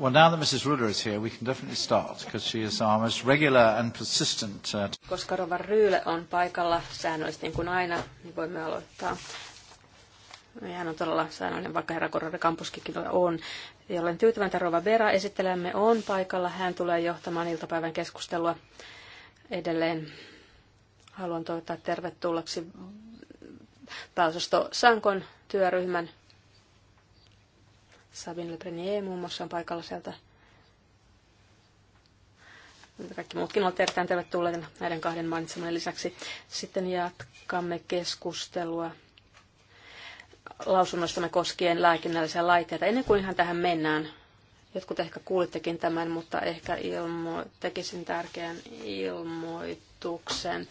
Well, now that Mrs. Ruder is here, we can definitely start, because she is our most regular and persistent. Uh, Koska Rova Ryyle on paikalla säännöllisesti niin kuin aina, niin voimme aloittaa. Hän on todella säännöllinen, vaikka herra Korori Kampuskikin on. Jollain olen tyytyväinen, Rova Vera esittelemme on paikalla. Hän tulee johtamaan iltapäivän keskustelua edelleen. Haluan toivottaa tervetulleeksi pääosasto Sankon työryhmän Sabine Le Prenier muun muassa on paikalla sieltä. Kaikki muutkin ovat erittäin tervetulleita näiden kahden mainitsemani lisäksi. Sitten jatkamme keskustelua lausunnostamme koskien lääkinnällisiä laitteita. Ennen kuin ihan tähän mennään, jotkut ehkä kuulittekin tämän, mutta ehkä ilmo- tekisin tärkeän ilmoituksen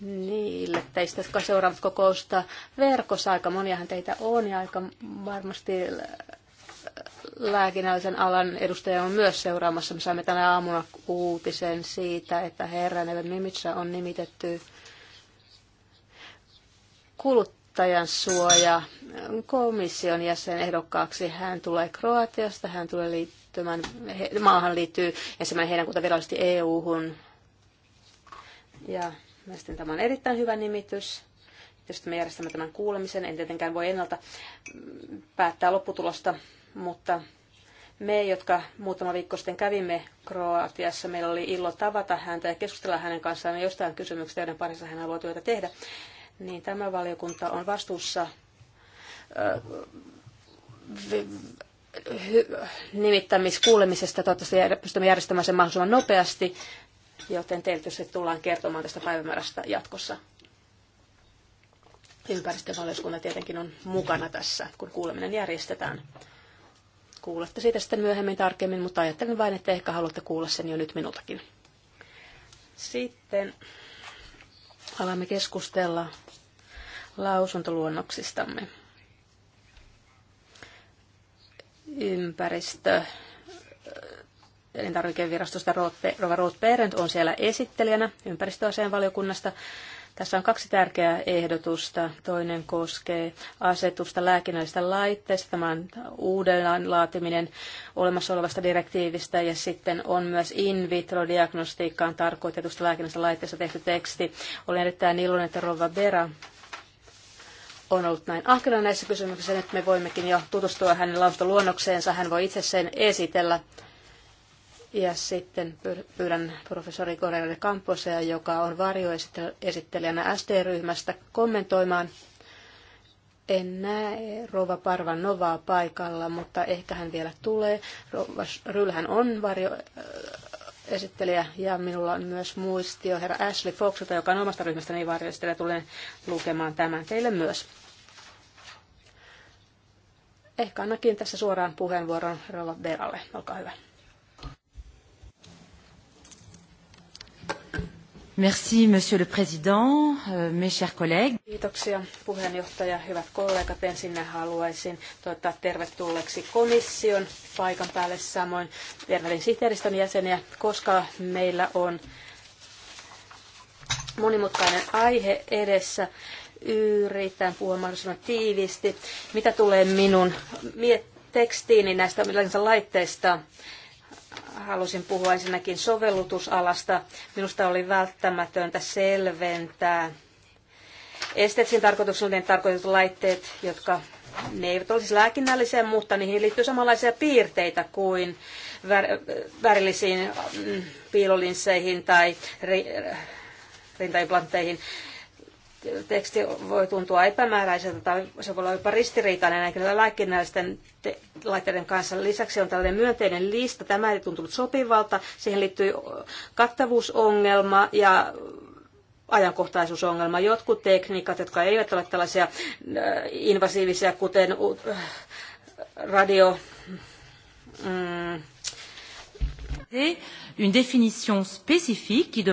niille teistä, jotka seuraavat kokousta verkossa. Aika moniahan teitä on ja aika varmasti lääkinnällisen alan edustaja on myös seuraamassa. Me saimme tänä aamuna uutisen siitä, että herra Neven Mimitsa on nimitetty kuluttajan suoja komission ehdokkaaksi. Hän tulee Kroatiasta, hän tulee liittymään, maahan liittyy ensimmäinen heinäkuuta virallisesti EU-hun. Ja mielestäni tämä on erittäin hyvä nimitys tietysti me järjestämme tämän kuulemisen. En tietenkään voi ennalta päättää lopputulosta, mutta me, jotka muutama viikko sitten kävimme Kroatiassa, meillä oli ilo tavata häntä ja keskustella hänen kanssaan jostain kysymyksestä, joiden parissa hän haluaa työtä tehdä, niin tämä valiokunta on vastuussa nimittämiskuulemisesta. Toivottavasti pystymme järjestämään sen mahdollisimman nopeasti, joten teiltä se tullaan kertomaan tästä päivämäärästä jatkossa. Ympäristövaliokunta tietenkin on mukana tässä, kun kuuleminen järjestetään. Kuulette siitä sitten myöhemmin tarkemmin, mutta ajattelin vain, että ehkä haluatte kuulla sen jo nyt minultakin. Sitten alamme keskustella lausuntoluonnoksistamme. Ympäristö elintarvikevirastosta Rova Roth Berend on siellä esittelijänä ympäristöasian valiokunnasta. Tässä on kaksi tärkeää ehdotusta. Toinen koskee asetusta lääkinnällisistä laitteista, tämä on uudelleen laatiminen olemassa olevasta direktiivistä, ja sitten on myös in vitro-diagnostiikkaan tarkoitetusta lääkinnällisestä laitteista tehty teksti. Olen erittäin iloinen, että Rova Bera on ollut näin ahkera näissä kysymyksissä. Nyt me voimmekin jo tutustua hänen lausuntoluonnokseensa. Hän voi itse sen esitellä. Ja sitten pyydän professori de kamposea, joka on varjoesittelijänä ST-ryhmästä, kommentoimaan. En näe Rova Parvan Novaa paikalla, mutta ehkä hän vielä tulee. Rova Rylhän on varjoesittelijä ja minulla on myös muistio herra Ashley Foxilta, joka on omasta ryhmästäni niin varjoesittelijä. Tulen lukemaan tämän teille myös. Ehkä annakin tässä suoraan puheenvuoron Rova Beralle. Olkaa hyvä. Merci, Monsieur le Président, euh, mes chers collègues. Kiitoksia puheenjohtaja, hyvät kollegat. Ensin haluaisin toivottaa tervetulleeksi komission paikan päälle samoin tervehdin sihteeristön jäseniä, koska meillä on monimutkainen aihe edessä. Yritän puhua mahdollisimman tiiviisti. Mitä tulee minun tekstiini niin näistä laitteista, halusin puhua ensinnäkin sovellutusalasta. Minusta oli välttämätöntä selventää estetsin tarkoituksellinen tarkoitetut laitteet, jotka ne eivät ole siis lääkinnällisiä, mutta niihin liittyy samanlaisia piirteitä kuin värillisiin mm, piilolinsseihin tai ri, rintaimplantteihin teksti voi tuntua epämääräiseltä tai se voi olla jopa ristiriitainen näiden lääkinnällisten te- laitteiden kanssa. Lisäksi on tällainen myönteinen lista. Tämä ei tuntunut sopivalta. Siihen liittyy kattavuusongelma ja ajankohtaisuusongelma. Jotkut tekniikat, jotka eivät ole tällaisia äh, invasiivisia, kuten äh, radio... Mm, niin une définition spécifique.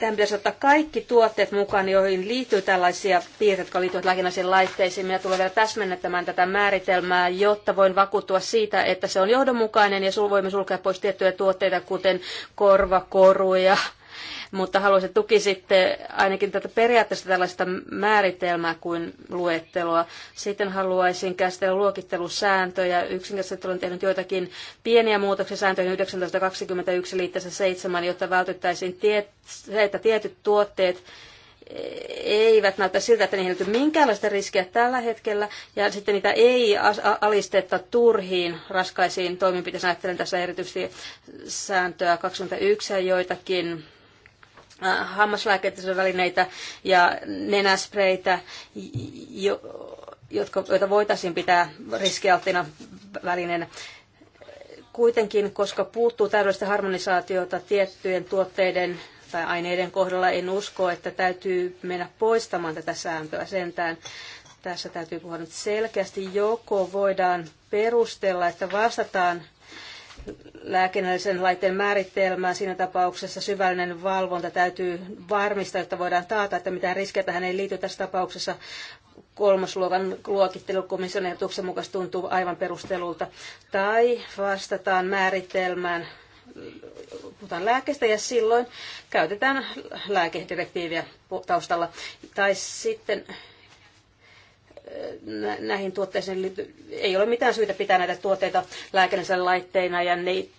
Tämän pitäisi ottaa kaikki tuotteet mukaan, joihin liittyy tällaisia piirteitä, jotka liittyvät lääkinnäisiin laitteisiin. Minä tulen vielä täsmennettämään tätä määritelmää, jotta voin vakuuttua siitä, että se on johdonmukainen ja sul voimme sulkea pois tiettyjä tuotteita, kuten korvakoruja, mutta haluaisin tuki sitten ainakin tätä periaatteessa tällaista määritelmää kuin luetteloa. Sitten haluaisin käsitellä luokittelusääntöjä. Yksinkertaisesti olen tehnyt joitakin pieniä muutoksia sääntöihin 1921 liitteessä 7, jotta vältyttäisiin tiet, se, että tietyt tuotteet eivät näytä siltä, että niihin liittyy minkäänlaista riskiä tällä hetkellä, ja sitten niitä ei alisteta turhiin raskaisiin toimenpiteisiin. Ajattelen tässä erityisesti sääntöä 21 ja joitakin Äh, hammaslääketieteellisiä välineitä ja nenäspreitä, jo, jotka, joita voitaisiin pitää riskialttiina välineenä. Kuitenkin, koska puuttuu täydellistä harmonisaatiota tiettyjen tuotteiden tai aineiden kohdalla, en usko, että täytyy mennä poistamaan tätä sääntöä sentään. Tässä täytyy puhua nyt selkeästi, joko voidaan perustella, että vastataan lääkinnällisen laitteen määritelmää. Siinä tapauksessa syvällinen valvonta täytyy varmistaa, jotta voidaan taata, että mitään riskejä tähän ei liity tässä tapauksessa. Kolmosluokan luokittelu komission ehdotuksen mukaan tuntuu aivan perustelulta. Tai vastataan määritelmään puhutaan lääkestä ja silloin käytetään lääkedirektiiviä taustalla. Tai sitten näihin tuotteisiin ei ole mitään syytä pitää näitä tuotteita lääkinnällisillä laitteina ja niitä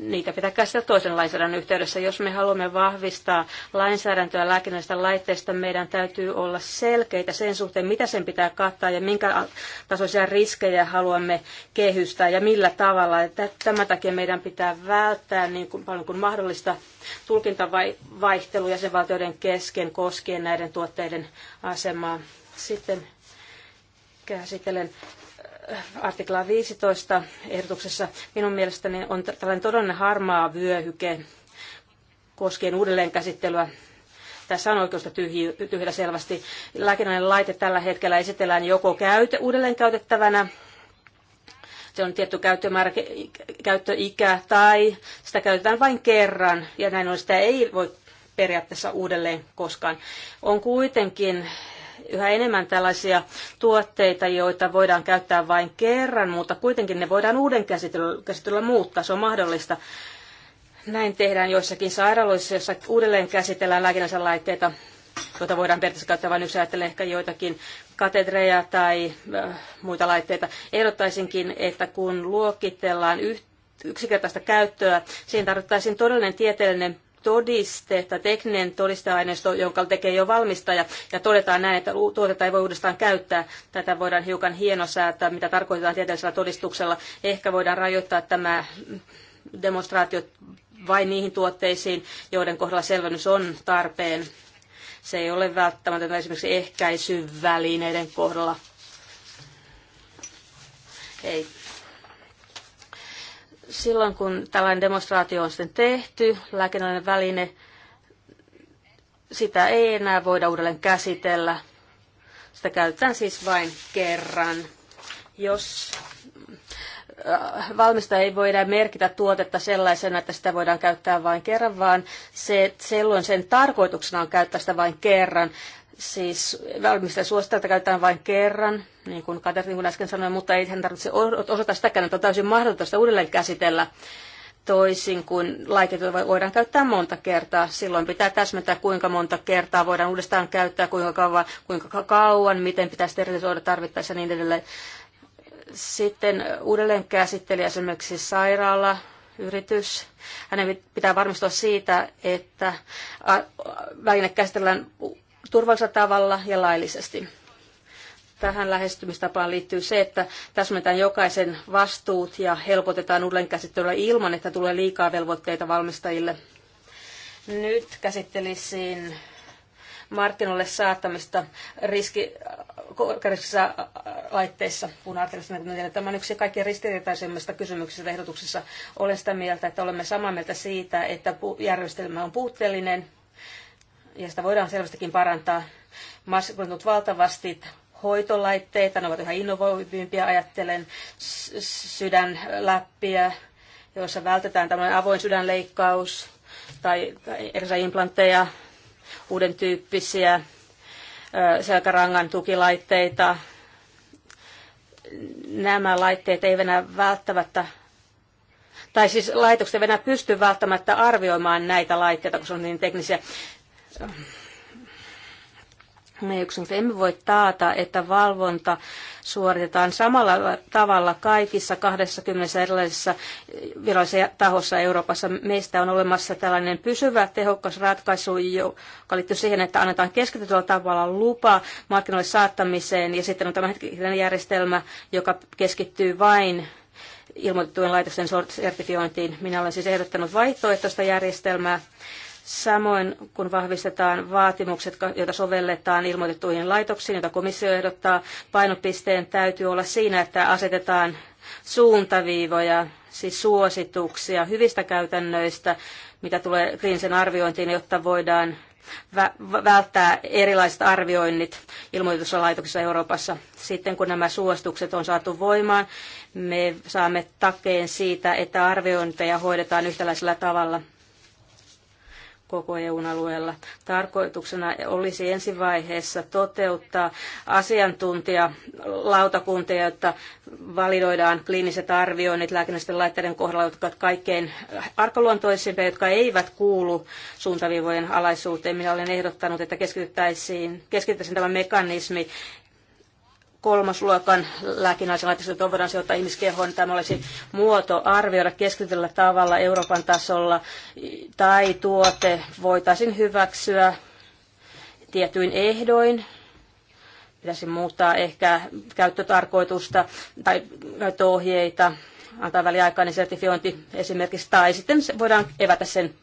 niitä pitää käsitellä toisen lainsäädännön yhteydessä. Jos me haluamme vahvistaa lainsäädäntöä lääkinnällisistä laitteista, meidän täytyy olla selkeitä sen suhteen, mitä sen pitää kattaa ja minkä tasoisia riskejä haluamme kehystää ja millä tavalla. Tämän takia meidän pitää välttää niin kuin, paljon kuin mahdollista tulkintavaihtelua jäsenvaltioiden kesken koskien näiden tuotteiden asemaa. Sitten käsittelen äh, artiklaa 15 ehdotuksessa. Minun mielestäni on tällainen todellinen harmaa vyöhyke koskien uudelleenkäsittelyä tässä on oikeusta tyhjillä selvästi. Lääkinnallinen laite tällä hetkellä esitellään joko käyte, uudelleen käytettävänä, se on tietty käyttömäärä, käyttöikä, tai sitä käytetään vain kerran, ja näin ollen sitä ei voi periaatteessa uudelleen koskaan. On kuitenkin yhä enemmän tällaisia tuotteita, joita voidaan käyttää vain kerran, mutta kuitenkin ne voidaan uuden käsittelyllä, muuttaa. Se on mahdollista. Näin tehdään joissakin sairaaloissa, joissa uudelleen käsitellään lääkinnällisiä laitteita, joita voidaan periaatteessa käyttää vain yksi ajattelen ehkä joitakin katedreja tai äh, muita laitteita. Ehdottaisinkin, että kun luokitellaan yht, yksinkertaista käyttöä, siihen tarvittaisiin todellinen tieteellinen todiste tai tekninen todisteaineisto, jonka tekee jo valmistaja, ja todetaan näin, että tuotetta ei voi uudestaan käyttää. Tätä voidaan hiukan hienosäätää, mitä tarkoitetaan tieteellisellä todistuksella. Ehkä voidaan rajoittaa tämä demonstraatio vain niihin tuotteisiin, joiden kohdalla selvennys on tarpeen. Se ei ole välttämätöntä esimerkiksi ehkäisyvälineiden kohdalla. Ei silloin kun tällainen demonstraatio on sitten tehty, lääkinnällinen väline, sitä ei enää voida uudelleen käsitellä. Sitä käytetään siis vain kerran. Jos äh, valmistaja ei voida merkitä tuotetta sellaisena, että sitä voidaan käyttää vain kerran, vaan se, silloin sen tarkoituksena on käyttää sitä vain kerran. Siis valmistaja suosittaa, että käytetään vain kerran niin kuin Katar niin kuin äsken sanoin, mutta ei hän tarvitse osata sitäkään, että on täysin mahdotonta uudelleen käsitellä toisin kuin laiket, joita voidaan käyttää monta kertaa. Silloin pitää täsmentää, kuinka monta kertaa voidaan uudestaan käyttää, kuinka kauan, kuinka kauan miten pitää sterilisoida tarvittaessa ja niin edelleen. Sitten uudelleen käsitteli esimerkiksi sairaala, yritys. Hänen pitää varmistua siitä, että väline käsitellään turvallisella tavalla ja laillisesti Tähän lähestymistapaan liittyy se, että täsmetään jokaisen vastuut ja helpotetaan uudelleenkäsittelyä ilman, että tulee liikaa velvoitteita valmistajille. Nyt käsittelisin markkinoille saattamista riski, korkeariskisissä laitteissa, kun ajatellaan, tämä on yksi kaikkein ristiriitaisemmista kysymyksistä ehdotuksessa. Olen sitä mieltä, että olemme samaa mieltä siitä, että järjestelmä on puutteellinen ja sitä voidaan selvästikin parantaa. Maskulinut valtavasti hoitolaitteita, ne ovat yhä innovoivimpia, ajattelen sydänläppiä, joissa vältetään tämmöinen avoin sydänleikkaus tai, tai erilaisia implantteja, uuden tyyppisiä selkärangan tukilaitteita. Nämä laitteet eivät enää välttämättä tai siis laitokset eivät enää pysty välttämättä arvioimaan näitä laitteita, koska se on niin teknisiä me emme voi taata, että valvonta suoritetaan samalla tavalla kaikissa 20 erilaisessa virallisessa tahossa Euroopassa. Meistä on olemassa tällainen pysyvä tehokas ratkaisu, joka liittyy siihen, että annetaan keskitetyllä tavalla lupa markkinoille saattamiseen ja sitten on tämä järjestelmä, joka keskittyy vain ilmoitettujen laitosten sertifiointiin. Minä olen siis ehdottanut vaihtoehtoista järjestelmää Samoin kun vahvistetaan vaatimukset, joita sovelletaan ilmoitettuihin laitoksiin, joita komissio ehdottaa, painopisteen täytyy olla siinä, että asetetaan suuntaviivoja, siis suosituksia hyvistä käytännöistä, mitä tulee kriisin arviointiin, jotta voidaan välttää erilaiset arvioinnit ilmoituslaitoksissa Euroopassa. Sitten kun nämä suositukset on saatu voimaan, me saamme takeen siitä, että arviointeja hoidetaan yhtäläisellä tavalla – koko EUn alueella. Tarkoituksena olisi ensivaiheessa toteuttaa asiantuntijalautakuntia, jotta validoidaan kliiniset arvioinnit lääkinnällisten laitteiden kohdalla, jotka ovat kaikkein arkaluontoisimpia, jotka eivät kuulu suuntaviivojen alaisuuteen. Minä olen ehdottanut, että keskityttäisiin, keskityttäisiin tämä mekanismi kolmasluokan lääkinnällisen laitoksen voidaan sijoittaa ihmiskehoon. Tämä olisi muoto arvioida keskityllä tavalla Euroopan tasolla tai tuote voitaisiin hyväksyä tietyin ehdoin. Pitäisi muuttaa ehkä käyttötarkoitusta tai käyttöohjeita, antaa väliaikainen sertifiointi esimerkiksi, tai sitten voidaan evätä sen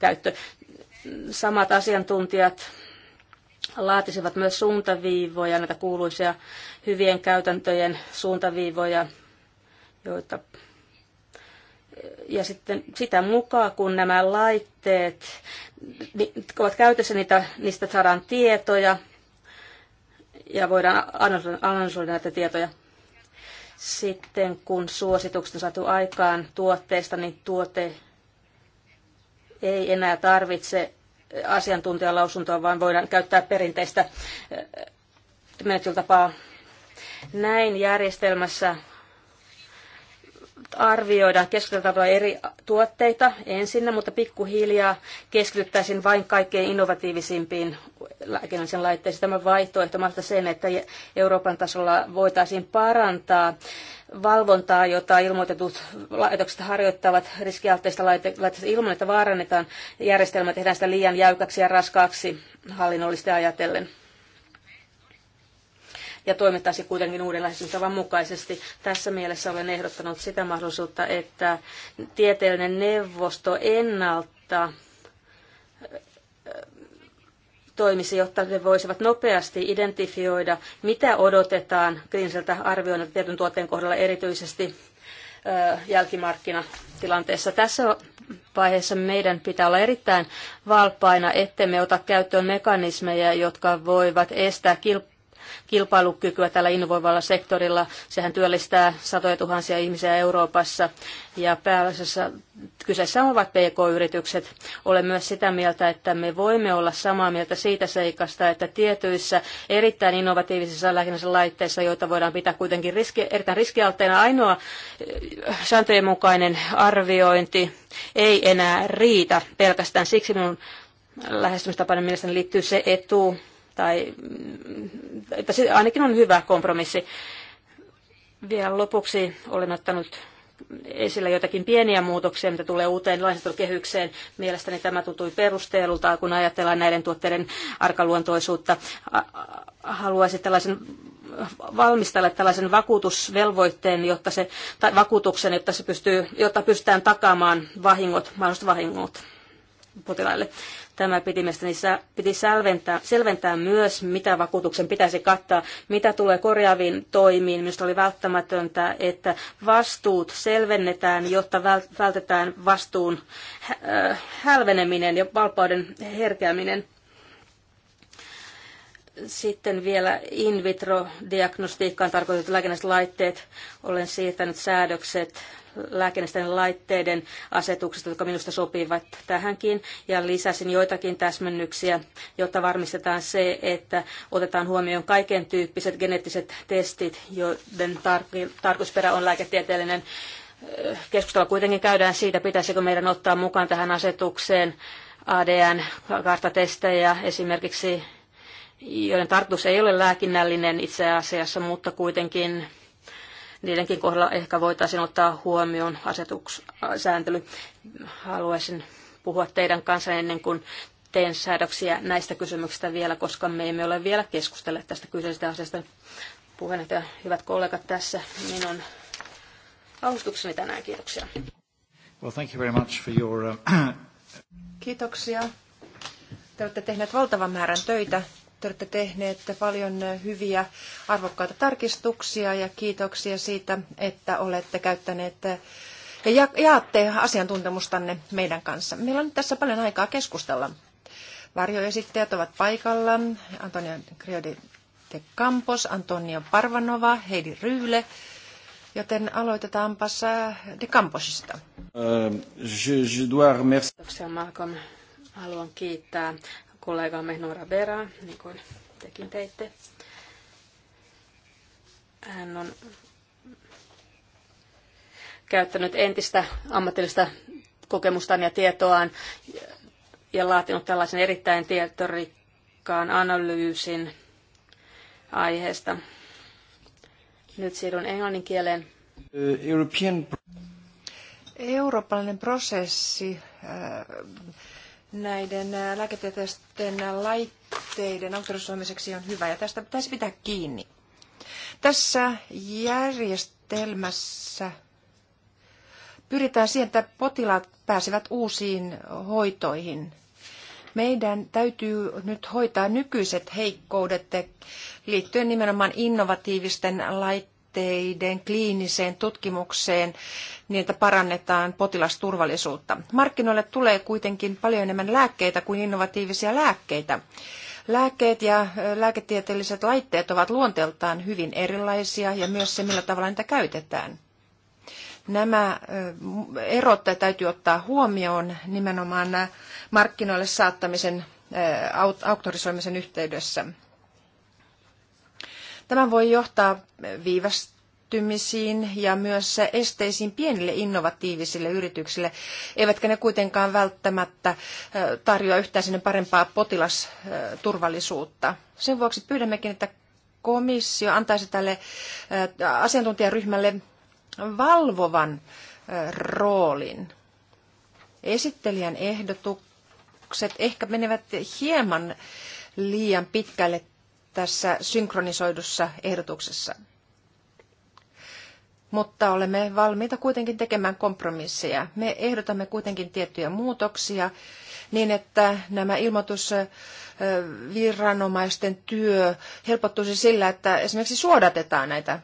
käyttö. Samat asiantuntijat laatisivat myös suuntaviivoja, näitä kuuluisia hyvien käytäntöjen suuntaviivoja, joita ja sitten sitä mukaan, kun nämä laitteet ovat käytössä, niitä, niistä saadaan tietoja ja voidaan analysoida näitä tietoja. Sitten kun suositukset on saatu aikaan tuotteista, niin tuote ei enää tarvitse asiantuntijalausuntoa, vaan voidaan käyttää perinteistä menettelytapaa. Näin järjestelmässä arvioida keskusteltavalla eri tuotteita ensin, mutta pikkuhiljaa keskityttäisiin vain kaikkein innovatiivisimpiin lääkinnällisiin laitteisiin. Tämä vaihtoehto mahdollista sen, että Euroopan tasolla voitaisiin parantaa valvontaa, jota ilmoitetut laitokset harjoittavat riskialtteista laitteista ilman, että vaarannetaan järjestelmä, tehdään sitä liian jäykäksi ja raskaaksi hallinnollisesti ajatellen ja toimittaisi kuitenkin uudenlaisen mukaisesti. Tässä mielessä olen ehdottanut sitä mahdollisuutta, että tieteellinen neuvosto ennalta toimisi, jotta ne voisivat nopeasti identifioida, mitä odotetaan kliiniseltä arvioinnilta tietyn tuotteen kohdalla erityisesti jälkimarkkinatilanteessa. Tässä vaiheessa meidän pitää olla erittäin valppaina, ettemme ota käyttöön mekanismeja, jotka voivat estää kilpailua kilpailukykyä tällä innovoivalla sektorilla. Sehän työllistää satoja tuhansia ihmisiä Euroopassa ja pääasiassa kyseessä ovat PK-yritykset. Olen myös sitä mieltä, että me voimme olla samaa mieltä siitä seikasta, että tietyissä erittäin innovatiivisissa lähinnä laitteissa, joita voidaan pitää kuitenkin riski, erittäin riskialteena, ainoa äh, sääntöjen mukainen arviointi ei enää riitä pelkästään. Siksi minun lähestymistapani mielestäni liittyy se etu, tai että se ainakin on hyvä kompromissi. Vielä lopuksi olen ottanut esillä jotakin pieniä muutoksia, mitä tulee uuteen lainsäädäntökehykseen. Mielestäni tämä tuntui perusteelta, kun ajatellaan näiden tuotteiden arkaluontoisuutta. Haluaisin tällaisen valmistella tällaisen vakuutusvelvoitteen, jotta se, tai vakuutuksen, jotta, se pystyy, jotta pystytään takaamaan vahingot, mahdolliset vahingot potilaille. Tämä piti mielestäni piti selventää, selventää myös, mitä vakuutuksen pitäisi kattaa. Mitä tulee korjaaviin toimiin, minusta oli välttämätöntä, että vastuut selvennetään, jotta vältetään vastuun äh, hälveneminen ja valpauden herkeäminen sitten vielä in vitro-diagnostiikkaan tarkoitetut lääkinnälliset laitteet. Olen siirtänyt säädökset lääkinnäisten laitteiden asetuksesta, jotka minusta sopivat tähänkin, ja lisäsin joitakin täsmennyksiä, jotta varmistetaan se, että otetaan huomioon kaiken tyyppiset geneettiset testit, joiden tar- tarkoitusperä on lääketieteellinen. Keskustelua kuitenkin käydään siitä, pitäisikö meidän ottaa mukaan tähän asetukseen ADN-kartatestejä esimerkiksi joiden tarkoitus ei ole lääkinnällinen itse asiassa, mutta kuitenkin niidenkin kohdalla ehkä voitaisiin ottaa huomioon asetuks, Haluaisin puhua teidän kanssa ennen kuin teen säädöksiä näistä kysymyksistä vielä, koska me emme ole vielä keskustelleet tästä kyseisestä asiasta. Puheenjohtaja, hyvät kollegat, tässä minun alustukseni tänään. Kiitoksia. Well, thank you very much for your, uh, Kiitoksia. Te olette tehneet valtavan määrän töitä te olette tehneet paljon hyviä, arvokkaita tarkistuksia ja kiitoksia siitä, että olette käyttäneet ja jaatte asiantuntemustanne meidän kanssa. Meillä on nyt tässä paljon aikaa keskustella. Varjoesittäjät ovat paikalla. Antonio Criodi de Campos, Antonio Parvanova, Heidi Ryyle, joten aloitetaanpas äh, de Camposista. Uh, je, je dois Haluan kiittää kollegamme Nora Beraa, niin kuin tekin teitte. Hän on käyttänyt entistä ammatillista kokemustaan ja tietoaan ja laatinut tällaisen erittäin tietorikkaan analyysin aiheesta. Nyt siirryn englannin kieleen. European... Eurooppalainen prosessi äh, näiden äh, lääketieteellisten laitteiden autorisoimiseksi on hyvä ja tästä pitäisi pitää kiinni. Tässä järjestelmässä pyritään siihen, että potilaat pääsevät uusiin hoitoihin. Meidän täytyy nyt hoitaa nykyiset heikkoudet liittyen nimenomaan innovatiivisten laitteiden tuotteiden kliiniseen tutkimukseen niin, että parannetaan potilasturvallisuutta. Markkinoille tulee kuitenkin paljon enemmän lääkkeitä kuin innovatiivisia lääkkeitä. Lääkkeet ja lääketieteelliset laitteet ovat luonteeltaan hyvin erilaisia ja myös se, millä tavalla niitä käytetään. Nämä erot täytyy ottaa huomioon nimenomaan markkinoille saattamisen auktorisoimisen yhteydessä. Tämä voi johtaa viivästymisiin ja myös esteisiin pienille innovatiivisille yrityksille, eivätkä ne kuitenkaan välttämättä tarjoa yhtään sinne parempaa potilasturvallisuutta. Sen vuoksi pyydämmekin, että komissio antaisi tälle asiantuntijaryhmälle valvovan roolin. Esittelijän ehdotukset ehkä menevät hieman liian pitkälle tässä synkronisoidussa ehdotuksessa. Mutta olemme valmiita kuitenkin tekemään kompromisseja. Me ehdotamme kuitenkin tiettyjä muutoksia niin, että nämä ilmoitusviranomaisten työ helpottuisi sillä, että esimerkiksi suodatetaan näitä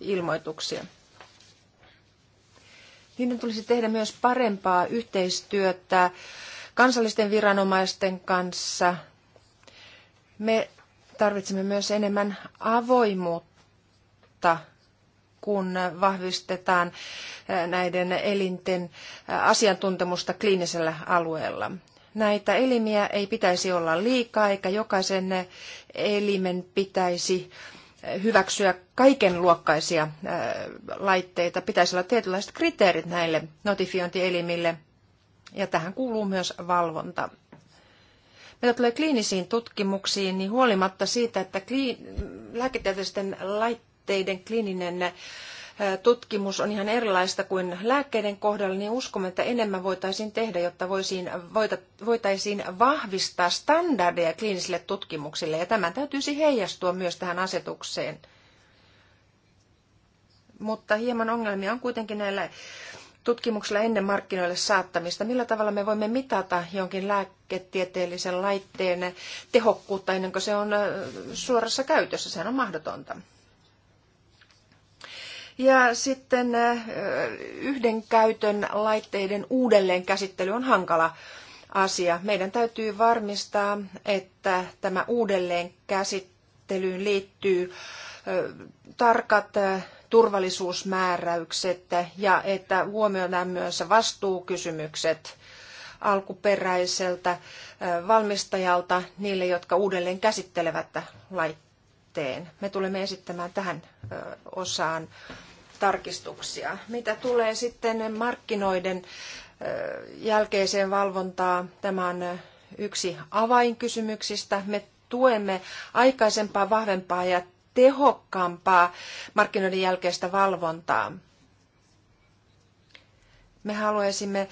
ilmoituksia. Niiden tulisi tehdä myös parempaa yhteistyötä kansallisten viranomaisten kanssa me tarvitsemme myös enemmän avoimuutta, kun vahvistetaan näiden elinten asiantuntemusta kliinisellä alueella. Näitä elimiä ei pitäisi olla liikaa, eikä jokaisen elimen pitäisi hyväksyä kaikenluokkaisia laitteita. Pitäisi olla tietynlaiset kriteerit näille notifiointielimille, ja tähän kuuluu myös valvonta. Mitä tulee kliinisiin tutkimuksiin, niin huolimatta siitä, että kliin, lääketieteellisten laitteiden kliininen tutkimus on ihan erilaista kuin lääkkeiden kohdalla, niin uskomme, että enemmän voitaisiin tehdä, jotta voitaisiin vahvistaa standardeja kliinisille tutkimuksille. Ja tämän täytyisi siis heijastua myös tähän asetukseen. Mutta hieman ongelmia on kuitenkin näillä tutkimuksella ennen markkinoille saattamista. Millä tavalla me voimme mitata jonkin lääketieteellisen laitteen tehokkuutta ennen kuin se on suorassa käytössä? Sehän on mahdotonta. Ja sitten yhden käytön laitteiden uudelleenkäsittely on hankala asia. Meidän täytyy varmistaa, että tämä uudelleenkäsittelyyn liittyy tarkat turvallisuusmääräykset ja että huomioidaan myös vastuukysymykset alkuperäiseltä valmistajalta niille, jotka uudelleen käsittelevät laitteen. Me tulemme esittämään tähän osaan tarkistuksia. Mitä tulee sitten markkinoiden jälkeiseen valvontaan, tämä on yksi avainkysymyksistä. Me tuemme aikaisempaa vahvempaa ja tehokkaampaa markkinoiden jälkeistä valvontaa. Me haluaisimme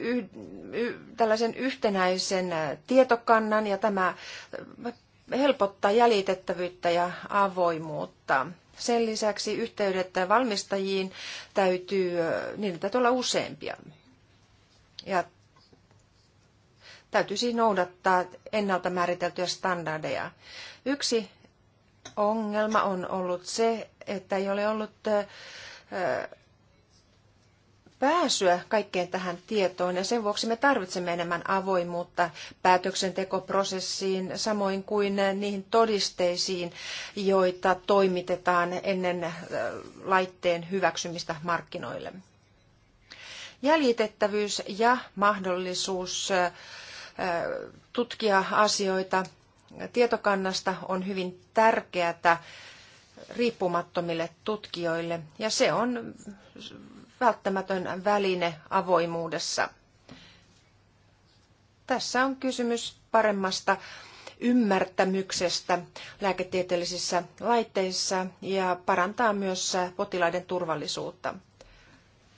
yh, yh, tällaisen yhtenäisen tietokannan ja tämä helpottaa jäljitettävyyttä ja avoimuutta. Sen lisäksi yhteydet valmistajiin täytyy, niin täytyy olla useampia. Ja täytyy siis noudattaa ennalta määriteltyjä standardeja. Yksi ongelma on ollut se, että ei ole ollut pääsyä kaikkeen tähän tietoon ja sen vuoksi me tarvitsemme enemmän avoimuutta päätöksentekoprosessiin samoin kuin niihin todisteisiin, joita toimitetaan ennen laitteen hyväksymistä markkinoille. Jäljitettävyys ja mahdollisuus tutkia asioita tietokannasta on hyvin tärkeää riippumattomille tutkijoille ja se on välttämätön väline avoimuudessa. Tässä on kysymys paremmasta ymmärtämyksestä lääketieteellisissä laitteissa ja parantaa myös potilaiden turvallisuutta.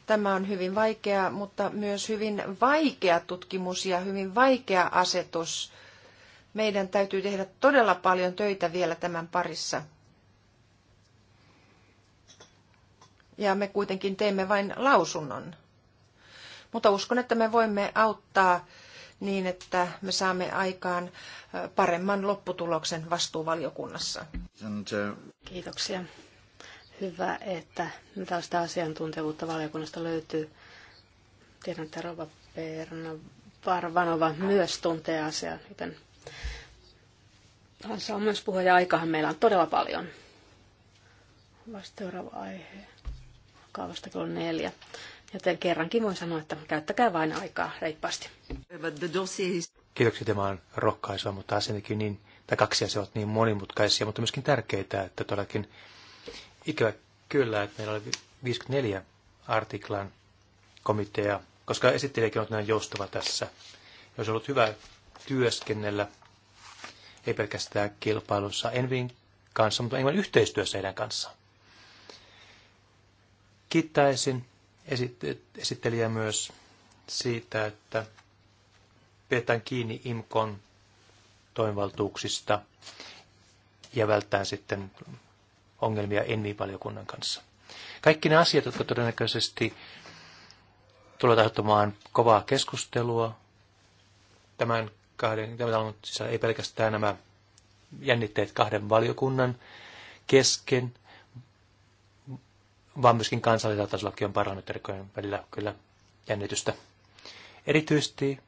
Tämä on hyvin vaikea, mutta myös hyvin vaikea tutkimus ja hyvin vaikea asetus meidän täytyy tehdä todella paljon töitä vielä tämän parissa. Ja me kuitenkin teemme vain lausunnon. Mutta uskon, että me voimme auttaa niin, että me saamme aikaan paremman lopputuloksen vastuuvaliokunnassa. Kiitoksia. Hyvä, että tällaista asiantuntevuutta valiokunnasta löytyy. Tiedän, että Rova Perna Varvanova myös tuntee asiaa, joten tässä on myös puhuja aikahan. Meillä on todella paljon. Vastaava aihe. Kaavasta kello neljä. Joten kerrankin voin sanoa, että käyttäkää vain aikaa reippaasti. Kiitoksia, tämä on rohkaisua, mutta asiakin niin, tai kaksi asiaa niin monimutkaisia, mutta myöskin tärkeitä, että todellakin ikävä kyllä, että meillä oli 54 artiklan komitea, koska esittelijäkin on näin joustava tässä. Jos on ollut hyvä työskennellä ei pelkästään kilpailussa Envin kanssa, mutta enemmän yhteistyössä heidän kanssaan. Kiittäisin esittelijä myös siitä, että pidetään kiinni IMKON toimivaltuuksista ja välttää sitten ongelmia ENVI-valiokunnan kanssa. Kaikki ne asiat, jotka todennäköisesti tulevat aiheuttamaan kovaa keskustelua tämän kahden, on sisällä ei pelkästään nämä jännitteet kahden valiokunnan kesken, vaan myöskin kansallisella tasollakin on parlamentarikojen välillä kyllä jännitystä. Erityisesti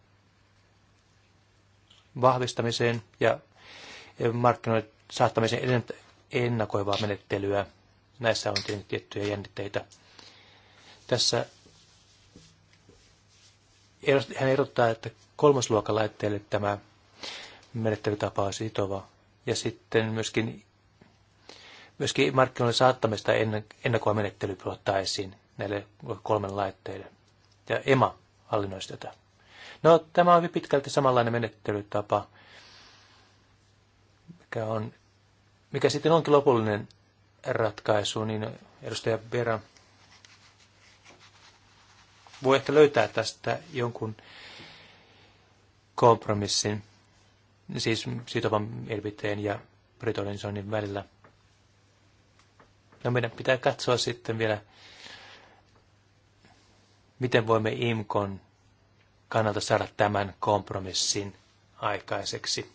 vahvistamiseen ja markkinoille saattamiseen ennakoivaa menettelyä. Näissä on tiettyjä jännitteitä. Tässä hän ehdottaa, että kolmasluokan laitteille tämä menettelytapa on sitova. Ja sitten myöskin, myöskin markkinoille saattamista ennakkoa menettely ottaa esiin näille kolmen laitteille. Ja EMA hallinnoi tätä. No, tämä on hyvin pitkälti samanlainen menettelytapa, mikä, on, mikä sitten onkin lopullinen ratkaisu, niin edustaja Vera voi ehkä löytää tästä jonkun kompromissin, siis sitovan mielipiteen ja Britolinssonin välillä. No meidän pitää katsoa sitten vielä, miten voimme IMKon kannalta saada tämän kompromissin aikaiseksi.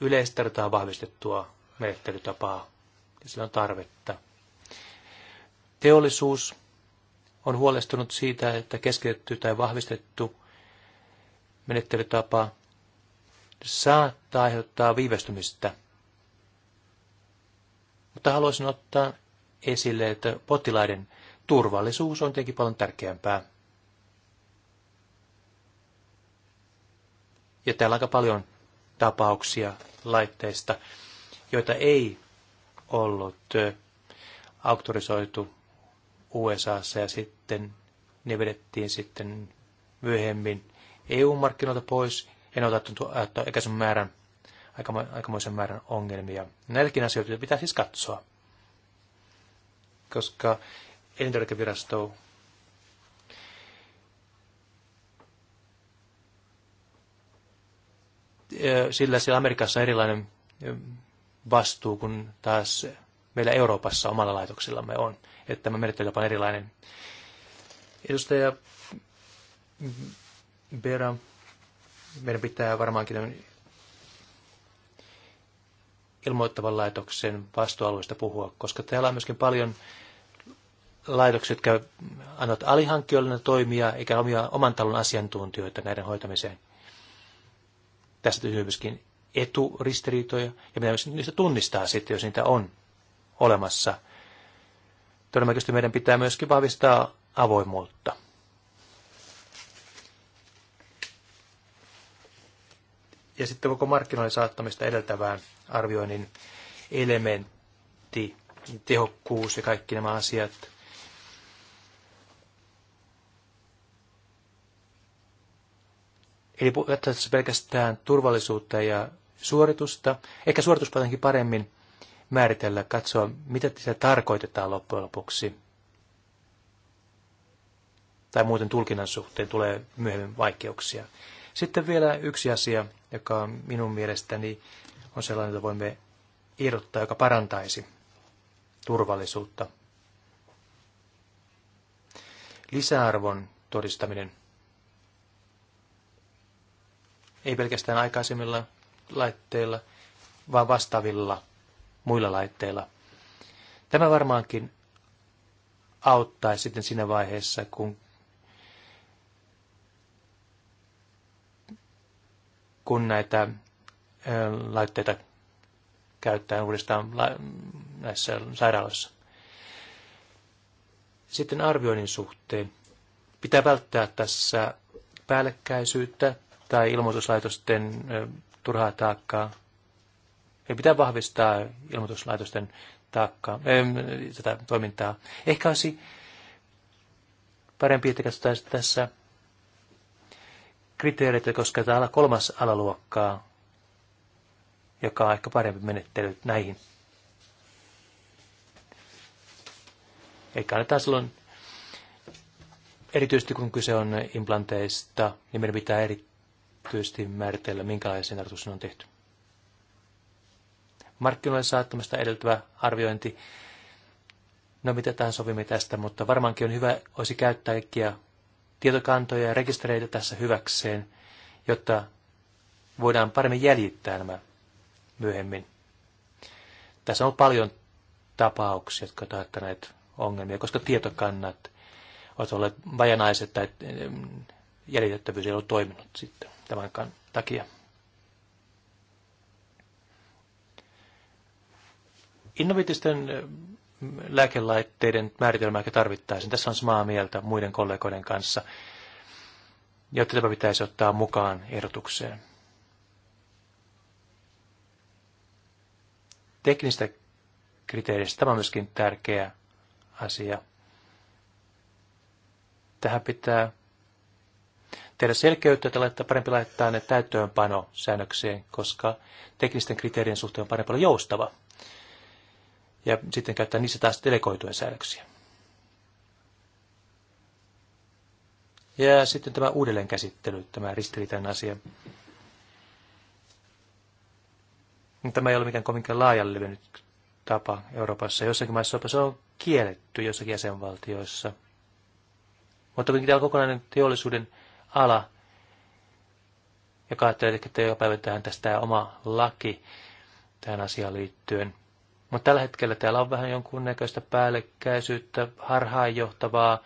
Yleistä tarvitaan vahvistettua menettelytapaa, ja sillä on tarvetta – Teollisuus on huolestunut siitä, että keskitetty tai vahvistettu menettelytapa saattaa aiheuttaa viivästymistä. Mutta haluaisin ottaa esille, että potilaiden turvallisuus on tietenkin paljon tärkeämpää. Ja täällä on aika paljon tapauksia laitteista, joita ei ollut auktorisoitu USAssa ja sitten ne vedettiin sitten myöhemmin EU-markkinoilta pois ja ne on aiheuttanut ikäisen määrän, aikamoisen määrän ongelmia. Näitäkin asioita pitää siis katsoa, koska elintarvikevirasto sillä siellä Amerikassa on erilainen vastuu kuin taas meillä Euroopassa omalla laitoksillamme on että tämä menettelytapa on erilainen. Edustaja Bera, meidän pitää varmaankin ilmoittavan laitoksen vastuualueesta puhua, koska täällä on myöskin paljon laitoksia, jotka annat alihankkijoille toimia, eikä omia, oman talon asiantuntijoita näiden hoitamiseen. Tässä tyhjyy myöskin eturistiriitoja, ja mitä niistä tunnistaa sitten, jos niitä on olemassa todennäköisesti meidän pitää myöskin vahvistaa avoimuutta. Ja sitten koko markkinoille saattamista edeltävään arvioinnin elementti, tehokkuus ja kaikki nämä asiat. Eli katsotaan pelkästään turvallisuutta ja suoritusta. Ehkä suoritus paremmin, määritellä, katsoa, mitä se tarkoitetaan loppujen lopuksi. Tai muuten tulkinnan suhteen tulee myöhemmin vaikeuksia. Sitten vielä yksi asia, joka minun mielestäni on sellainen, jota voimme irrottaa, joka parantaisi turvallisuutta. Lisäarvon todistaminen. Ei pelkästään aikaisemmilla laitteilla, vaan vastaavilla muilla laitteilla. Tämä varmaankin auttaisi sitten siinä vaiheessa, kun, kun näitä laitteita käyttää uudestaan näissä sairaaloissa. Sitten arvioinnin suhteen. Pitää välttää tässä päällekkäisyyttä tai ilmoituslaitosten turhaa taakkaa Eli pitää vahvistaa ilmoituslaitosten taakkaa, tätä toimintaa. Ehkä olisi parempi, että katsotaan tässä kriteerit, koska tämä on kolmas alaluokkaa, joka on ehkä parempi menettely näihin. Eikä annetaan silloin, erityisesti kun kyse on implanteista, niin meidän pitää erityisesti määritellä, minkälaisen tarkoituksen on tehty markkinoille saattamista edeltävä arviointi. No mitä tähän sovimme tästä, mutta varmaankin on hyvä, olisi käyttää kaikkia tietokantoja ja rekistereitä tässä hyväkseen, jotta voidaan paremmin jäljittää nämä myöhemmin. Tässä on paljon tapauksia, jotka ovat aiheuttaneet ongelmia, koska tietokannat ovat olleet vajanaiset tai jäljitettävyys ei ole toiminut sitten tämän takia. innovatiivisten lääkelaitteiden määritelmää tarvittaisiin. Tässä on samaa mieltä muiden kollegoiden kanssa, jotta tämä pitäisi ottaa mukaan ehdotukseen. Teknistä kriteeristä tämä on myöskin tärkeä asia. Tähän pitää tehdä selkeyttä, että laittaa, parempi laittaa ne täyttöönpano säännökseen, koska teknisten kriteerien suhteen on parempi olla joustava ja sitten käyttää niissä taas delegoituja säädöksiä. Ja sitten tämä uudelleenkäsittely, tämä ristiriitainen asia. Tämä ei ole mikään kovinkaan laajalle levinnyt tapa Euroopassa. Jossakin maissa se on kielletty jossakin jäsenvaltioissa. Mutta kuitenkin täällä on kokonainen teollisuuden ala, joka ajattelee, että jo päivä tähän tästä oma laki tähän asiaan liittyen. Mutta tällä hetkellä täällä on vähän jonkunnäköistä päällekkäisyyttä, harhaanjohtavaa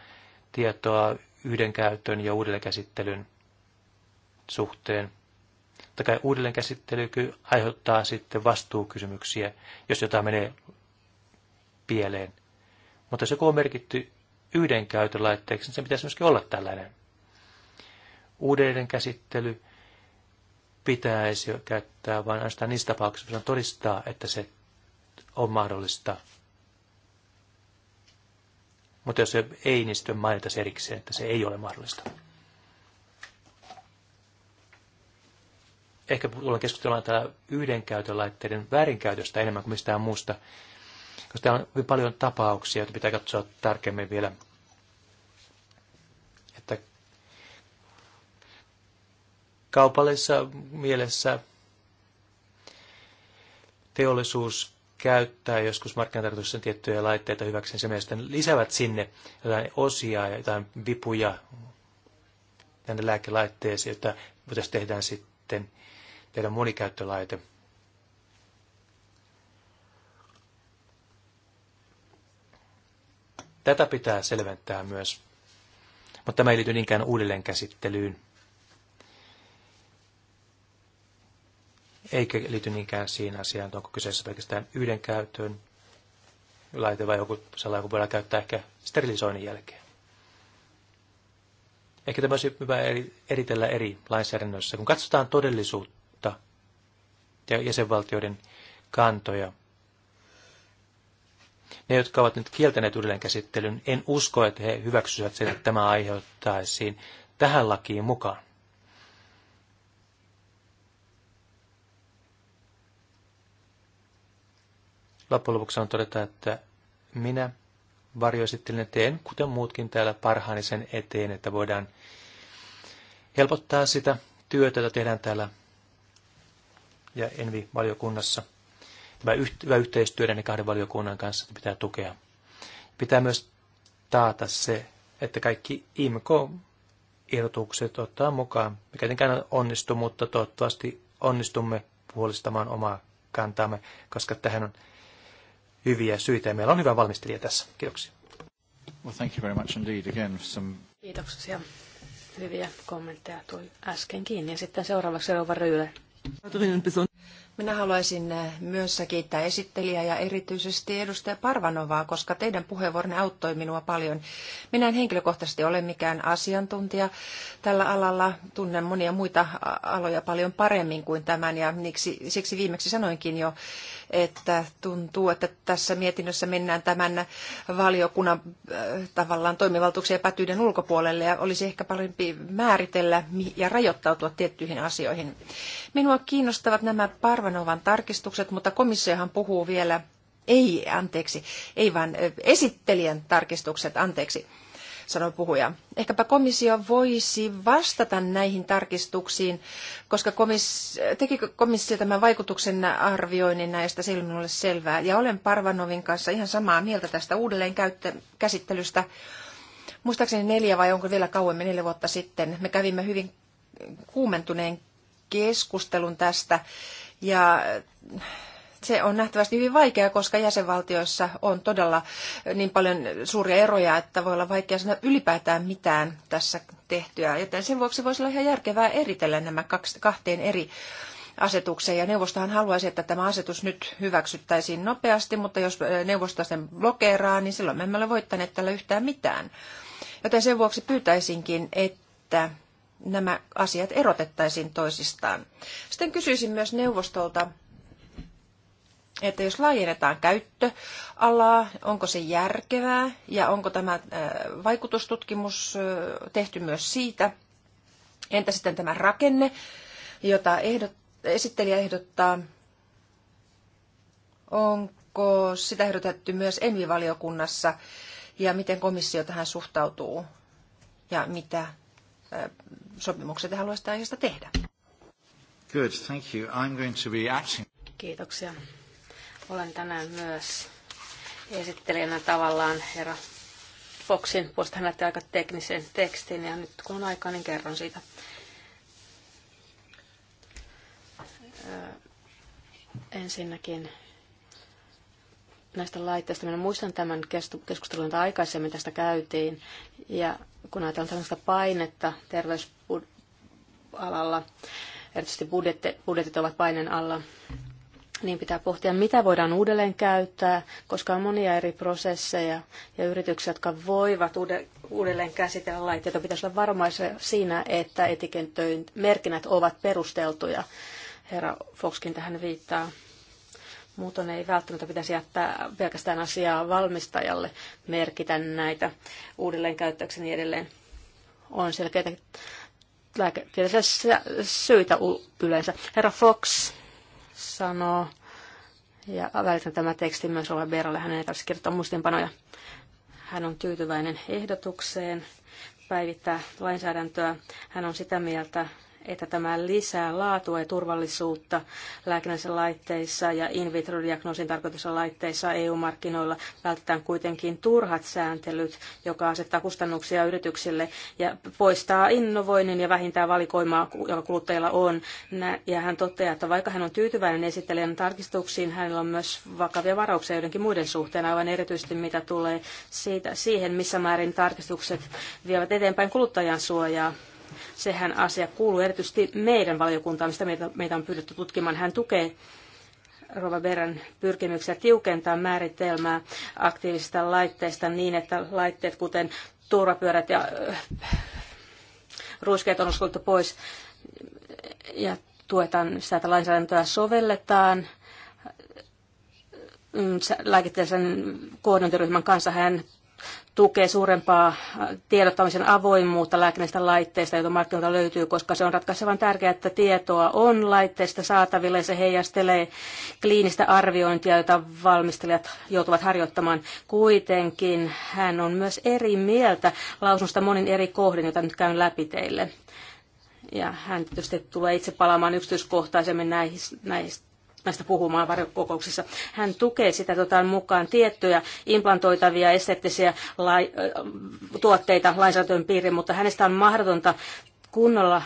tietoa yhdenkäytön ja uudelleenkäsittelyn suhteen. Totta kai uudelleenkäsittely aiheuttaa sitten vastuukysymyksiä, jos jotain menee pieleen. Mutta jos kun on merkitty yhdenkäytön laitteeksi, niin se pitäisi myöskin olla tällainen. Uudelleenkäsittely pitäisi käyttää vain ainoastaan niissä tapauksissa, kun todistaa, että se on mahdollista. Mutta jos se ei, niin sitten mainitaisi erikseen, että se ei ole mahdollista. Ehkä tullaan keskustelemaan täällä yhdenkäytölaitteiden väärinkäytöstä enemmän kuin mistään muusta, koska täällä on hyvin paljon tapauksia, joita pitää katsoa tarkemmin vielä. Että kaupallisessa mielessä teollisuus käyttää joskus markkinatarkoituksen tiettyjä laitteita hyväksi, niin se myös lisäävät sinne jotain osia ja jotain vipuja tänne lääkelaitteeseen, jota voitaisiin tehdä sitten tehdä monikäyttölaite. Tätä pitää selventää myös, mutta tämä ei liity niinkään uudelleenkäsittelyyn. eikä liity niinkään siinä asiaan, että onko kyseessä pelkästään yhden käyttöön laite vai joku sellainen, joka voidaan käyttää ehkä sterilisoinnin jälkeen. Ehkä tämä olisi hyvä eritellä eri lainsäädännössä. Kun katsotaan todellisuutta ja jäsenvaltioiden kantoja, ne, jotka ovat nyt kieltäneet uudelleenkäsittelyn, en usko, että he hyväksyisivät sen, että tämä aiheuttaisiin tähän lakiin mukaan. loppujen lopuksi on todeta, että minä varjoesittelijänä teen, kuten muutkin täällä parhaani sen eteen, että voidaan helpottaa sitä työtä, jota tehdään täällä ja Envi-valiokunnassa. Tämä hyvä yhteistyö näiden kahden valiokunnan kanssa pitää tukea. Pitää myös taata se, että kaikki IMK-ehdotukset ottaa mukaan. mikä tietenkään onnistu, mutta toivottavasti onnistumme puolistamaan omaa kantaamme, koska tähän on hyviä syitä ja meillä on hyvä valmistelija tässä. Kiitoksia. Well, thank you very much indeed again some... Kiitoksia. Hyviä kommentteja tuli äsken kiinni. Ja sitten seuraavaksi Rova Ryle. Minä haluaisin eh, myös kiittää esittelijää ja erityisesti edustaja Parvanovaa, koska teidän puheenvuoronne auttoi minua paljon. Minä en henkilökohtaisesti ole mikään asiantuntija tällä alalla. Tunnen monia muita aloja paljon paremmin kuin tämän ja siksi viimeksi sanoinkin jo, että tuntuu, että tässä mietinnössä mennään tämän valiokunnan äh, tavallaan toimivaltuuksien ja pätyyden ulkopuolelle ja olisi ehkä parempi määritellä ja rajoittautua tiettyihin asioihin. Minua kiinnostavat nämä Parvanovan tarkistukset, mutta komissiohan puhuu vielä ei, anteeksi, ei vaan äh, esittelijän tarkistukset, anteeksi sanoi puhuja. Ehkäpä komissio voisi vastata näihin tarkistuksiin, koska komis, tekikö komissio tämän vaikutuksen arvioinnin näistä, se ei minulle selvää. Ja olen Parvanovin kanssa ihan samaa mieltä tästä uudelleen käsittelystä. Muistaakseni neljä vai onko vielä kauemmin neljä vuotta sitten, me kävimme hyvin kuumentuneen keskustelun tästä ja se on nähtävästi hyvin vaikeaa, koska jäsenvaltioissa on todella eh, niin paljon suuria eroja, että voi olla vaikea sanoa ylipäätään mitään tässä tehtyä. Joten sen vuoksi voisi olla ihan järkevää eritellä nämä kahteen eri asetukseen. Ja neuvostohan haluaisi, että tämä asetus nyt hyväksyttäisiin nopeasti, mutta jos eh, neuvosto sen blokeeraa, niin silloin me emme ole voittaneet tällä yhtään mitään. Joten sen vuoksi pyytäisinkin, että nämä asiat erotettaisiin toisistaan. Sitten kysyisin myös neuvostolta, että jos laajennetaan käyttöalaa, onko se järkevää ja onko tämä äh, vaikutustutkimus äh, tehty myös siitä, entä sitten tämä rakenne, jota ehdot, esittelijä ehdottaa, onko sitä ehdotettu myös envivaliokunnassa ja miten komissio tähän suhtautuu ja mitä äh, sopimukset haluaisi aiheesta tehdä. Good, thank you. I'm going to be Kiitoksia. Olen tänään myös esittelijänä tavallaan herra Foxin puolesta. Hän aika teknisen tekstin ja nyt kun on aikaa, niin kerron siitä. Ensinnäkin näistä laitteista. Minä muistan tämän keskustelun, jota aikaisemmin tästä käytiin. Ja kun ajatellaan tällaista painetta terveysalalla, erityisesti budjetit ovat paineen alla, niin pitää pohtia, mitä voidaan uudelleen käyttää, koska on monia eri prosesseja ja yrityksiä, jotka voivat uudelleen käsitellä laitteita. Pitäisi olla varmaisia siinä, että etiketöin merkinnät ovat perusteltuja. Herra Foxkin tähän viittaa. Muutoin ei välttämättä pitäisi jättää pelkästään asiaa valmistajalle merkitä näitä uudelleen käyttäjäksi niin edelleen. On selkeitä lääketieteellisiä syitä yleensä. Herra Fox sanoo. Ja välitän tämä teksti myös Rova Beeralle, hänen ei tarvitse kirjoittaa muistinpanoja. Hän on tyytyväinen ehdotukseen päivittää lainsäädäntöä. Hän on sitä mieltä, että tämä lisää laatua ja turvallisuutta lääkinnällisissä laitteissa ja in vitro-diagnoosin tarkoituksessa laitteissa EU-markkinoilla. Vältetään kuitenkin turhat sääntelyt, joka asettaa kustannuksia yrityksille ja poistaa innovoinnin ja vähintään valikoimaa, joka kuluttajilla on. Ja hän toteaa, että vaikka hän on tyytyväinen esittelijän tarkistuksiin, hänellä on myös vakavia varauksia joidenkin muiden suhteen, aivan erityisesti mitä tulee siitä, siihen, missä määrin tarkistukset vievät eteenpäin kuluttajan suojaa Sehän asia kuuluu erityisesti meidän valiokuntaan, mistä meitä, meitä on pyydetty tutkimaan. Hän tukee Rova Verran pyrkimyksiä tiukentaa määritelmää aktiivisista laitteista niin, että laitteet kuten turvapyörät ja äh, ruiskeet on uskoltu pois ja tuetaan sitä, että lainsäädäntöä sovelletaan mm, lääketieteellisen koordinointiryhmän kanssa hän tukee suurempaa äh, tiedottamisen avoimuutta lääkinnäistä laitteista, joita markkinoilta löytyy, koska se on ratkaisevan tärkeää, että tietoa on laitteista saatavilla ja se heijastelee kliinistä arviointia, jota valmistelijat joutuvat harjoittamaan. Kuitenkin hän on myös eri mieltä lausunnosta monin eri kohdin, jota nyt käyn läpi teille. Ja hän tietysti tulee itse palaamaan yksityiskohtaisemmin näihin näistä näistä puhumaan varjokokouksissa. Hän tukee sitä tota, mukaan tiettyjä implantoitavia esteettisiä lai, äh, tuotteita lainsäädäntöön piiriin, mutta hänestä on mahdotonta kunnolla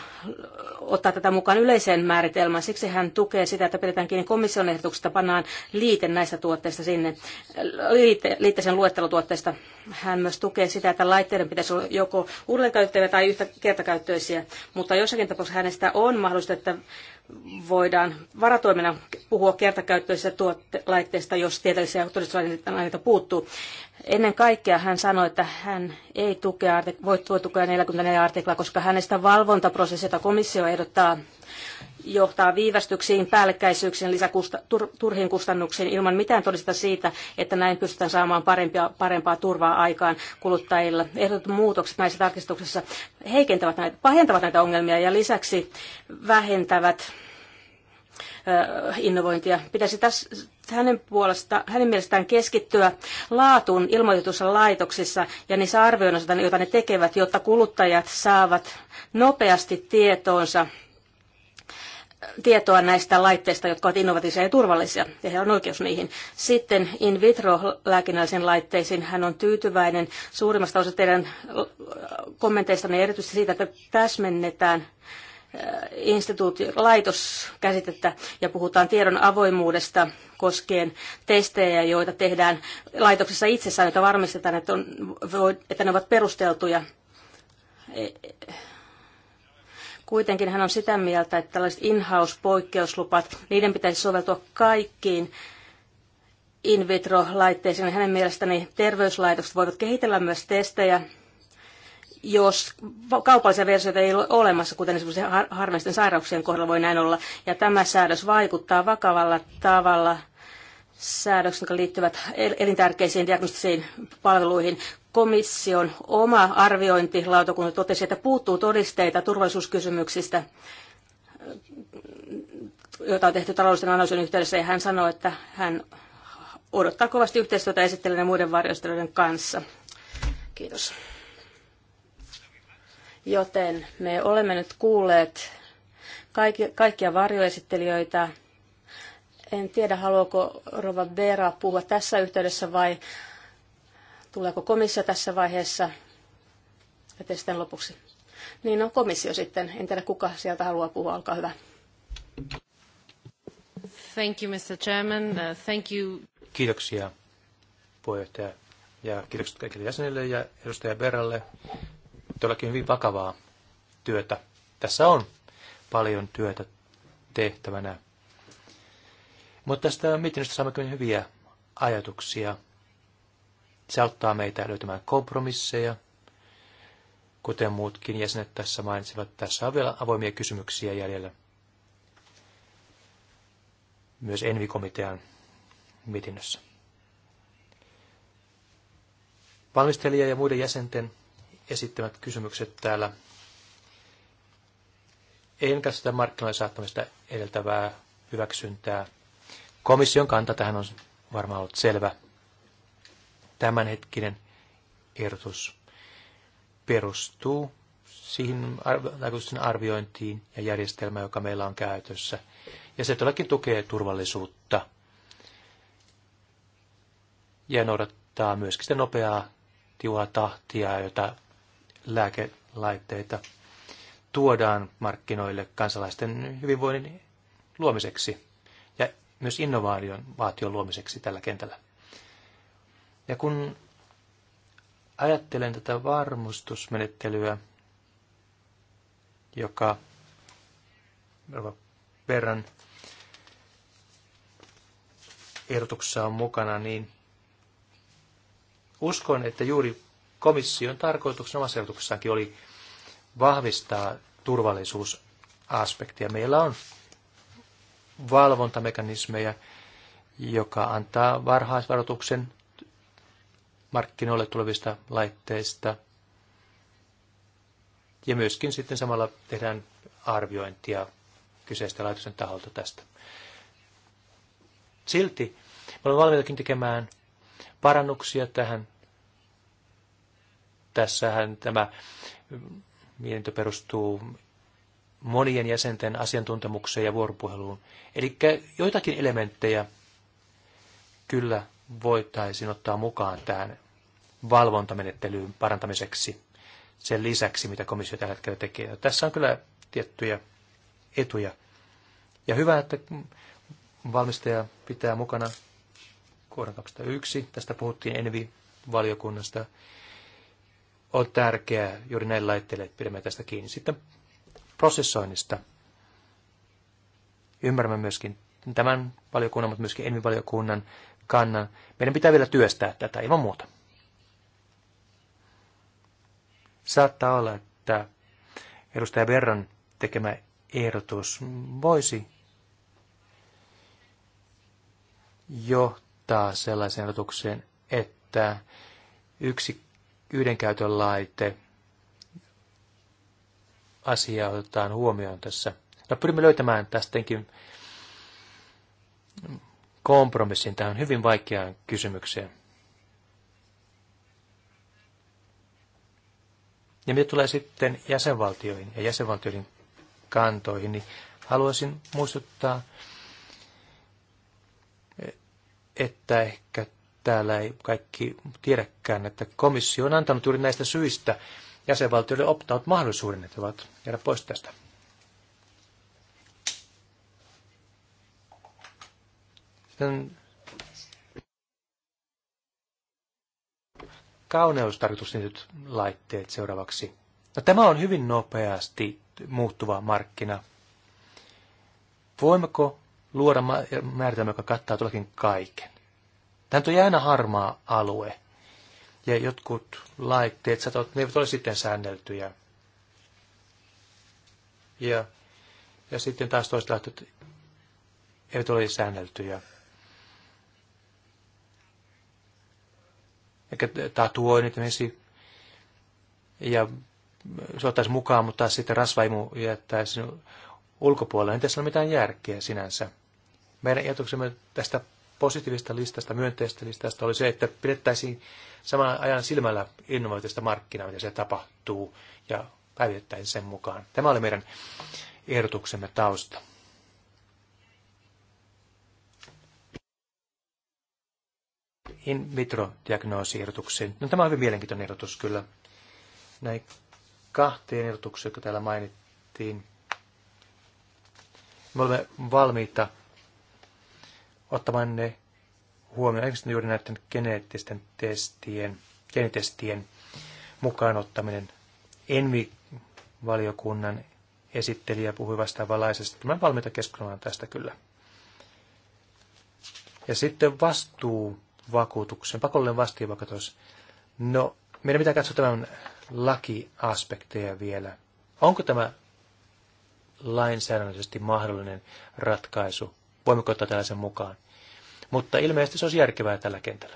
ottaa tätä mukaan yleiseen määritelmään. Siksi hän tukee sitä, että pidetään kiinni komission ehdotuksesta, pannaan liite näistä tuotteista sinne, äh, liite, sen luettelotuotteista. Hän myös tukee sitä, että laitteiden pitäisi olla joko uudelleenkäyttäviä tai yhtä kertakäyttöisiä, mutta jossakin tapauksessa hänestä on mahdollista, että voidaan varatoimena puhua kertakäyttöisistä laitteista, jos tieteellisiä todistusaineita puuttuu. Ennen kaikkea hän sanoi, että hän ei tukea, voi, voi tukea 44 artiklaa, koska hänestä valvontaprosessi, jota komissio ehdottaa johtaa viivästyksiin, päällekkäisyyksiin, lisäturhiin kustannuksiin ilman mitään todista siitä, että näin pystytään saamaan parempia, parempaa turvaa aikaan kuluttajilla. Ehdotetut muutokset näissä tarkistuksissa heikentävät näitä, pahentavat näitä ongelmia ja lisäksi vähentävät innovointia. Pitäisi tässä, hänen, puolesta, hänen mielestään keskittyä laatuun ilmoitetussa laitoksissa ja niissä arvioinnissa, joita ne tekevät, jotta kuluttajat saavat nopeasti tietoonsa tietoa näistä laitteista, jotka ovat innovatiivisia ja turvallisia, ja heillä on oikeus niihin. Sitten in vitro-lääkinnällisiin laitteisiin hän on tyytyväinen suurimmasta osa teidän kommenteistanne, erityisesti siitä, että täsmennetään äh, instituutio, laitoskäsitettä ja puhutaan tiedon avoimuudesta koskien testejä, joita tehdään laitoksessa itsessään, joita varmistetaan, että, on, että ne ovat perusteltuja e, Kuitenkin hän on sitä mieltä, että tällaiset in-house-poikkeuslupat, niiden pitäisi soveltua kaikkiin in vitro-laitteisiin. Hänen mielestään terveyslaitokset voivat kehitellä myös testejä, jos kaupallisia versioita ei ole olemassa, kuten esimerkiksi harvinaisten sairauksien kohdalla voi näin olla. Ja tämä säädös vaikuttaa vakavalla tavalla säädökset, jotka liittyvät elintärkeisiin diagnostisiin palveluihin. Komission oma arviointilautakunta totesi, että puuttuu todisteita turvallisuuskysymyksistä, joita on tehty taloudellisen analyysin yhteydessä, ja hän sanoi, että hän odottaa kovasti yhteistyötä esittelijän ja muiden varjostelijoiden kanssa. Kiitos. Joten me olemme nyt kuulleet kaikkia varjoesittelijöitä, en tiedä, haluaako Rova Bera puhua tässä yhteydessä vai tuleeko komissio tässä vaiheessa ja sitten lopuksi. Niin on no, komissio sitten. En tiedä, kuka sieltä haluaa puhua. Olkaa hyvä. Thank you, Mr. Chairman. Uh, thank you. Kiitoksia puheenjohtaja ja kiitokset kaikille jäsenille ja edustaja Beralle. Todellakin hyvin vakavaa työtä. Tässä on paljon työtä tehtävänä mutta tästä mietinnöstä saamme kyllä hyviä ajatuksia. Se auttaa meitä löytämään kompromisseja, kuten muutkin jäsenet tässä mainitsivat. Tässä on vielä avoimia kysymyksiä jäljellä. Myös komitean mietinnössä. Valmistelija ja muiden jäsenten esittämät kysymykset täällä. En käsitä markkinoille saattamista edeltävää hyväksyntää Komission kanta tähän on varmaan ollut selvä. Tämänhetkinen ehdotus perustuu siihen vaikutusten arviointiin ja järjestelmään, joka meillä on käytössä. Ja se todellakin tukee turvallisuutta ja noudattaa myöskin sitä nopeaa tiua tahtia, jota lääkelaitteita tuodaan markkinoille kansalaisten hyvinvoinnin luomiseksi myös innovaation vaation luomiseksi tällä kentällä. Ja kun ajattelen tätä varmustusmenettelyä, joka verran ehdotuksessa on mukana, niin uskon, että juuri komission tarkoituksena omassa ehdotuksessakin oli vahvistaa turvallisuusaspektia. Meillä on valvontamekanismeja, joka antaa varhaisvaroituksen markkinoille tulevista laitteista. Ja myöskin sitten samalla tehdään arviointia kyseistä laitosten taholta tästä. Silti me olemme valmiitakin tekemään parannuksia tähän. Tässähän tämä mietintö perustuu monien jäsenten asiantuntemukseen ja vuoropuheluun. Eli joitakin elementtejä kyllä voitaisiin ottaa mukaan tähän valvontamenettelyyn parantamiseksi sen lisäksi, mitä komissio tällä hetkellä tekee. No, tässä on kyllä tiettyjä etuja. Ja hyvä, että valmistaja pitää mukana kohdan 201. Tästä puhuttiin Envi-valiokunnasta. On tärkeää juuri näillä laitteilla, että pidämme tästä kiinni. Sitten prosessoinnista. Ymmärrämme myöskin tämän valiokunnan, mutta myöskin ENVI-valiokunnan kannan. Meidän pitää vielä työstää tätä ilman muuta. Saattaa olla, että edustaja Verran tekemä ehdotus voisi johtaa sellaiseen ehdotukseen, että yksi yhdenkäytön laite asiaa otetaan huomioon tässä. No pyrimme löytämään tästäkin kompromissin tähän hyvin vaikeaan kysymykseen. Ja mitä tulee sitten jäsenvaltioihin ja jäsenvaltioiden kantoihin, niin haluaisin muistuttaa, että ehkä täällä ei kaikki tiedäkään, että komissio on antanut juuri näistä syistä jäsenvaltioille optaut mahdollisuuden että voivat jäädä pois tästä. Sitten nyt laitteet seuraavaksi. No, tämä on hyvin nopeasti muuttuva markkina. Voimmeko luoda määritelmä, joka kattaa tuollakin kaiken? Tämä on aina harmaa alue ja jotkut laitteet, satot, ne eivät ole sitten säänneltyjä. Ja, ja sitten taas toiset laitteet eivät ole säänneltyjä. Eikä tatuoinnit esimerkiksi ja se ottaisi mukaan, mutta taas sitten rasvaimu jättäisi ulkopuolelle, niin tässä ei ole mitään järkeä sinänsä. Meidän ajatuksemme tästä positiivista listasta, myönteistä listasta oli se, että pidettäisiin saman ajan silmällä innovatiivista markkinaa, mitä se tapahtuu, ja päivitettäisiin sen mukaan. Tämä oli meidän ehdotuksemme tausta. In vitro-diagnoosiehdotuksiin. No, tämä on hyvin mielenkiintoinen ehdotus kyllä. Näin kahteen ehdotukseen, jotka täällä mainittiin. Me olemme valmiita ottamaan ne huomioon, esimerkiksi juuri näiden geneettisten testien, genetestien mukaan ottaminen. Envi-valiokunnan esittelijä puhui vastaavanlaisesti. Olen valmiita keskustelemaan tästä kyllä. Ja sitten vastuuvakuutuksen, pakollinen vastuuvakuutus. No, meidän pitää katsoa tämän lakiaspekteja vielä. Onko tämä lainsäädännöllisesti mahdollinen ratkaisu voimmeko ottaa tällaisen mukaan. Mutta ilmeisesti se olisi järkevää tällä kentällä.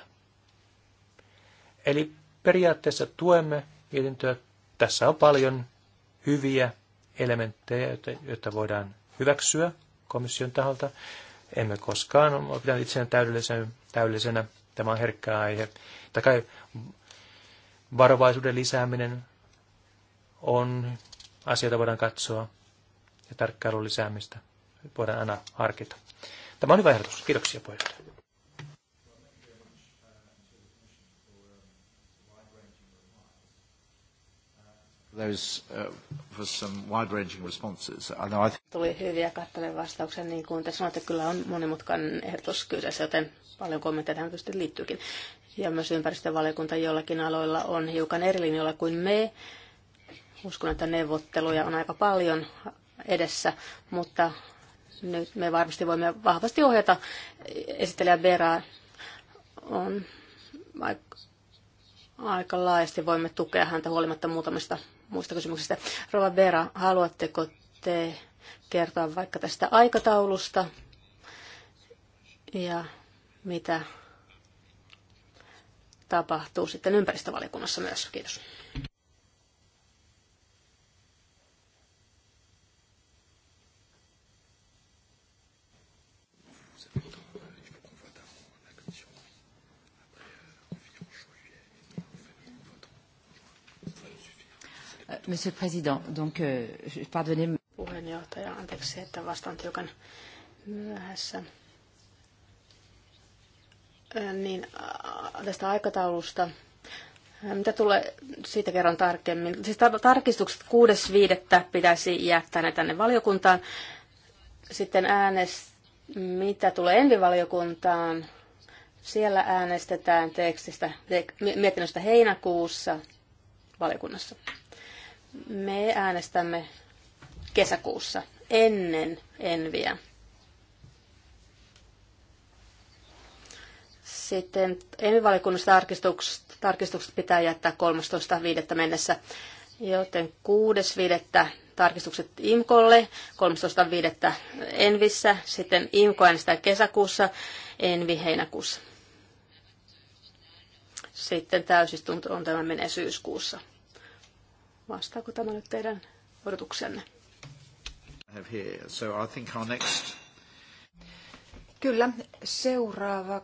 Eli periaatteessa tuemme mietintöä. Tässä on paljon hyviä elementtejä, joita voidaan hyväksyä komission taholta. Emme koskaan ole pitänyt itseään täydellisenä, täydellisenä. Tämä on herkkä aihe. Takai varovaisuuden lisääminen on asioita voidaan katsoa ja tarkkailun lisäämistä voidaan aina harkita. Tämä on hyvä ehdotus. Kiitoksia puheenjohtaja. Those, uh, for some wide-ranging responses. I know I Tuli hyviä kattavia vastauksia, niin kuin te sanoitte, kyllä on monimutkainen ehdotus kyseessä, joten paljon kommentteja tähän tietysti liittyykin. Ja myös ympäristövaliokunta jollakin aloilla on hiukan eri linjoilla kuin me. Uskon, että neuvotteluja on aika paljon edessä, mutta nyt me varmasti voimme vahvasti ohjata esittelijä Beraa. On aika laajasti voimme tukea häntä huolimatta muutamista muista kysymyksistä. Rova Bera, haluatteko te kertoa vaikka tästä aikataulusta ja mitä tapahtuu sitten ympäristövaliokunnassa myös? Kiitos. Monsieur le Président, donc, euh, pardonnez... Puheenjohtaja, anteeksi, että vastaan hiukan myöhässä. Niin, tästä aikataulusta. Mitä tulee, siitä kerran tarkemmin. Siis tarkistukset 6.5. pitäisi jättää ne tänne valiokuntaan. Sitten äänest, mitä tulee envivaliokuntaan, siellä äänestetään tekstistä, mietinnöstä heinäkuussa valiokunnassa. Me äänestämme kesäkuussa ennen Enviä. Sitten EMI-valikunnasta tarkistukset, tarkistukset pitää jättää 13.5. mennessä, joten 6.5. tarkistukset IMKOlle, 13.5. ENVissä, sitten IMKO äänestää kesäkuussa, ENVI heinäkuussa. Sitten täysistunto on tämä menee syyskuussa. Vastaako tämä nyt teidän odotuksenne? Kyllä, seuraava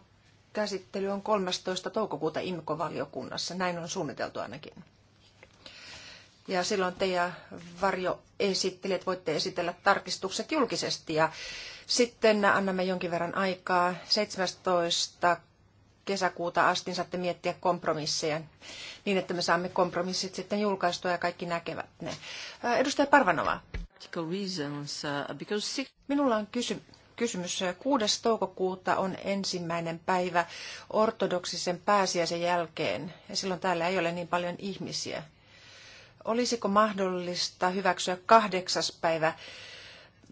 käsittely on 13. toukokuuta IMKO-valiokunnassa. Näin on suunniteltu ainakin. Ja silloin te ja Varjo esittelijät voitte esitellä tarkistukset julkisesti ja sitten annamme jonkin verran aikaa. 17 kesäkuuta asti saatte miettiä kompromisseja niin, että me saamme kompromissit sitten julkaistua ja kaikki näkevät ne. Edustaja Parvanova. Uh, Minulla on kysymys kysymys. 6. toukokuuta on ensimmäinen päivä ortodoksisen pääsiäisen jälkeen, ja silloin täällä ei ole niin paljon ihmisiä. Olisiko mahdollista hyväksyä kahdeksas päivä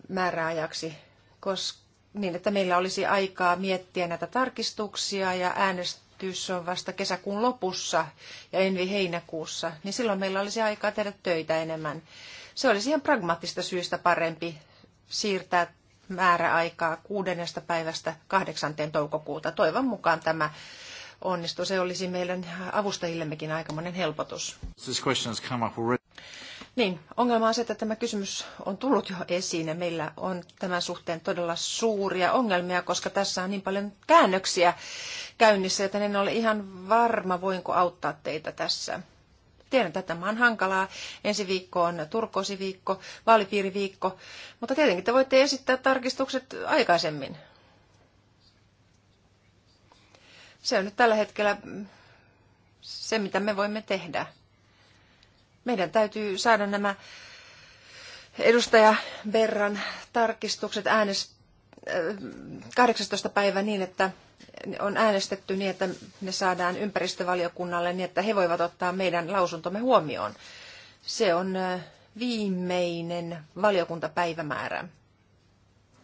määräajaksi, koska niin, että meillä olisi aikaa miettiä näitä tarkistuksia ja äänestys on vasta kesäkuun lopussa ja envi heinäkuussa, niin silloin meillä olisi aikaa tehdä töitä enemmän. Se olisi ihan pragmaattista syystä parempi siirtää määräaikaa kuudennesta päivästä kahdeksanteen toukokuuta. Toivon mukaan tämä onnistuu. Se olisi meidän avustajillemmekin aikamoinen helpotus. Niin, ongelma on se, että tämä kysymys on tullut jo esiin ja meillä on tämän suhteen todella suuria ongelmia, koska tässä on niin paljon käännöksiä käynnissä, joten en ole ihan varma, voinko auttaa teitä tässä. Tiedän, että tämä on hankalaa. Ensi viikko on turkoosiviikko, vaalipiiriviikko, mutta tietenkin te voitte esittää tarkistukset aikaisemmin. Se on nyt tällä hetkellä se, mitä me voimme tehdä. Meidän täytyy saada nämä edustaja Berran tarkistukset äänestää äh, 18. päivä niin, että on äänestetty niin, että ne saadaan ympäristövaliokunnalle niin, että he voivat ottaa meidän lausuntomme huomioon. Se on äh, viimeinen valiokuntapäivämäärä,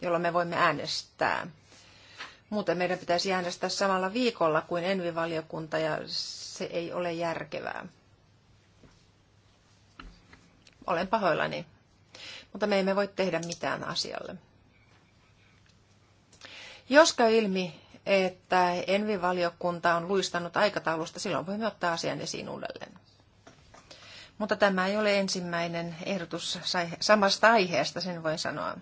jolloin me voimme äänestää. Muuten meidän pitäisi äänestää samalla viikolla kuin envivaliokunta ja se ei ole järkevää. Olen pahoillani, mutta me emme voi tehdä mitään asialle. Jos käy ilmi, että Envi-valiokunta on luistanut aikataulusta, silloin voimme ottaa asian esiin uudelleen. Mutta tämä ei ole ensimmäinen ehdotus samasta aiheesta, sen voin sanoa.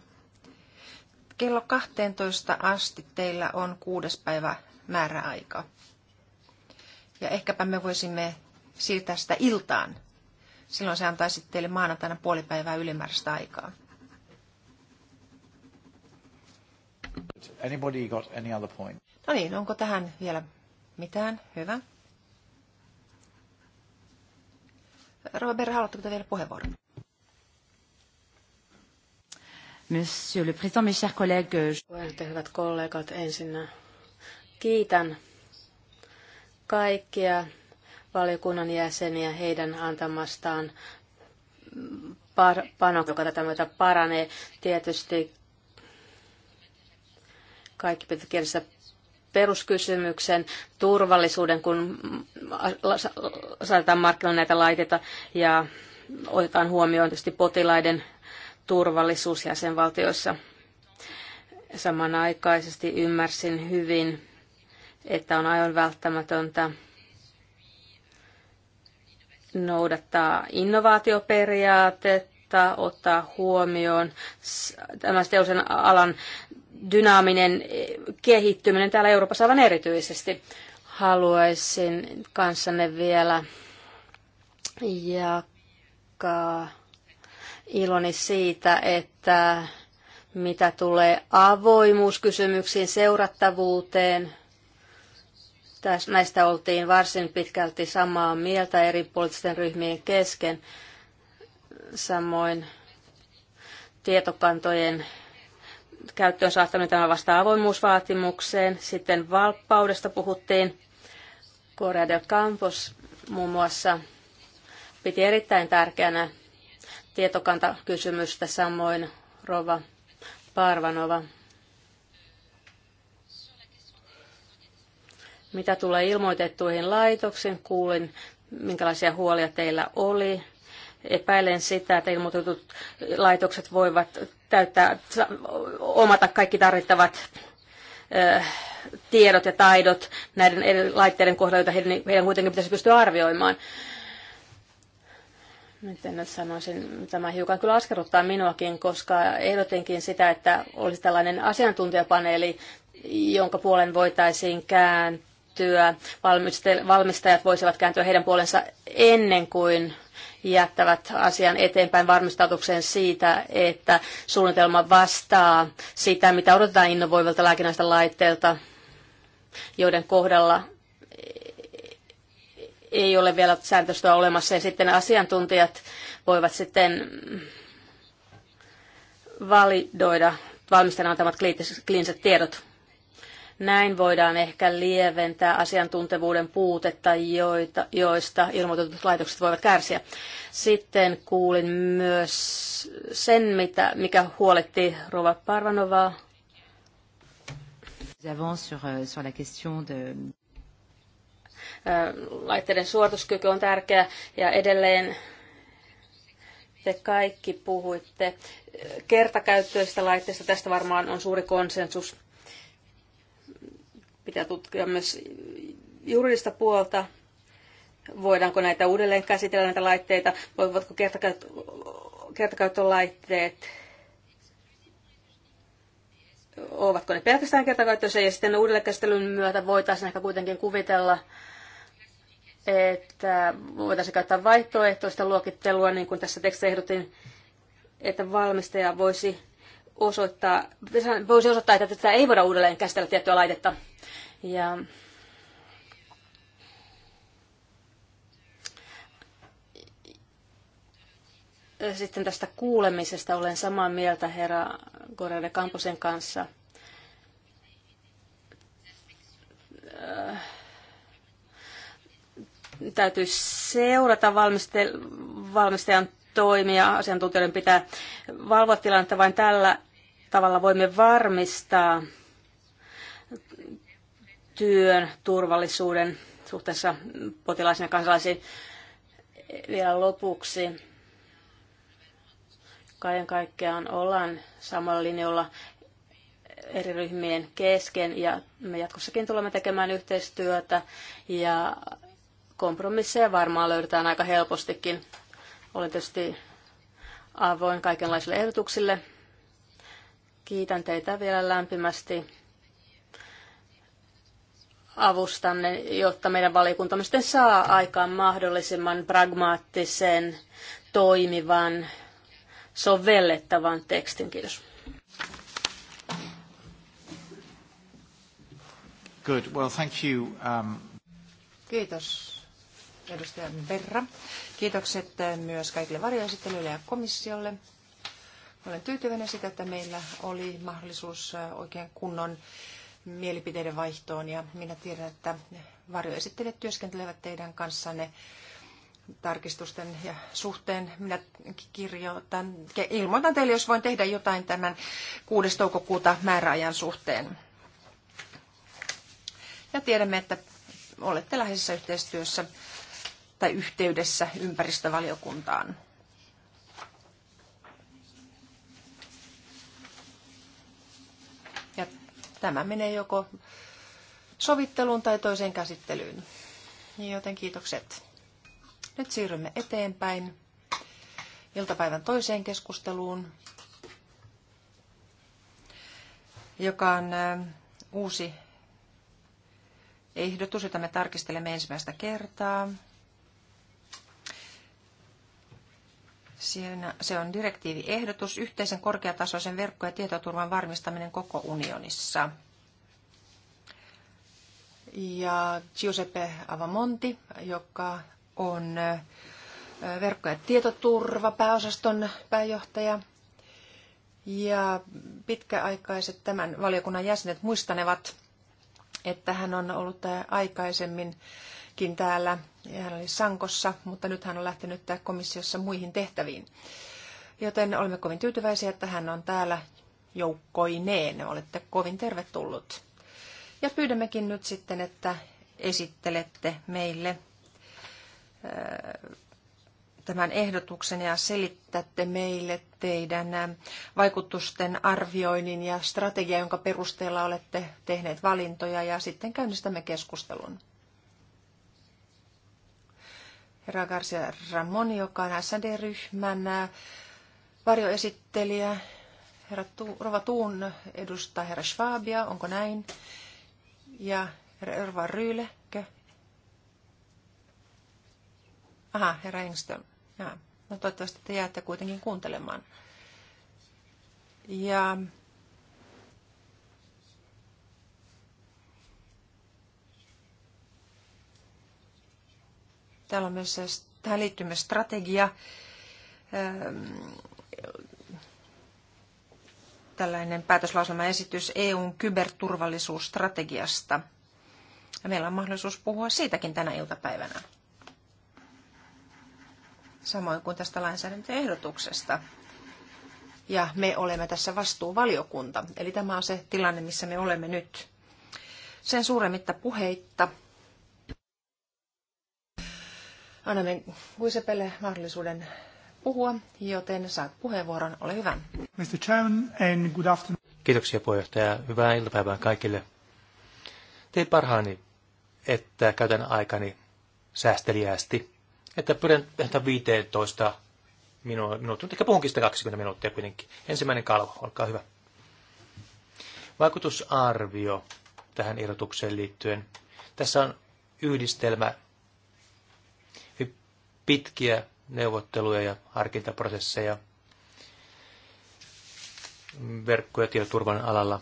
Kello 12 asti teillä on kuudes päivä määräaika. Ja ehkäpä me voisimme siirtää sitä iltaan, Silloin se antaisi teille maanantaina puoli päivää ylimääräistä aikaa. Anybody got any other point? No niin, onko tähän vielä mitään? Hyvä. Robert, haluatteko te vielä puheenvuoron? Monsieur le Président, mes chers collègues. Hyvät kollegat, ensin kiitän kaikkia valiokunnan jäseniä heidän antamastaan panoksesta, joka tätä myötä paranee. Tietysti kaikki pitää kielessä peruskysymyksen turvallisuuden, kun saadaan markkinoille näitä laitetta ja otetaan huomioon tietysti potilaiden turvallisuus jäsenvaltioissa. Samanaikaisesti ymmärsin hyvin, että on aivan välttämätöntä noudattaa innovaatioperiaatetta, ottaa huomioon tämän teollisen alan dynaaminen e, kehittyminen täällä Euroopassa aivan erityisesti. Haluaisin kanssanne vielä jakaa iloni siitä, että mitä tulee avoimuuskysymyksiin, seurattavuuteen, Näistä oltiin varsin pitkälti samaa mieltä eri poliittisten ryhmien kesken. Samoin tietokantojen käyttöön saattaminen tämä vastaa avoimuusvaatimukseen. Sitten valppaudesta puhuttiin. Korea del Campos muun muassa piti erittäin tärkeänä tietokantakysymystä, samoin Rova Parvanova. Mitä tulee ilmoitettuihin laitoksiin, kuulin, minkälaisia huolia teillä oli. Epäilen sitä, että ilmoitetut laitokset voivat täyttää, omata kaikki tarvittavat tiedot ja taidot näiden eri laitteiden kohdalla, joita heidän, heidän kuitenkin pitäisi pystyä arvioimaan. Miten nyt sanoisin, tämä hiukan kyllä askarruttaa minuakin, koska ehdotinkin sitä, että olisi tällainen asiantuntijapaneeli, jonka puolen voitaisiin kääntää kääntyä, Valmistajat voisivat kääntyä heidän puolensa ennen kuin jättävät asian eteenpäin varmistautukseen siitä, että suunnitelma vastaa sitä, mitä odotetaan innovoivilta lääkinnäistä laitteilta, joiden kohdalla ei ole vielä sääntöstä olemassa. Ja sitten asiantuntijat voivat sitten validoida valmistajan antamat kliiniset tiedot. Näin voidaan ehkä lieventää asiantuntevuuden puutetta, joita, joista ilmoitetut laitokset voivat kärsiä. Sitten kuulin myös sen, mitä, mikä huoletti Rova Parvanovaa. Euh, äh, laitteiden suorituskyky on tärkeä ja edelleen te kaikki puhuitte kertakäyttöistä laitteista. Tästä varmaan on suuri konsensus Pitää tutkia myös juridista puolta, voidaanko näitä uudelleen käsitellä näitä laitteita, voivatko kertakäyttölaitteet, ovatko ne pelkästään kertakäyttöisiä ja sitten uudelleen myötä voitaisiin ehkä kuitenkin kuvitella, että voitaisiin käyttää vaihtoehtoista luokittelua, niin kuin tässä tekstissä ehdotin, että valmistaja voisi osoittaa, voisi osoittaa, että tätä ei voida uudelleen käsitellä tiettyä laitetta. Ja sitten tästä kuulemisesta olen samaa mieltä herra Gorelle Kamposen kanssa. Täytyy seurata valmistajan toimia. Asiantuntijoiden pitää valvoa tilannetta vain tällä tavalla voimme varmistaa työn turvallisuuden suhteessa potilaisiin ja kansalaisiin. Vielä lopuksi kaiken kaikkiaan ollaan samalla linjalla eri ryhmien kesken ja me jatkossakin tulemme tekemään yhteistyötä ja kompromisseja varmaan löydetään aika helpostikin. Olen tietysti avoin kaikenlaisille ehdotuksille. Kiitän teitä vielä lämpimästi avustanne, jotta meidän valiokuntamme sitten saa aikaan mahdollisimman pragmaattisen, toimivan, sovellettavan tekstin. Kiitos. Good. Well, thank you. Um... Kiitos edustaja Berra. Kiitokset eh, myös kaikille varjoesittelyille ja komissiolle. Olen tyytyväinen sitä, että meillä oli mahdollisuus eh, oikein kunnon mielipiteiden vaihtoon ja minä tiedän, että varjoesittelijät työskentelevät teidän kanssanne tarkistusten ja suhteen. Minä kirjoitan, ilmoitan teille, jos voin tehdä jotain tämän 6. toukokuuta määräajan suhteen. Ja tiedämme, että olette läheisessä yhteistyössä tai yhteydessä ympäristövaliokuntaan. Ja tämä menee joko sovitteluun tai toiseen käsittelyyn. Joten kiitokset. Nyt siirrymme eteenpäin iltapäivän toiseen keskusteluun, joka on uusi ehdotus, jota me tarkistelemme ensimmäistä kertaa. Siinä se on direktiiviehdotus yhteisen korkeatasoisen verkko- ja tietoturvan varmistaminen koko unionissa. Ja Giuseppe Avamonti, joka on verkko- ja tietoturvapääosaston pääjohtaja. Ja pitkäaikaiset tämän valiokunnan jäsenet muistanevat, että hän on ollut aikaisemmin ollutkin täällä. Hän oli Sankossa, mutta nyt hän on lähtenyt komissiossa muihin tehtäviin. Joten olemme kovin tyytyväisiä, että hän on täällä joukkoineen. Olette kovin tervetullut. Ja pyydämmekin nyt sitten, että esittelette meille äh, tämän ehdotuksen ja selittätte meille teidän äh, vaikutusten arvioinnin ja strategia, jonka perusteella olette tehneet valintoja ja sitten käynnistämme keskustelun herra Garcia Ramoni, joka on SND-ryhmän äh, varjoesittelijä, herra tu, Rova Tuun edustaa herra Schwabia, onko näin? Ja herra Erva Ryylekö? Aha, herra Engström. Ja, no toivottavasti te jäätte kuitenkin kuuntelemaan. Ja Täällä on myös, tähän liittyy myös strategia, tällainen päätöslauselmaesitys EUn kyberturvallisuusstrategiasta. Ja meillä on mahdollisuus puhua siitäkin tänä iltapäivänä. Samoin kuin tästä lainsäädäntöehdotuksesta. Ja me olemme tässä vastuuvaliokunta. Eli tämä on se tilanne, missä me olemme nyt. Sen suuremmitta puheitta annamme Guisepelle mahdollisuuden puhua, joten saat puheenvuoron. Ole hyvä. Mr. Chairman, and good afternoon. Kiitoksia puheenjohtaja. Hyvää iltapäivää kaikille. Tein parhaani, että käytän aikani säästeliästi, että pyydän 15 minuuttia, ehkä puhunkin sitä 20 minuuttia kuitenkin. Ensimmäinen kalvo, olkaa hyvä. Vaikutusarvio tähän ehdotukseen liittyen. Tässä on yhdistelmä pitkiä neuvotteluja ja harkintaprosesseja verkko- ja tietoturvan alalla.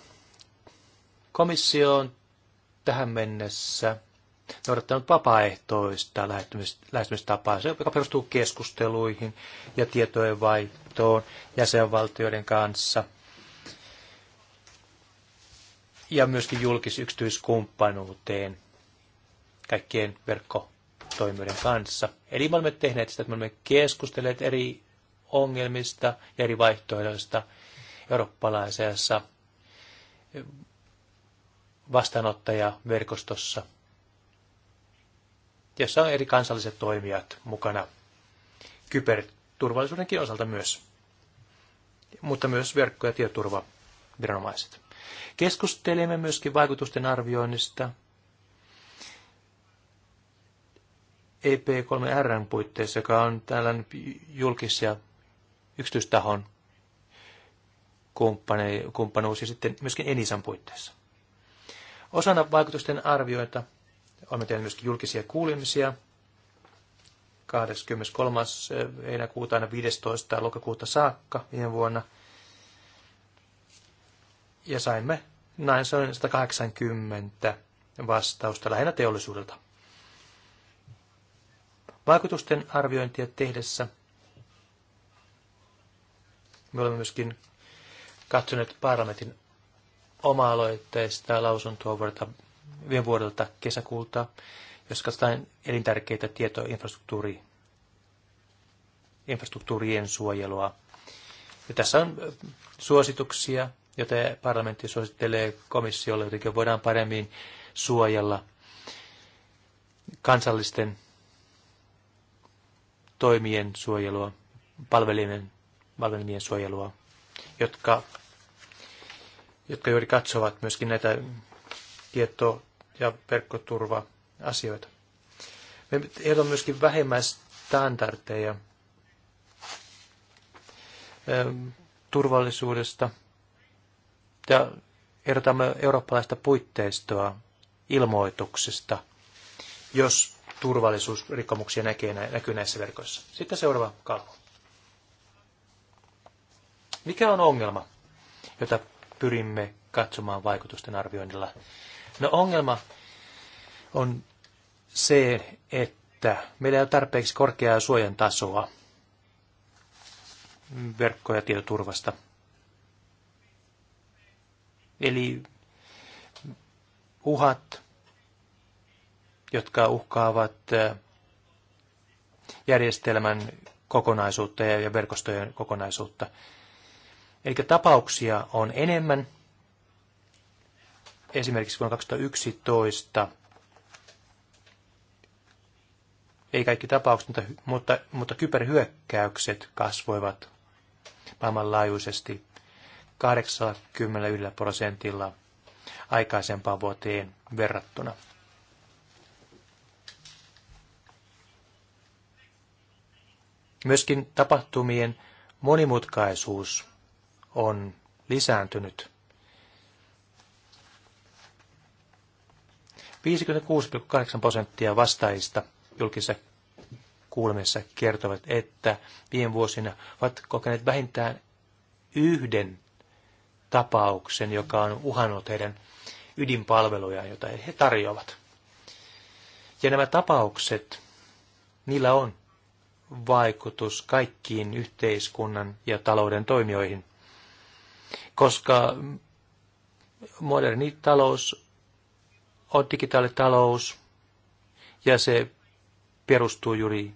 Komissio on tähän mennessä noudattanut vapaaehtoista lähestymistapaa, joka perustuu keskusteluihin ja tietojen vaihtoon jäsenvaltioiden kanssa ja myöskin julkis-yksityiskumppanuuteen kaikkien verkko- toimijoiden kanssa. Eli me olemme tehneet sitä, että me olemme keskustelleet eri ongelmista ja eri vaihtoehdoista eurooppalaisessa vastaanottajaverkostossa, jossa on eri kansalliset toimijat mukana kyberturvallisuudenkin osalta myös, mutta myös verkko- ja tietoturvaviranomaiset. Keskustelemme myöskin vaikutusten arvioinnista EP3Rn puitteissa, joka on tällainen julkis- ja yksityistahon kumppanuus ja sitten myöskin Enisan puitteissa. Osana vaikutusten arvioita olemme tehneet myöskin julkisia kuulemisia 23. Eh, heinäkuuta aina 15. lokakuuta saakka viime vuonna. Ja saimme näin 180 vastausta lähinnä teollisuudelta. Vaikutusten arviointia tehdessä me olemme myöskin katsoneet parlamentin oma-aloitteista lausuntoa vuodelta, viime vuodelta kesäkuulta, jos katsotaan elintärkeitä tietoinfrastruktuuri, infrastruktuurien suojelua. Ja tässä on suosituksia, joita parlamentti suosittelee komissiolle, jotenkin voidaan paremmin suojella kansallisten toimien suojelua, palvelimen, palvelimien suojelua, jotka, jotka juuri katsovat myöskin näitä tieto- ja verkkoturva-asioita. Me ehdotamme myöskin vähemmän standardeja ähm, turvallisuudesta ja ehdotamme eurooppalaista puitteistoa ilmoituksista, jos turvallisuusrikkomuksia näkee, näkyy näissä verkoissa. Sitten seuraava kalvo. Mikä on ongelma, jota pyrimme katsomaan vaikutusten arvioinnilla? No ongelma on se, että meillä ei ole tarpeeksi korkeaa suojan tasoa verkko- ja tietoturvasta. Eli uhat jotka uhkaavat eh, järjestelmän kokonaisuutta ja verkostojen kokonaisuutta. Eli tapauksia on enemmän. Esimerkiksi vuonna 2011 ei kaikki tapaukset, mutta, mutta, mutta kyberhyökkäykset kasvoivat maailmanlaajuisesti 81 prosentilla aikaisempaan vuoteen verrattuna. Myöskin tapahtumien monimutkaisuus on lisääntynyt. 56,8 prosenttia vastaajista julkisessa kuulemisessa kertovat, että viime vuosina ovat kokeneet vähintään yhden tapauksen, joka on uhannut heidän ydinpalvelujaan, joita he tarjoavat. Ja nämä tapaukset, niillä on vaikutus kaikkiin yhteiskunnan ja talouden toimijoihin, koska moderni talous on digitaalitalous ja se perustuu juuri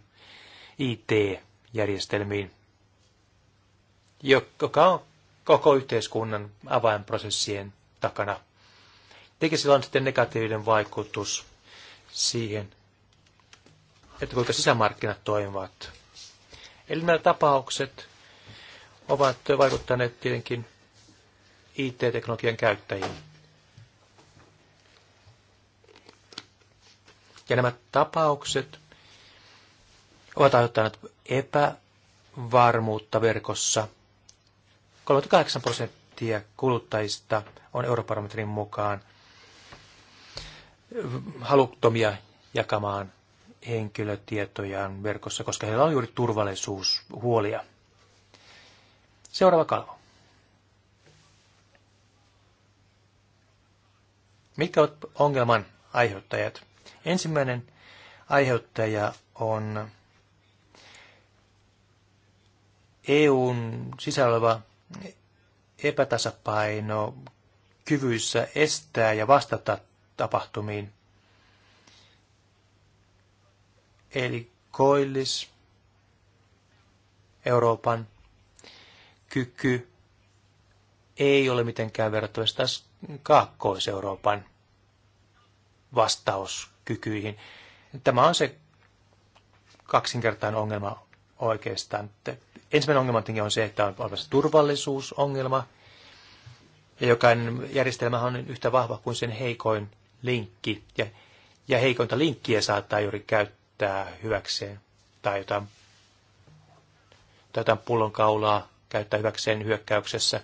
IT-järjestelmiin, joka on koko yhteiskunnan avainprosessien takana. Tekisillä on sitten negatiivinen vaikutus siihen, että kuinka sisämarkkinat toimivat. Eli nämä tapaukset ovat vaikuttaneet tietenkin IT-teknologian käyttäjiin. Ja nämä tapaukset ovat aiheuttaneet epävarmuutta verkossa. 38 prosenttia kuluttajista on Eurobarometrin mukaan haluttomia jakamaan henkilötietojaan verkossa, koska heillä on juuri turvallisuushuolia. Seuraava kalvo. Mitkä ovat ongelman aiheuttajat? Ensimmäinen aiheuttaja on EUn sisällä oleva epätasapaino kyvyissä estää ja vastata tapahtumiin eli koillis Euroopan kyky ei ole mitenkään verrattavissa taas Kaakkois-Euroopan vastauskykyihin. Tämä on se kaksinkertainen ongelma oikeastaan. Ensimmäinen ongelma on se, että on olemassa turvallisuusongelma, ja jokainen järjestelmä on yhtä vahva kuin sen heikoin linkki, ja, ja heikointa linkkiä saattaa juuri käyttää käyttää hyväkseen tai jotain, tai jotain pullonkaulaa käyttää hyväkseen hyökkäyksessä.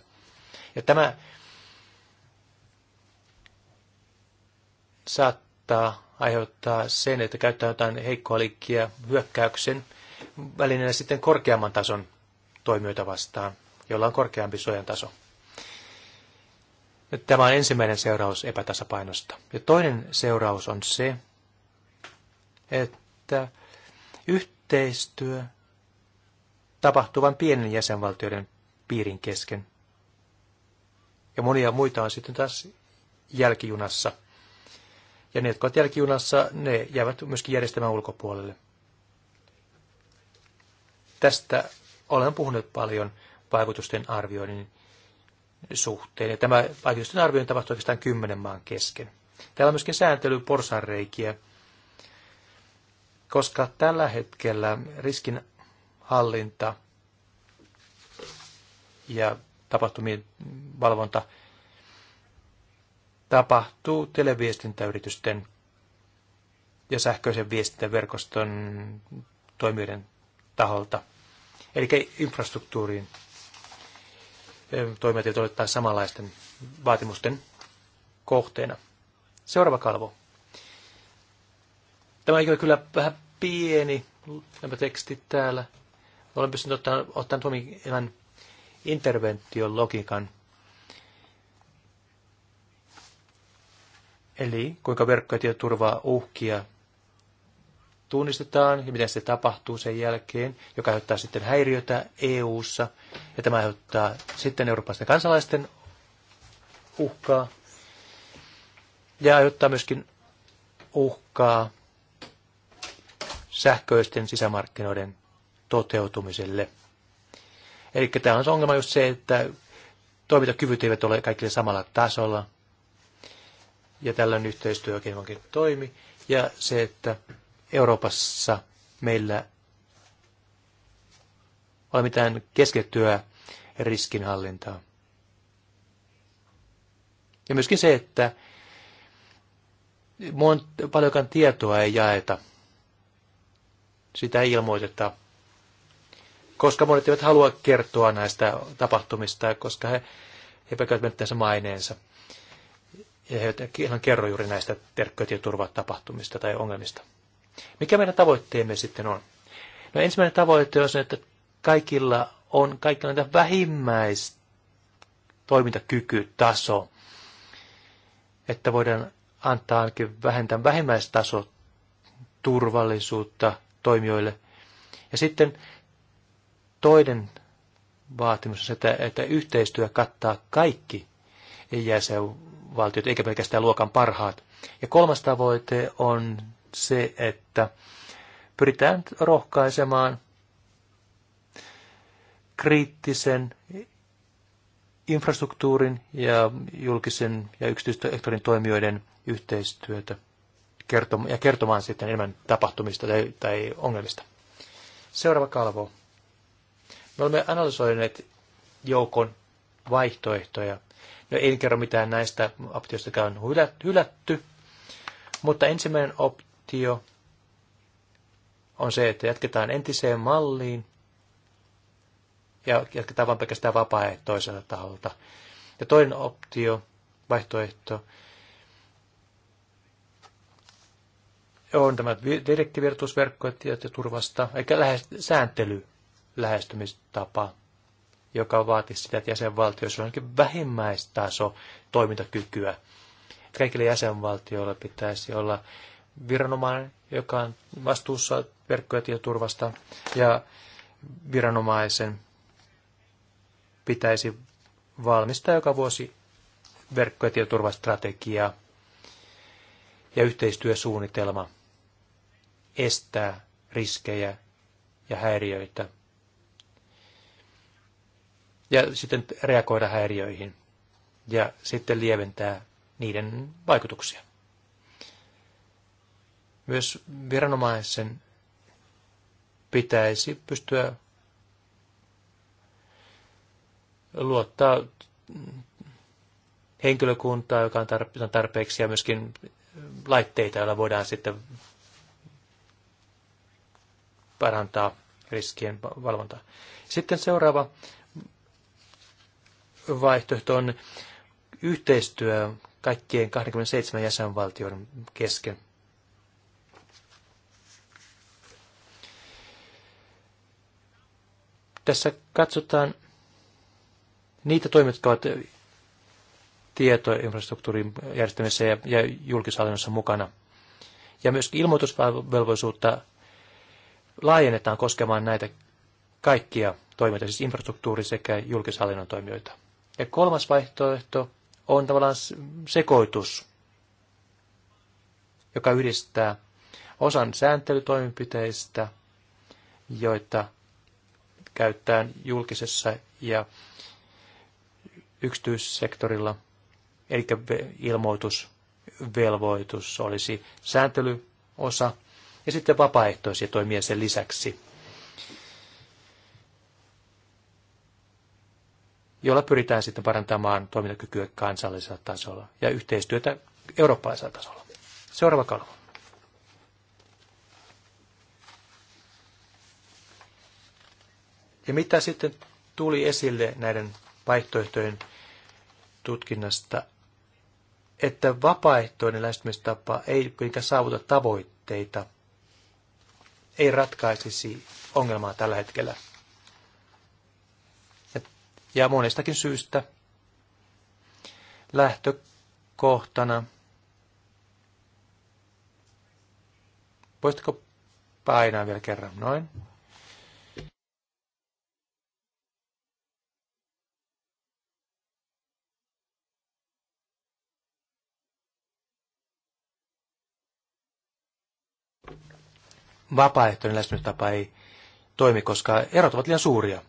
Ja tämä saattaa aiheuttaa sen, että käyttää jotain heikkoa liikkiä hyökkäyksen välineenä sitten korkeamman tason toimijoita vastaan, jolla on korkeampi suojan taso. Tämä on ensimmäinen seuraus epätasapainosta. Ja toinen seuraus on se, että että yhteistyö tapahtuvan pienen jäsenvaltioiden piirin kesken. Ja monia muita on sitten taas jälkijunassa. Ja ne, jotka ovat jälkijunassa, ne jäävät myöskin järjestelmän ulkopuolelle. Tästä olen puhunut paljon vaikutusten arvioinnin suhteen. Ja tämä vaikutusten arviointi tapahtuu oikeastaan kymmenen maan kesken. Täällä on myöskin sääntely porsanreikiä, koska tällä hetkellä riskinhallinta ja tapahtumien valvonta tapahtuu televiestintäyritysten ja sähköisen viestintäverkoston toimijoiden taholta. Eli infrastruktuuriin toimijat eivät ole samanlaisten vaatimusten kohteena. Seuraava kalvo. Tämä on kyllä vähän pieni teksti täällä. Olen pystynyt ottamaan, ottamaan tuomin tämän intervention logiikan. Eli kuinka verkko- ja tietoturvaa uhkia tunnistetaan ja miten se tapahtuu sen jälkeen, joka aiheuttaa sitten häiriötä EU-ssa. Ja tämä aiheuttaa sitten eurooppalaisten kansalaisten uhkaa. Ja aiheuttaa myöskin uhkaa sähköisten sisämarkkinoiden toteutumiselle. Eli tämä on se ongelma just se, että toimintakyvyt eivät ole kaikille samalla tasolla, ja tällainen yhteistyö oikein onkin toimi, ja se, että Euroopassa meillä ole mitään keskittyä riskinhallintaa. Ja myöskin se, että paljon tietoa ei jaeta sitä ei ilmoiteta, koska monet eivät halua kertoa näistä tapahtumista, koska he, he pelkäävät menettäessä maineensa. Ja he ihan kerro juuri näistä terkkötieturvatapahtumista tai ongelmista. Mikä meidän tavoitteemme sitten on? No ensimmäinen tavoite on se, että kaikilla on kaikilla näitä vähimmäis toimintakykytaso, että voidaan antaa ainakin vähentää vähimmäistaso turvallisuutta toimijoille. Ja sitten toinen vaatimus on se, että, että yhteistyö kattaa kaikki jäsenvaltiot, eikä pelkästään luokan parhaat. Ja kolmas tavoite on se, että pyritään rohkaisemaan kriittisen infrastruktuurin ja julkisen ja yksityisten toimijoiden yhteistyötä kertom- ja kertomaan sitten enemmän tapahtumista tai, tai ongelmista. Seuraava kalvo. Me olemme analysoineet joukon vaihtoehtoja. No en kerro mitään näistä optioista, jotka on hylätty, mutta ensimmäinen optio on se, että jatketaan entiseen malliin ja jatketaan vain pelkästään vapaaehtoiselta taholta. Ja toinen optio, vaihtoehto, on tämä direktivirtuusverkko tietoturvasta, eikä lähes, sääntely lähestymistapa, joka vaatisi sitä, että jäsenvaltioissa on vähimmäistaso toimintakykyä. Että kaikille jäsenvaltioilla pitäisi olla viranomainen, joka on vastuussa verkko- ja tietoturvasta, ja viranomaisen pitäisi valmistaa joka vuosi verkko- ja tietoturvastrategia ja yhteistyösuunnitelma estää riskejä ja häiriöitä ja sitten reagoida häiriöihin ja sitten lieventää niiden vaikutuksia. Myös viranomaisen pitäisi pystyä luottaa henkilökuntaa, joka on tarpeeksi, ja myöskin laitteita, joilla voidaan sitten parantaa riskien valvontaa. Sitten seuraava vaihtoehto on yhteistyö kaikkien 27 jäsenvaltion kesken. Tässä katsotaan niitä toimia, jotka ovat tietoinfrastruktuurin järjestämisessä ja, julkisalinnossa julkishallinnossa mukana. Ja myös ilmoitusvelvollisuutta laajennetaan koskemaan näitä kaikkia toimijoita, siis infrastruktuuri sekä julkishallinnon toimijoita. Ja kolmas vaihtoehto on tavallaan sekoitus, joka yhdistää osan sääntelytoimenpiteistä, joita käyttää julkisessa ja yksityissektorilla, eli ilmoitusvelvoitus olisi sääntelyosa, ja sitten vapaaehtoisia toimia sen lisäksi, jolla pyritään sitten parantamaan toimintakykyä kansallisella tasolla ja yhteistyötä eurooppalaisella tasolla. Seuraava kalvo. Ja mitä sitten tuli esille näiden vaihtoehtojen tutkinnasta, että vapaaehtoinen lähestymistapa ei saavuta tavoitteita – ei ratkaisisi ongelmaa tällä hetkellä. Ja, monestakin syystä lähtökohtana. Voisitko painaa vielä kerran? Noin. vapaaehtoinen lähestymistapa ei toimi, koska erot ovat liian suuria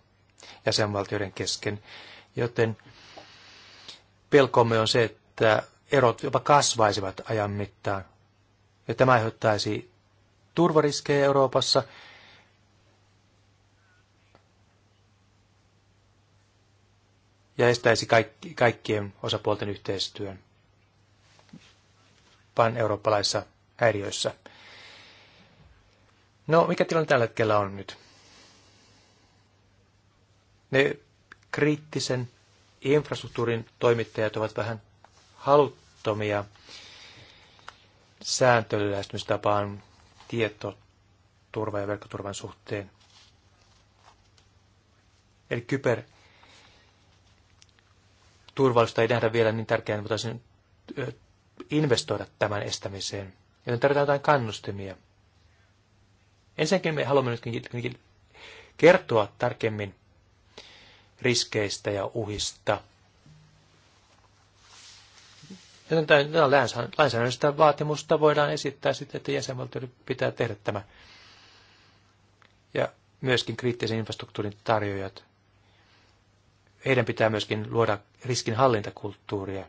jäsenvaltioiden kesken. Joten pelkomme on se, että erot jopa kasvaisivat ajan mittaan. Ja tämä aiheuttaisi turvariskejä Euroopassa. Ja estäisi kaikki, kaikkien osapuolten yhteistyön pan-eurooppalaisissa häiriöissä. No, mikä tilanne tällä hetkellä on nyt? Ne kriittisen infrastruktuurin toimittajat ovat vähän haluttomia sääntölähestymistapaan tietoturvan ja verkkoturvan suhteen. Eli kyber turvallisuutta ei nähdä vielä niin tärkeänä, että voitaisiin investoida tämän estämiseen. Joten tarvitaan jotain kannustimia – Ensinnäkin me haluamme nyt kertoa tarkemmin riskeistä ja uhista. Lainsäädännöstä vaatimusta voidaan esittää sitten, että jäsenvaltio pitää tehdä tämä. Ja myöskin kriittisen infrastruktuurin tarjoajat. Heidän pitää myöskin luoda riskinhallintakulttuuria.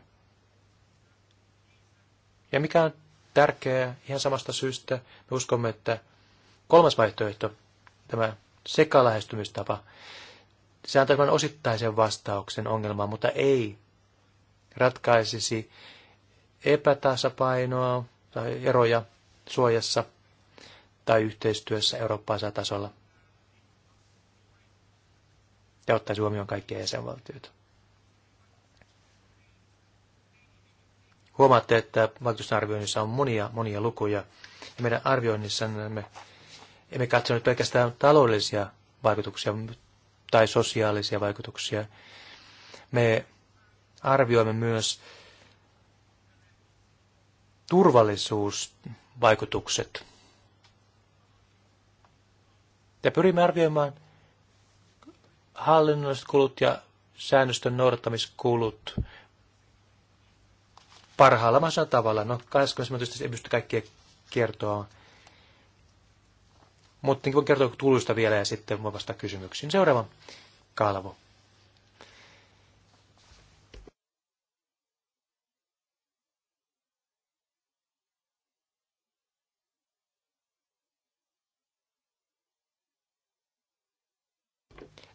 Ja mikä on tärkeää ihan samasta syystä, me uskomme, että Kolmas vaihtoehto, tämä sekalähestymistapa, se antaa tämän osittaisen vastauksen ongelmaan, mutta ei ratkaisisi epätasapainoa tai eroja suojassa tai yhteistyössä eurooppalaisella tasolla ja ottaisi huomioon kaikkia jäsenvaltioita. Huomaatte, että vaikutusarvioinnissa on monia, monia lukuja. Ja meidän arvioinnissamme emme katso nyt pelkästään taloudellisia vaikutuksia tai sosiaalisia vaikutuksia. Me arvioimme myös turvallisuusvaikutukset. Ja pyrimme arvioimaan hallinnolliset kulut ja säännöstön noudattamiskulut parhaalla mahdollisella tavalla. No, 20 ei pysty kaikkia kertoa mutta niin voin kertoa tuluista vielä ja sitten voin vastata kysymyksiin. Seuraava kalvo.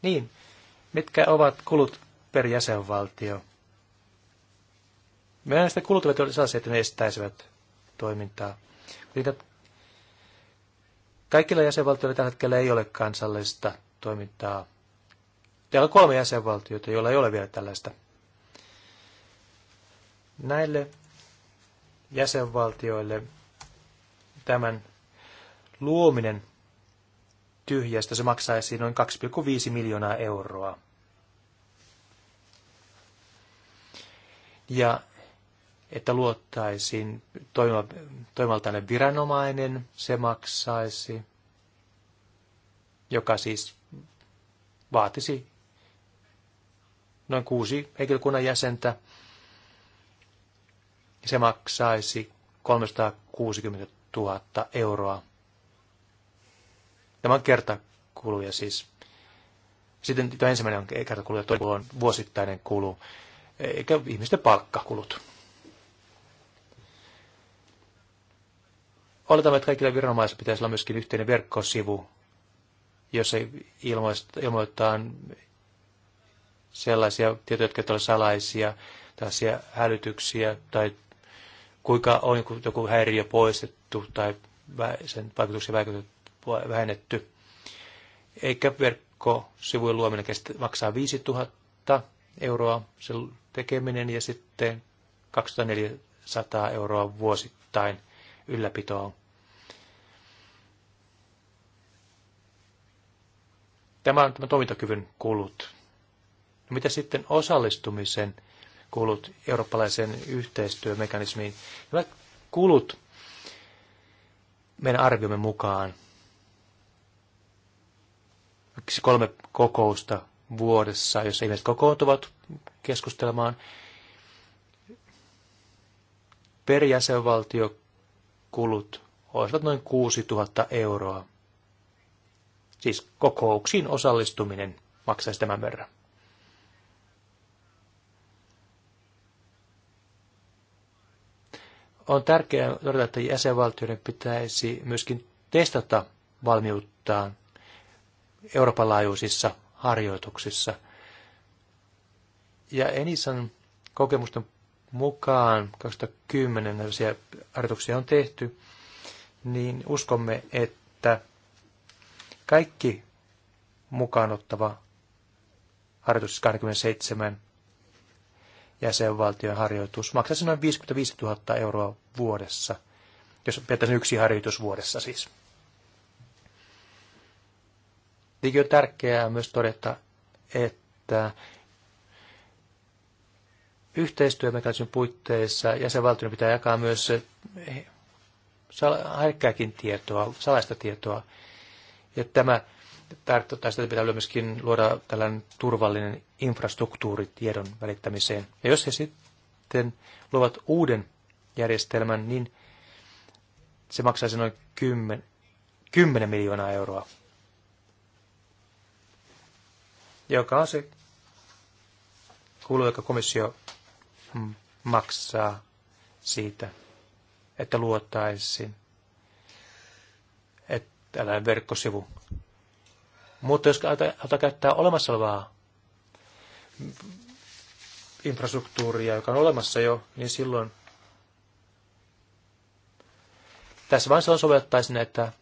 Niin, mitkä ovat kulut per jäsenvaltio? Meidän sitä kulut ovat sellaisia, että ne estäisivät toimintaa. Niitä Kaikilla jäsenvaltioilla tällä hetkellä ei ole kansallista toimintaa. Täällä on kolme jäsenvaltiota, joilla ei ole vielä tällaista. Näille jäsenvaltioille tämän luominen tyhjästä se maksaisi noin 2,5 miljoonaa euroa. Ja että luottaisiin toimaltainen viranomainen, se maksaisi, joka siis vaatisi noin kuusi henkilökunnan jäsentä. Se maksaisi 360 000 euroa. Tämä on kertakuluja siis. Sitten tämä ensimmäinen on kertakuluja, toinen on vuosittainen kulu, eikä ihmisten palkkakulut. Oletamme, että kaikilla viranomaisilla pitäisi olla myöskin yhteinen verkkosivu, jossa ilmoitetaan sellaisia tietoja, jotka ovat salaisia, tällaisia hälytyksiä tai kuinka on joku häiriö poistettu tai sen vaikutuksia vähennetty. Eikä verkkosivujen luominen kestä, maksaa 5000 euroa sen tekeminen ja sitten 2400 euroa vuosittain ylläpitoon. Tämä on tämä toimintakyvyn kulut. No mitä sitten osallistumisen kulut eurooppalaiseen yhteistyömekanismiin? Nämä kulut meidän arviomme mukaan yksi siis kolme kokousta vuodessa, jos ihmiset kokoontuvat keskustelemaan. Per jäsenvaltio kulut olisivat noin 6000 euroa. Siis kokouksiin osallistuminen maksaisi tämän verran. On tärkeää todeta, että jäsenvaltioiden pitäisi myöskin testata valmiuttaan Euroopan laajuisissa harjoituksissa. Ja Enisan kokemusten mukaan 2010 tällaisia harjoituksia on tehty, niin uskomme, että kaikki mukaan ottava harjoitus 27 siis jäsenvaltion harjoitus maksaisi noin 55 000 euroa vuodessa, jos pitäisi yksi harjoitus vuodessa siis. Tietenkin on tärkeää myös todeta, että yhteistyömekanismin puitteissa jäsenvaltion pitää jakaa myös eh, härkkääkin tietoa, salaista tietoa. Ja tämä tarkoittaa sitä, että pitää myöskin luoda tällainen turvallinen infrastruktuuri tiedon välittämiseen. Ja jos he sitten luovat uuden järjestelmän, niin se maksaisi noin 10, 10 miljoonaa euroa, joka on se kuuluu, joka komissio maksaa siitä, että luottaisin, että tällainen verkkosivu. Mutta jos halutaan käyttää olemassa olevaa infrastruktuuria, joka on olemassa jo, niin silloin tässä vain silloin sovellettaisiin näitä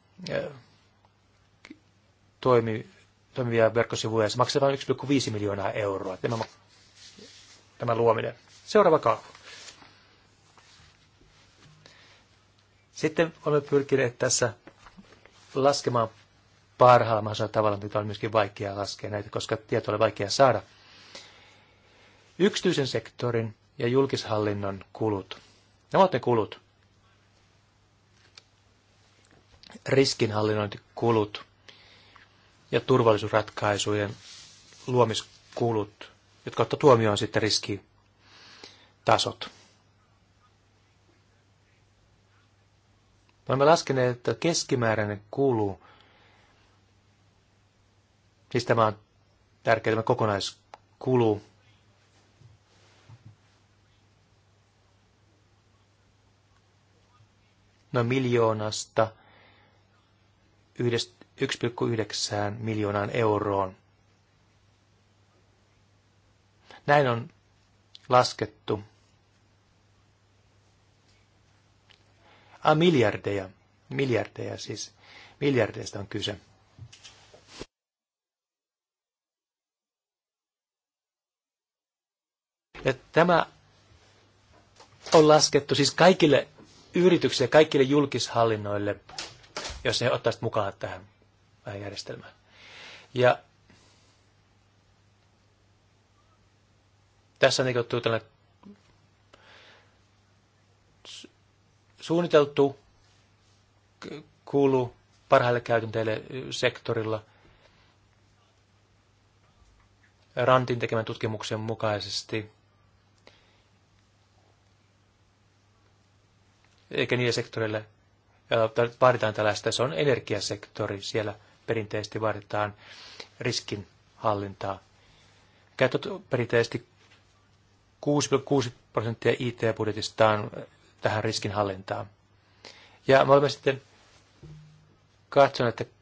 toimi, toimivia verkkosivuja. Se maksaa vain 1,5 miljoonaa euroa tämä, tämä luominen. Seuraava kaava. Sitten olemme pyrkineet tässä laskemaan parhaalla mahdollisella tavalla, mitä on myöskin vaikea laskea näitä, koska tieto on vaikea saada. Yksityisen sektorin ja julkishallinnon kulut. Nämä ovat ne kulut. Riskinhallinnointikulut ja turvallisuusratkaisujen luomiskulut, jotka ottaa tuomioon sitten riski tasot. Olemme laskeneet, että keskimääräinen kulu, siis tämä on tärkeä tämä kokonaiskulu, noin miljoonasta 1,9 miljoonaan euroon. Näin on laskettu A, ah, miljardeja. Miljardeja siis. Miljardeista on kyse. Ja tämä on laskettu siis kaikille yrityksille, kaikille julkishallinnoille, jos ne ottaisivat mukaan tähän järjestelmään. Ja tässä on niin tällainen suunniteltu kuuluu parhaille käytänteille sektorilla Rantin tekemän tutkimuksen mukaisesti. Eikä niille sektoreille vaaditaan tällaista, se on energiasektori, siellä perinteisesti vaaditaan riskinhallintaa. Käytöt perinteisesti 6,6 prosenttia IT-budjetistaan tähän riskinhallintaan. Ja me olemme sitten katsoneet, että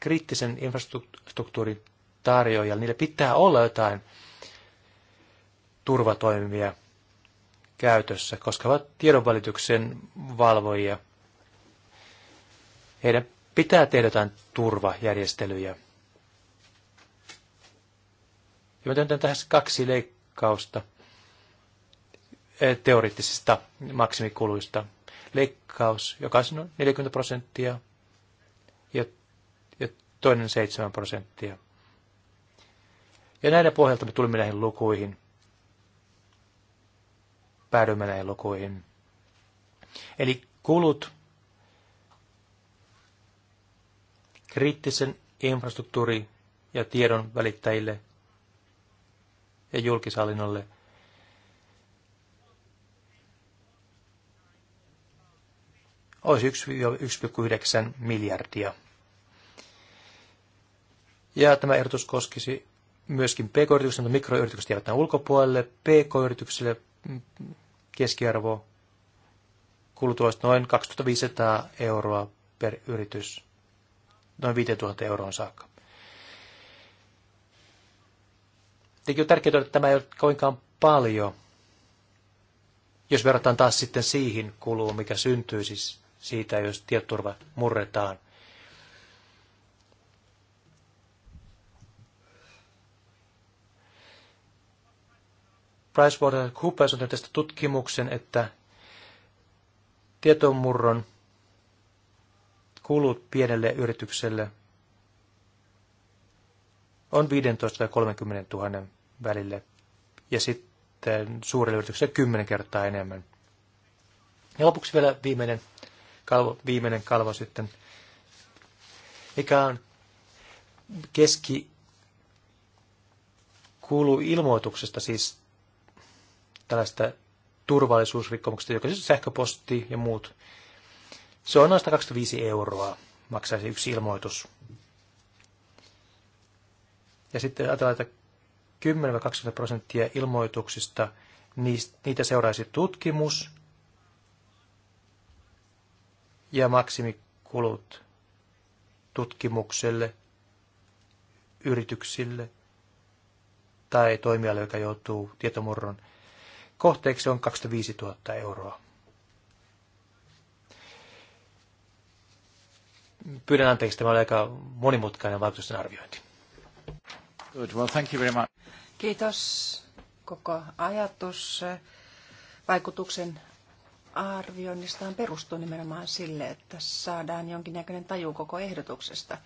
kriittisen infrastruktuurin tarjoajalla, niillä pitää olla jotain turvatoimia käytössä, koska he ovat tiedonvälityksen valvojia. Heidän pitää tehdä jotain turvajärjestelyjä. Ja mä tähän kaksi leikkausta. Eh, teoreettisista maksimikuluista. Leikkaus, joka on 40 prosenttia ja, ja toinen 7 prosenttia. Ja näiden pohjalta me tulimme näihin lukuihin. Päädyimme näihin lukuihin. Eli kulut kriittisen infrastruktuuri- ja tiedon välittäjille ja julkishallinnolle – olisi 1,9 miljardia. Ja tämä ehdotus koskisi myöskin pk-yrityksiä, mutta mikroyritykset jäävät tämän ulkopuolelle. Pk-yrityksille keskiarvo kulutuista noin 2500 euroa per yritys, noin 5000 euroon saakka. Tietenkin on tärkeää, että tämä ei ole kovinkaan paljon, jos verrataan taas sitten siihen kuluun, mikä syntyy siis siitä, jos tietoturva murretaan. PricewaterhouseCoopers on tehnyt tästä tutkimuksen, että tietomurron kulut pienelle yritykselle on 15 000 ja 30 000 välille ja sitten suurelle yritykselle 10 kertaa enemmän. Ja lopuksi vielä viimeinen kalvo, viimeinen kalvo sitten, mikä on keski kuuluu ilmoituksesta siis tällaista turvallisuusrikkomuksesta, joka siis sähköposti ja muut. Se on noin 125 euroa, maksaisi yksi ilmoitus. Ja sitten ajatellaan, että 10-20 prosenttia ilmoituksista, niitä seuraisi tutkimus ja maksimikulut tutkimukselle, yrityksille tai toimijalle, joka joutuu tietomurron kohteeksi, on 25 000 euroa. Pyydän anteeksi, tämä oli aika monimutkainen vaikutusten arviointi. Good. Well, thank you very much. Kiitos. Koko ajatus, vaikutuksen arvioinnistaan perustuu nimenomaan sille, että saadaan jonkinnäköinen taju koko ehdotuksesta.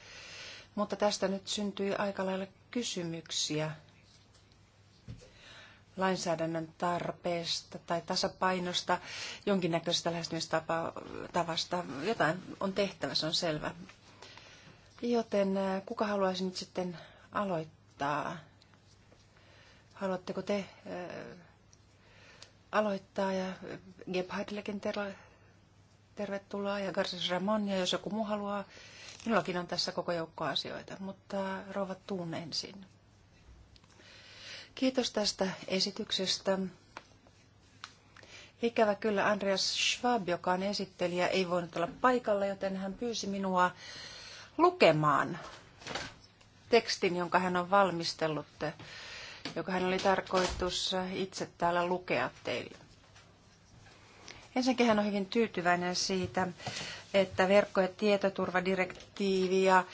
Mutta tästä nyt syntyy aika lailla kysymyksiä lainsäädännön tarpeesta tai tasapainosta, jonkinnäköisestä lähestymistavasta. Jotain on tehtävä, se on selvä. Joten kuka haluaisi nyt sitten aloittaa? Haluatteko te äh, aloittaa ja Gebhardillekin ter- tervetuloa ja Garces Ramon ja jos joku muu haluaa. Minullakin on tässä koko joukko asioita, mutta rouva Tuun ensin. Kiitos tästä esityksestä. Ikävä kyllä Andreas Schwab, joka on esittelijä, ei voinut olla paikalla, joten hän pyysi minua lukemaan tekstin, jonka hän on valmistellut joka hän oli tarkoitus äh, itse täällä lukea teille. Ensinnäkin hän on hyvin tyytyväinen siitä, että verkko- ja tietoturvadirektiivi ja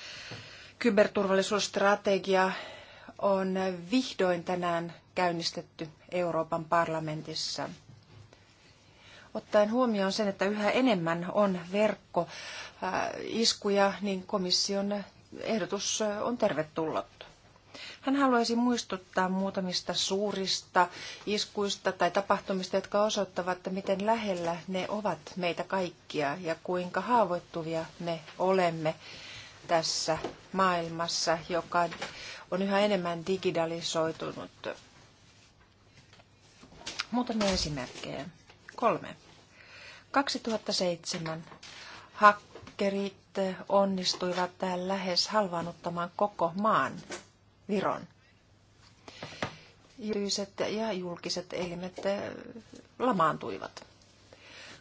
kyberturvallisuusstrategia on vihdoin tänään käynnistetty Euroopan parlamentissa. Ottaen huomioon sen, että yhä enemmän on verkkoiskuja, äh, niin komission ehdotus äh, on tervetullut. Hän haluaisi muistuttaa muutamista suurista iskuista tai tapahtumista, jotka osoittavat, että miten lähellä ne ovat meitä kaikkia ja kuinka haavoittuvia me olemme tässä maailmassa, joka on yhä enemmän digitalisoitunut. Muutamia esimerkkejä. Kolme. 2007 hakkerit onnistuivat lähes halvaannuttamaan koko maan Viron. Yksityiset ja julkiset elimet eh, lamaantuivat.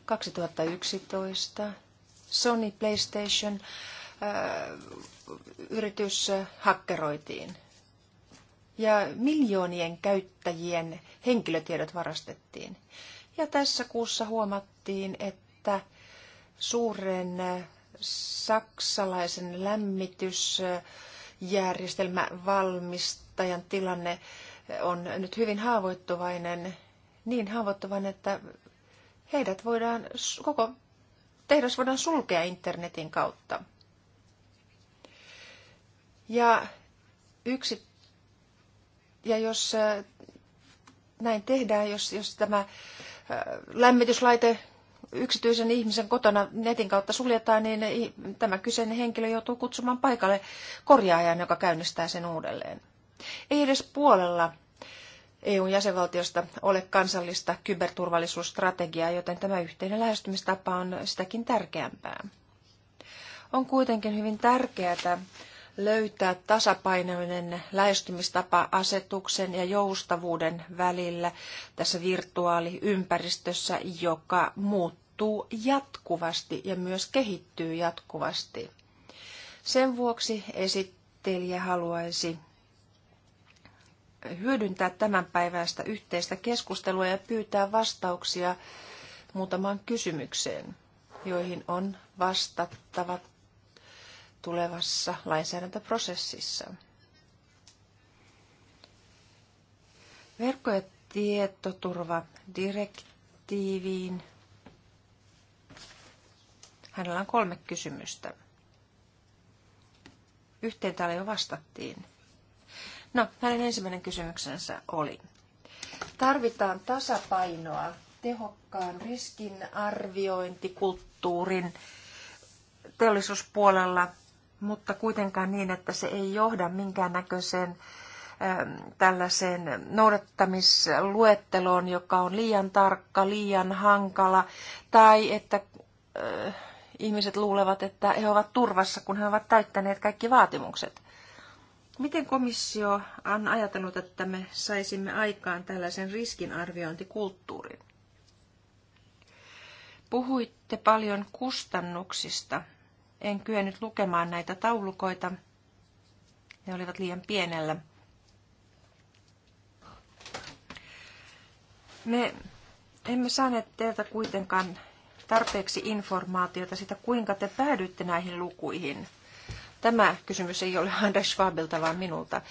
2011 Sony PlayStation eh, yritys eh, hakkeroitiin ja miljoonien käyttäjien henkilötiedot varastettiin. Ja tässä kuussa huomattiin, että suuren saksalaisen lämmitys järjestelmävalmistajan tilanne on nyt hyvin haavoittuvainen, niin haavoittuvainen, että heidät voidaan, koko tehdas voidaan sulkea internetin kautta. Ja, yksi, ja jos äh, näin tehdään, jos, jos tämä äh, lämmityslaite yksityisen ihmisen kotona netin kautta suljetaan, niin tämä kyseinen henkilö joutuu kutsumaan paikalle korjaajan, joka käynnistää sen uudelleen. Ei edes puolella EUn jäsenvaltiosta ole kansallista kyberturvallisuusstrategiaa, joten tämä yhteinen lähestymistapa on sitäkin tärkeämpää. On kuitenkin hyvin tärkeää löytää tasapainoinen lähestymistapa asetuksen ja joustavuuden välillä tässä virtuaaliympäristössä, joka muuttuu jatkuvasti ja myös kehittyy jatkuvasti. Sen vuoksi esittelijä haluaisi hyödyntää tämän päivästä yhteistä keskustelua ja pyytää vastauksia muutamaan kysymykseen, joihin on vastattava tulevassa lainsäädäntöprosessissa. Verkko- ja tietoturvadirektiiviin. Hänellä on kolme kysymystä. Yhteen täällä jo vastattiin. No, hänen ensimmäinen kysymyksensä oli. Tarvitaan tasapainoa tehokkaan arviointikulttuurin teollisuuspuolella mutta kuitenkaan niin, että se ei johda minkäännäköiseen tällaiseen noudattamisluetteloon, joka on liian tarkka, liian hankala, tai että äh, ihmiset luulevat, että he ovat turvassa, kun he ovat täyttäneet kaikki vaatimukset. Miten komissio on ajatellut, että me saisimme aikaan tällaisen riskinarviointikulttuurin? Puhuitte paljon kustannuksista – en kyennyt lukemaan näitä taulukoita. Ne olivat liian pienellä. Me emme saaneet teiltä kuitenkaan tarpeeksi informaatiota siitä, kuinka te päädyitte näihin lukuihin. Tämä kysymys ei ole Anders Schwabilta, vaan minulta.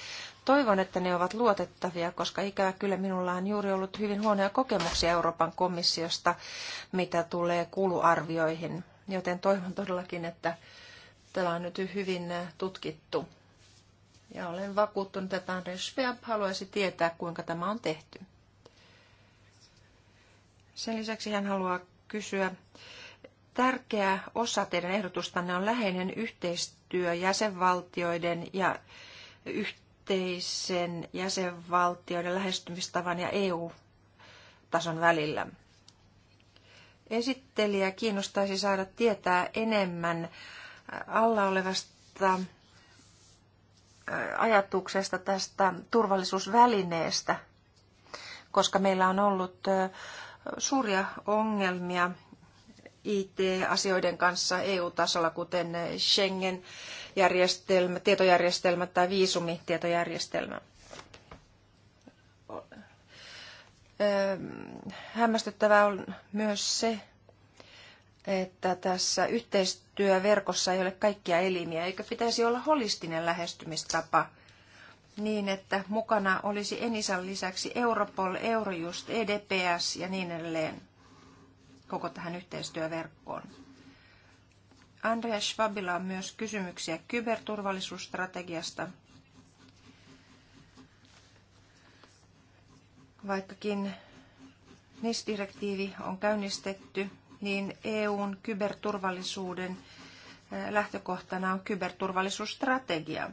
Toivon, että ne ovat luotettavia, koska ikävä kyllä minulla on juuri ollut hyvin huonoja kokemuksia Euroopan komissiosta, mitä tulee kuluarvioihin joten toivon todellakin, että tämä on nyt hyvin tutkittu. Ja olen vakuuttunut, että Andre Schwab haluaisi tietää, kuinka tämä on tehty. Sen lisäksi hän haluaa kysyä, tärkeä osa teidän ehdotustanne on läheinen yhteistyö jäsenvaltioiden ja yhteisen jäsenvaltioiden lähestymistavan ja EU-tason välillä. Esittelijä kiinnostaisi saada tietää enemmän äh, alla olevasta äh, ajatuksesta tästä turvallisuusvälineestä, koska meillä on ollut äh, suuria ongelmia IT-asioiden kanssa EU-tasolla, kuten Schengen-järjestelmä, tietojärjestelmä tai viisumitietojärjestelmä. tietojärjestelmä hämmästyttävää on myös se, että tässä yhteistyöverkossa ei ole kaikkia elimiä, eikä pitäisi olla holistinen lähestymistapa niin, että mukana olisi Enisan lisäksi Europol, Eurojust, EDPS ja niin edelleen koko tähän yhteistyöverkkoon. Andreas Schwabilla on myös kysymyksiä kyberturvallisuusstrategiasta – Vaikkakin NIS-direktiivi on käynnistetty, niin EUn kyberturvallisuuden lähtökohtana on kyberturvallisuusstrategia.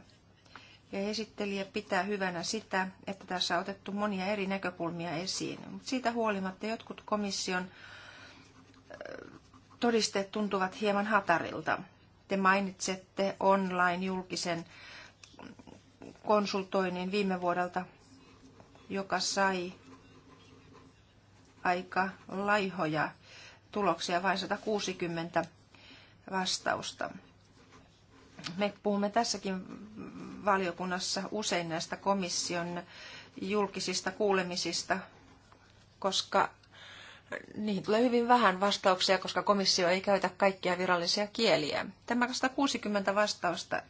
Ja esittelijä pitää hyvänä sitä, että tässä on otettu monia eri näkökulmia esiin. Mutta siitä huolimatta jotkut komission todisteet tuntuvat hieman hatarilta. Te mainitsette online julkisen konsultoinnin viime vuodelta joka sai aika laihoja tuloksia, vain 160 vastausta. Me puhumme tässäkin valiokunnassa usein näistä komission julkisista kuulemisista, koska niihin tulee hyvin vähän vastauksia, koska komissio ei käytä kaikkia virallisia kieliä. Tämä 160 vastausta,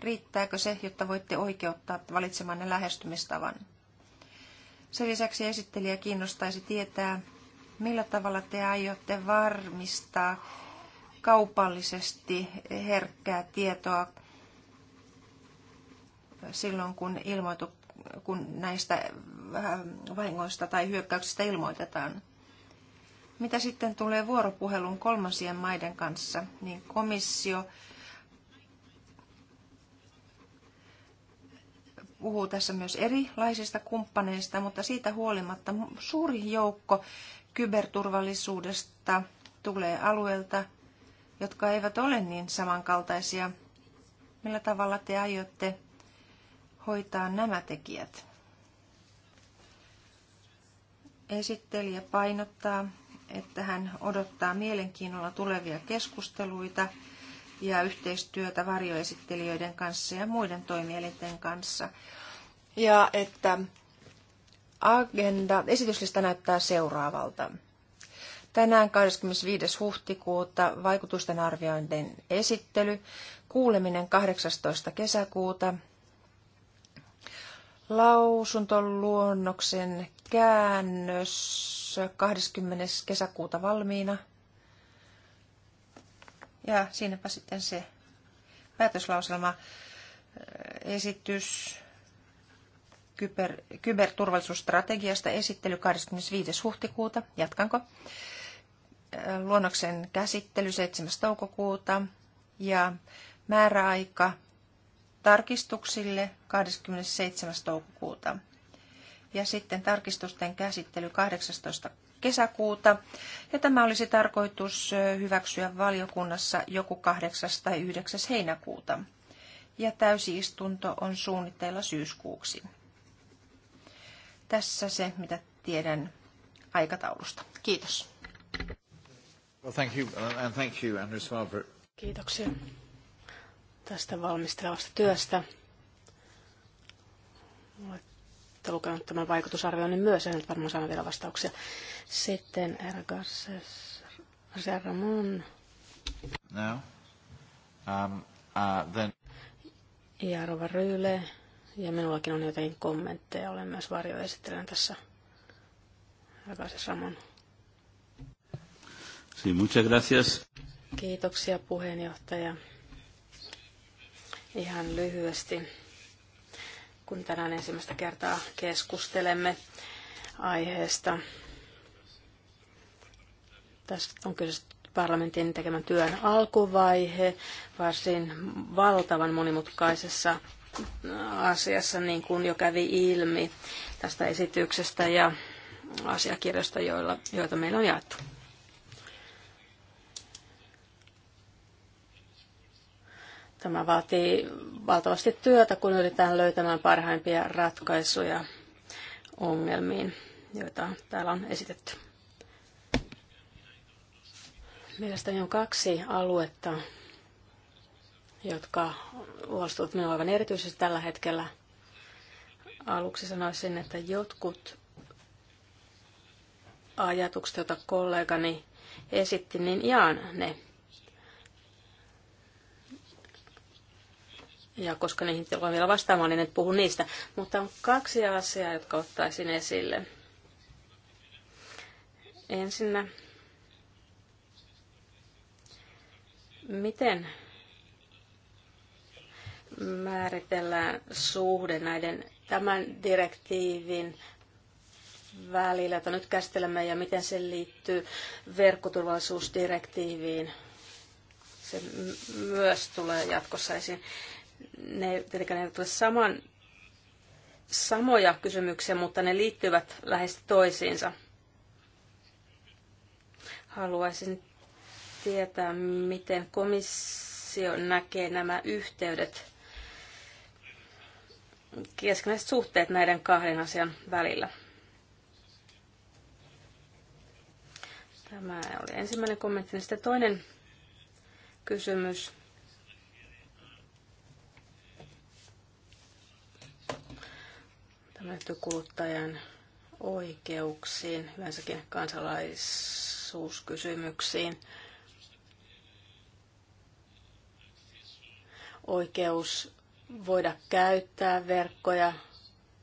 riittääkö se, jotta voitte oikeuttaa valitsemanne lähestymistavan? Sen lisäksi esittelijä kiinnostaisi tietää, millä tavalla te aiotte varmistaa kaupallisesti herkkää tietoa silloin, kun, ilmoitu, kun näistä ähm, vahingoista tai hyökkäyksistä ilmoitetaan. Mitä sitten tulee vuoropuhelun kolmansien maiden kanssa, niin komissio puhuu tässä myös erilaisista kumppaneista, mutta siitä huolimatta suuri joukko kyberturvallisuudesta tulee alueelta, jotka eivät ole niin samankaltaisia. Millä tavalla te aiotte hoitaa nämä tekijät? Esittelijä painottaa, että hän odottaa mielenkiinnolla tulevia keskusteluita ja yhteistyötä varjoesittelijöiden kanssa ja muiden toimielinten kanssa. Ja että agenda, esityslista näyttää seuraavalta. Tänään 25. huhtikuuta vaikutusten arviointien esittely, kuuleminen 18. kesäkuuta, lausuntoluonnoksen käännös 20. kesäkuuta valmiina, ja siinäpä sitten se päätöslauselma äh, esitys kyber, kyberturvallisuusstrategiasta esittely 25. huhtikuuta. Jatkanko? Äh, luonnoksen käsittely 7. toukokuuta ja määräaika tarkistuksille 27. toukokuuta. Ja sitten tarkistusten käsittely 18 kesäkuuta ja tämä olisi tarkoitus hyväksyä valiokunnassa joku 8. tai 9. heinäkuuta ja täysiistunto on suunnitteilla syyskuuksi. Tässä se, mitä tiedän aikataulusta. Kiitos. Well, thank you, uh, and thank you, Kiitoksia tästä valmistelevasta työstä. Olet lukenut tämän vaikutusarvioinnin niin myös, ja nyt varmaan saamme vielä vastauksia. Sitten Ergases Ramon. No. Um, uh, then... Ja Rova Ryyle. Ja minullakin on jotain kommentteja. Olen myös varjoesittelijän tässä. Ergases Ramon. Sí, muchas gracias. Kiitoksia puheenjohtaja. Ihan lyhyesti kun tänään ensimmäistä kertaa keskustelemme aiheesta. Tässä on kyse parlamentin tekemän työn alkuvaihe varsin valtavan monimutkaisessa äh, asiassa, niin kuin jo kävi ilmi tästä esityksestä ja asiakirjoista, joilla, joita meillä on jaettu. Tämä vaatii valtavasti työtä, kun yritetään löytämään parhaimpia ratkaisuja ongelmiin, joita täällä on esitetty. Mielestäni on kaksi aluetta, jotka huolestuvat minua aivan erityisesti tällä hetkellä. Aluksi sanoisin, että jotkut ajatukset, joita kollegani esitti, niin jaan ne Ja koska niihin tulee vielä vastaamaan, niin en puhu niistä. Mutta on kaksi asiaa, jotka ottaisin esille. Ensinnä, miten määritellään suhde näiden tämän direktiivin välillä, jota nyt käsittelemme, ja miten se liittyy verkkoturvallisuusdirektiiviin. Se myös tulee jatkossa esiin. Ne tietenkään eivät ole saman, samoja kysymyksiä, mutta ne liittyvät lähes toisiinsa. Haluaisin tietää, miten komissio näkee nämä yhteydet, keskinäiset suhteet näiden kahden asian välillä. Tämä oli ensimmäinen kommentti. Sitten toinen kysymys. Tämä liittyy kuluttajan oikeuksiin, yleensäkin kansalaisuuskysymyksiin. Oikeus voida käyttää verkkoja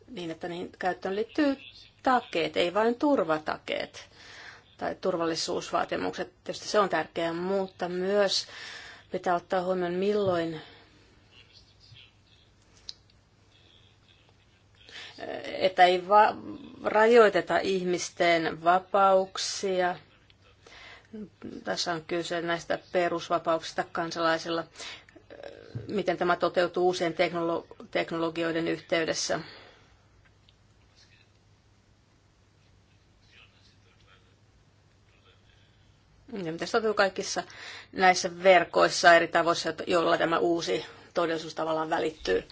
niin, että niihin käyttöön liittyy takeet, ei vain turvatakeet tai turvallisuusvaatimukset. Tietysti se on tärkeää, mutta myös pitää ottaa huomioon, milloin että ei va- rajoiteta ihmisten vapauksia. Tässä on kyse näistä perusvapauksista kansalaisilla, miten tämä toteutuu uusien teknolo- teknologioiden yhteydessä. Ja mitä tapahtuu kaikissa näissä verkoissa eri tavoissa, joilla tämä uusi todellisuus tavallaan välittyy.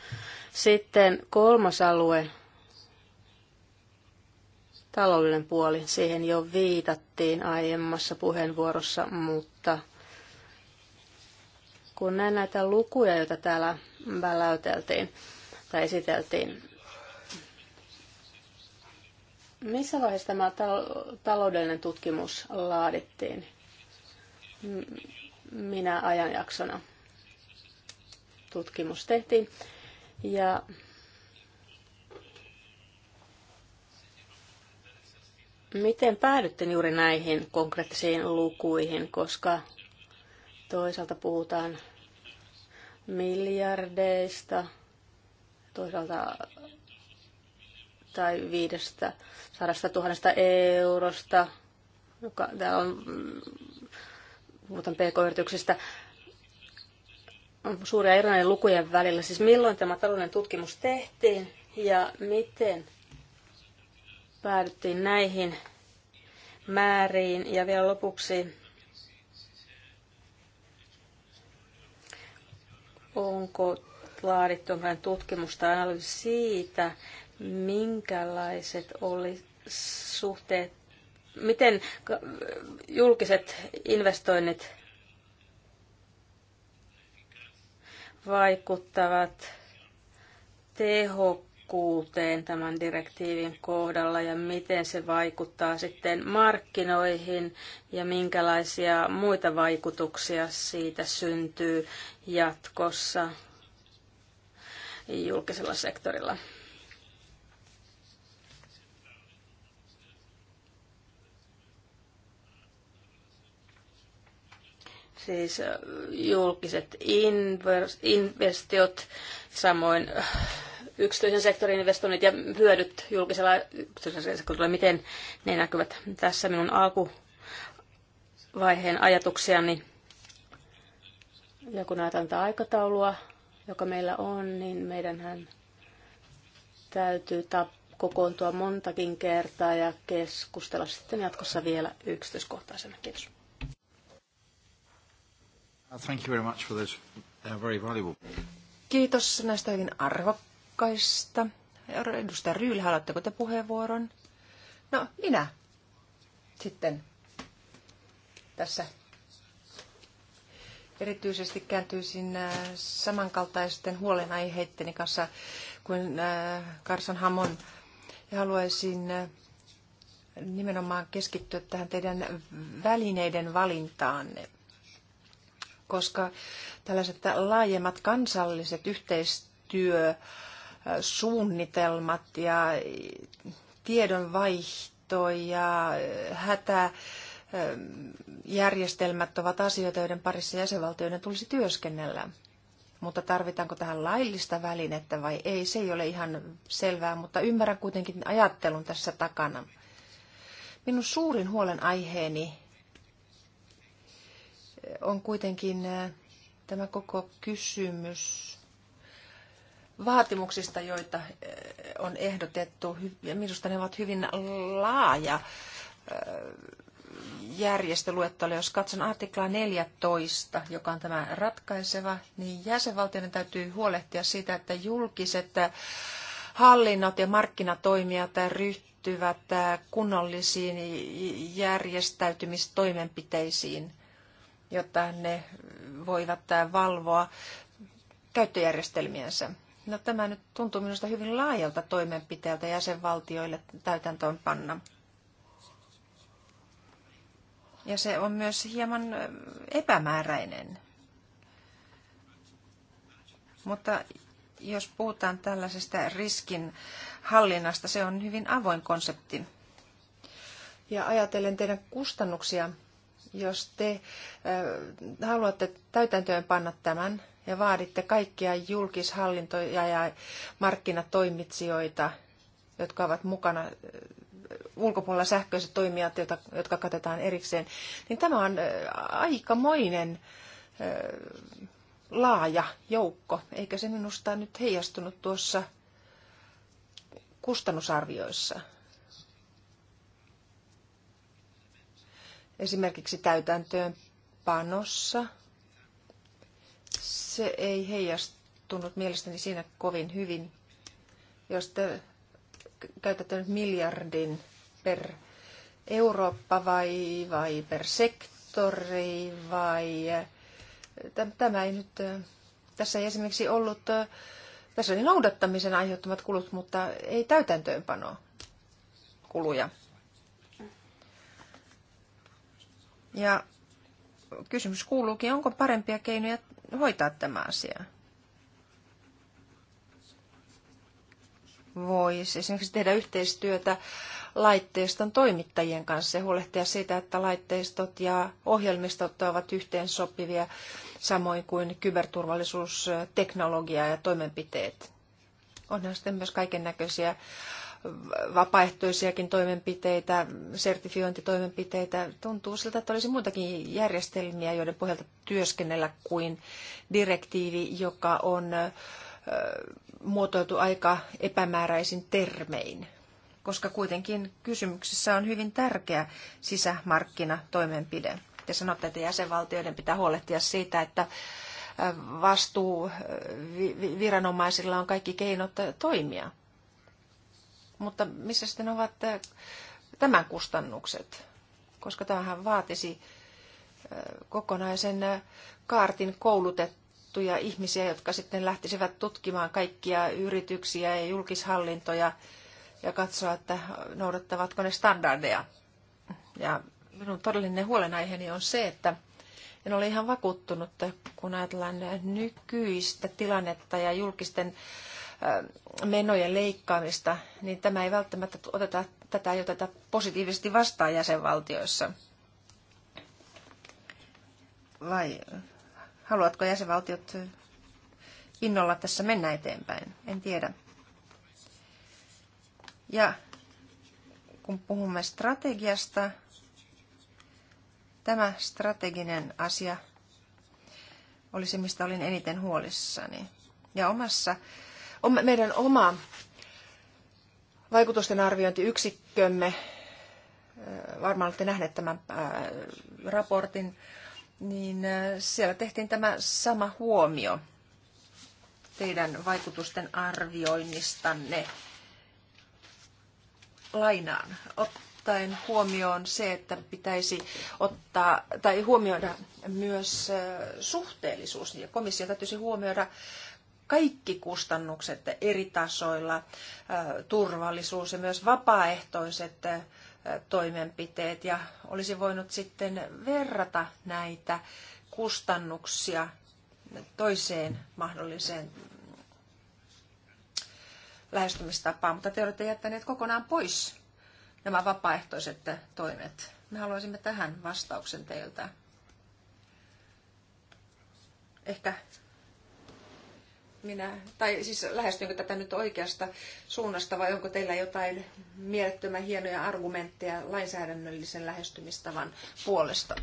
Sitten kolmas alue taloudellinen puoli. Siihen jo viitattiin aiemmassa puheenvuorossa, mutta kun näin näitä lukuja, joita täällä väläyteltiin tai esiteltiin, missä vaiheessa tämä taloudellinen tutkimus laadittiin minä ajanjaksona? Tutkimus tehtiin ja Miten päädytte juuri näihin konkreettisiin lukuihin, koska toisaalta puhutaan miljardeista, toisaalta tai viidestä sadasta tuhannesta eurosta, joka täällä on, puhutaan pk-yrityksistä, on suuria eroja lukujen välillä. Siis milloin tämä taloudellinen tutkimus tehtiin ja miten päädyttiin näihin määriin. Ja vielä lopuksi, onko laadittu tutkimusta tai analyysi siitä, minkälaiset oli suhteet, miten julkiset investoinnit vaikuttavat tehokkaasti Kuuteen tämän direktiivin kohdalla ja miten se vaikuttaa sitten markkinoihin ja minkälaisia muita vaikutuksia siitä syntyy jatkossa julkisella sektorilla. siis julkiset investiot, samoin äh, yksityisen sektorin investoinnit ja hyödyt julkisella sektorilla, miten ne näkyvät tässä minun alkuvaiheen ajatuksiani. Ja kun ajatellaan tätä aikataulua, joka meillä on, niin meidänhän täytyy kokoontua montakin kertaa ja keskustella sitten jatkossa vielä yksityiskohtaisemmin. Kiitos. Thank you very much for those uh, very valuable. Kiitos näistä hyvin arvokkaista Ranskasta. Edustaja Ryyl, haluatteko te puheenvuoron? No, minä sitten tässä erityisesti kääntyisin äh, samankaltaisten huolenaiheitteni kanssa kuin Karsan äh, Hamon. Ja haluaisin äh, nimenomaan keskittyä tähän teidän välineiden valintaanne, koska tällaiset laajemmat kansalliset yhteistyö suunnitelmat ja tiedonvaihto ja hätäjärjestelmät ovat asioita, joiden parissa jäsenvaltioiden tulisi työskennellä. Mutta tarvitaanko tähän laillista välinettä vai ei, se ei ole ihan selvää, mutta ymmärrän kuitenkin ajattelun tässä takana. Minun suurin huolen aiheeni on kuitenkin tämä koko kysymys vaatimuksista, joita eh, on ehdotettu. Ja minusta ne ovat hyvin laaja eh, järjestöluettelo. Jos katson artiklaa 14, joka on tämä ratkaiseva, niin jäsenvaltioiden täytyy huolehtia siitä, että julkiset eh, hallinnot ja markkinatoimijat ryhtyvät kunnollisiin järjestäytymistoimenpiteisiin, jotta ne voivat valvoa käyttöjärjestelmiensä. No tämä nyt tuntuu minusta hyvin laajalta toimenpiteeltä jäsenvaltioille täytäntöön panna. Ja se on myös hieman epämääräinen. Mutta jos puhutaan tällaisesta riskin hallinnasta, se on hyvin avoin konsepti. Ja ajatellen teidän kustannuksia, jos te äh, haluatte täytäntöön panna tämän ja vaaditte kaikkia julkishallintoja ja markkinatoimitsijoita, jotka ovat mukana äh, ulkopuolella sähköiset toimijat, jotka, jotka katetaan erikseen, niin tämä on äh, aikamoinen äh, laaja joukko, eikä se minusta nyt heijastunut tuossa kustannusarvioissa. Esimerkiksi täytäntöön panossa se ei heijastunut mielestäni siinä kovin hyvin. Jos te käytätte nyt miljardin per Eurooppa vai, vai per sektori vai... Tämä ei nyt... Tässä ei esimerkiksi ollut... Tässä oli noudattamisen aiheuttamat kulut, mutta ei täytäntöönpanoa kuluja. Ja kysymys kuuluukin, onko parempia keinoja hoitaa tämä asia. Voisi esimerkiksi tehdä yhteistyötä laitteiston toimittajien kanssa ja huolehtia siitä, että laitteistot ja ohjelmistot ovat yhteen sopivia, samoin kuin kyberturvallisuusteknologia ja toimenpiteet. Onhan sitten myös kaiken näköisiä vapaaehtoisiakin toimenpiteitä, sertifiointitoimenpiteitä. Tuntuu siltä, että olisi muitakin järjestelmiä, joiden pohjalta työskennellä kuin direktiivi, joka on muotoiltu aika epämääräisin termein, koska kuitenkin kysymyksessä on hyvin tärkeä sisämarkkinatoimenpide. Te sanotte, että jäsenvaltioiden pitää huolehtia siitä, että vastuuviranomaisilla on kaikki keinot toimia mutta missä sitten ovat äh, tämän kustannukset? Koska tämähän vaatisi äh, kokonaisen äh, kaartin koulutettuja ihmisiä, jotka sitten lähtisivät tutkimaan kaikkia yrityksiä ja julkishallintoja ja katsoa, että noudattavatko ne standardeja. Ja minun todellinen huolenaiheeni on se, että en ole ihan vakuuttunut, kun ajatellaan nykyistä tilannetta ja julkisten menojen leikkaamista, niin tämä ei välttämättä oteta, tätä ei oteta positiivisesti vastaan jäsenvaltioissa. Vai haluatko jäsenvaltiot innolla tässä mennä eteenpäin? En tiedä. Ja kun puhumme strategiasta, tämä strateginen asia oli se, mistä olin eniten huolissani. Ja omassa meidän oma vaikutusten arviointiyksikkömme, varmaan olette nähneet tämän raportin, niin siellä tehtiin tämä sama huomio teidän vaikutusten arvioinnistanne lainaan, ottaen huomioon se, että pitäisi ottaa tai huomioida myös suhteellisuus. Ja komissio täytyisi huomioida kaikki kustannukset eri tasoilla, turvallisuus ja myös vapaaehtoiset toimenpiteet ja olisi voinut sitten verrata näitä kustannuksia toiseen mahdolliseen lähestymistapaan, mutta te olette jättäneet kokonaan pois nämä vapaaehtoiset toimet. Me haluaisimme tähän vastauksen teiltä. Ehkä minä, tai siis lähestynkö tätä nyt oikeasta suunnasta vai onko teillä jotain mielettömän hienoja argumentteja lainsäädännöllisen lähestymistavan puolesta?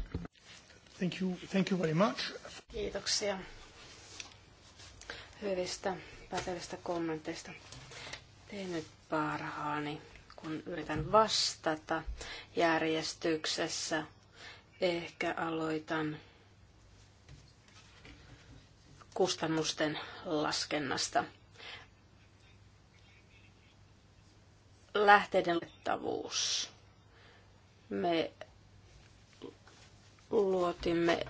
Thank you, thank you very much. Kiitoksia hyvistä pätevistä kommenteista. Tein nyt parhaani, kun yritän vastata järjestyksessä. Ehkä aloitan kustannusten laskennasta. Lähteiden luettavuus. Me luotimme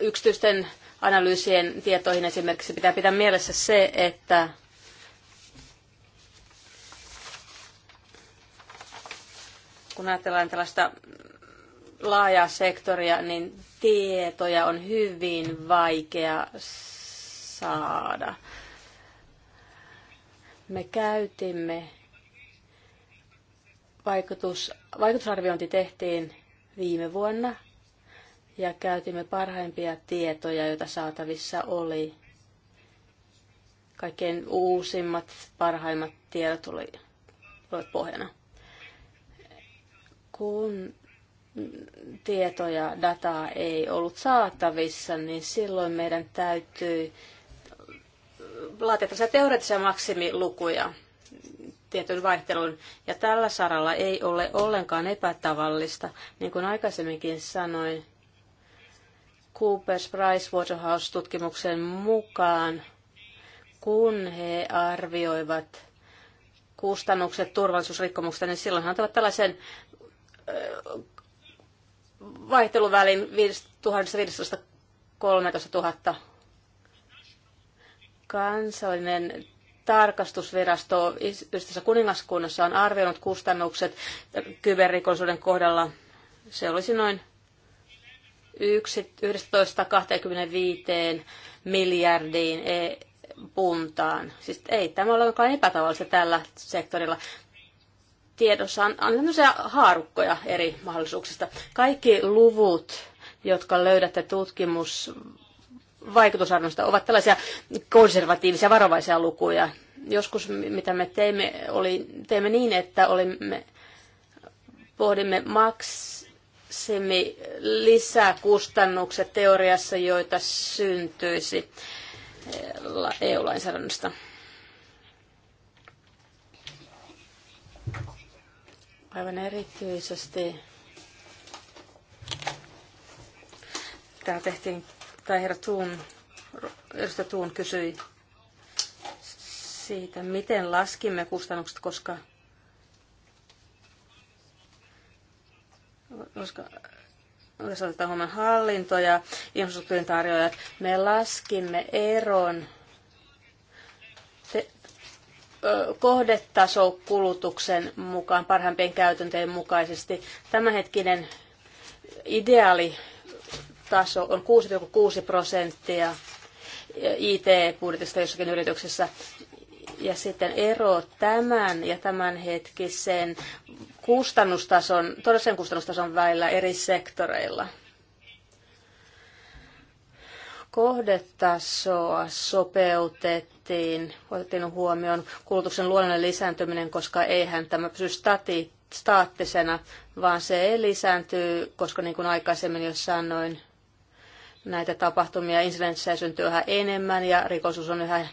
yksityisten analyysien tietoihin esimerkiksi pitää pitää mielessä se, että kun ajatellaan tällaista laajaa sektoria, niin tietoja on hyvin vaikea saada. Me käytimme, vaikutus, vaikutusarviointi tehtiin viime vuonna ja käytimme parhaimpia tietoja, joita saatavissa oli. Kaikkein uusimmat, parhaimmat tiedot olivat pohjana. Kun tietoja, dataa ei ollut saatavissa, niin silloin meidän täytyy laatia tässä teoreettisia maksimilukuja tietyn vaihtelun. Ja tällä saralla ei ole ollenkaan epätavallista, niin kuin aikaisemminkin sanoin, Coopers waterhouse tutkimuksen mukaan, kun he arvioivat kustannukset turvallisuusrikkomuksista, niin silloin he antavat tällaisen vaihteluvälin 1500 13 Kansallinen tarkastusvirasto yhdessä kuningaskunnassa on arvioinut kustannukset kyberrikollisuuden kohdalla. Se olisi noin 11-25 miljardiin e- puntaan. Siis ei tämä ole olekaan epätavallista tällä sektorilla tiedossa on, on tämmöisiä haarukkoja eri mahdollisuuksista. Kaikki luvut, jotka löydätte tutkimus vaikutusarvoista, ovat tällaisia konservatiivisia, varovaisia lukuja. Joskus mitä me teimme, oli, teimme niin, että olimme, pohdimme maksimi lisäkustannukset teoriassa, joita syntyisi EU-lainsäädännöstä. Eh, e aivan erityisesti Tämä tehtiin, tai herra Tuun, herra Tuun kysyi siitä, miten laskimme kustannukset, koska, koska jos otetaan huomioon hallinto ja infrastruktuurin tarjoajat, me laskimme eron kohdetaso kulutuksen mukaan parhaimpien käytäntöjen mukaisesti. Tämänhetkinen ideaali taso on 6,6 prosenttia IT-budjetista jossakin yrityksessä. Ja sitten ero tämän ja tämänhetkisen kustannustason, todellisen kustannustason välillä eri sektoreilla – kohdetasoa sopeutettiin, otettiin huomioon kulutuksen luonnollinen lisääntyminen, koska eihän tämä pysy stati, staattisena, vaan se ei lisääntyy, koska niin kuin aikaisemmin jo sanoin, näitä tapahtumia, insidenssejä syntyy yhä enemmän ja rikollisuus on yhä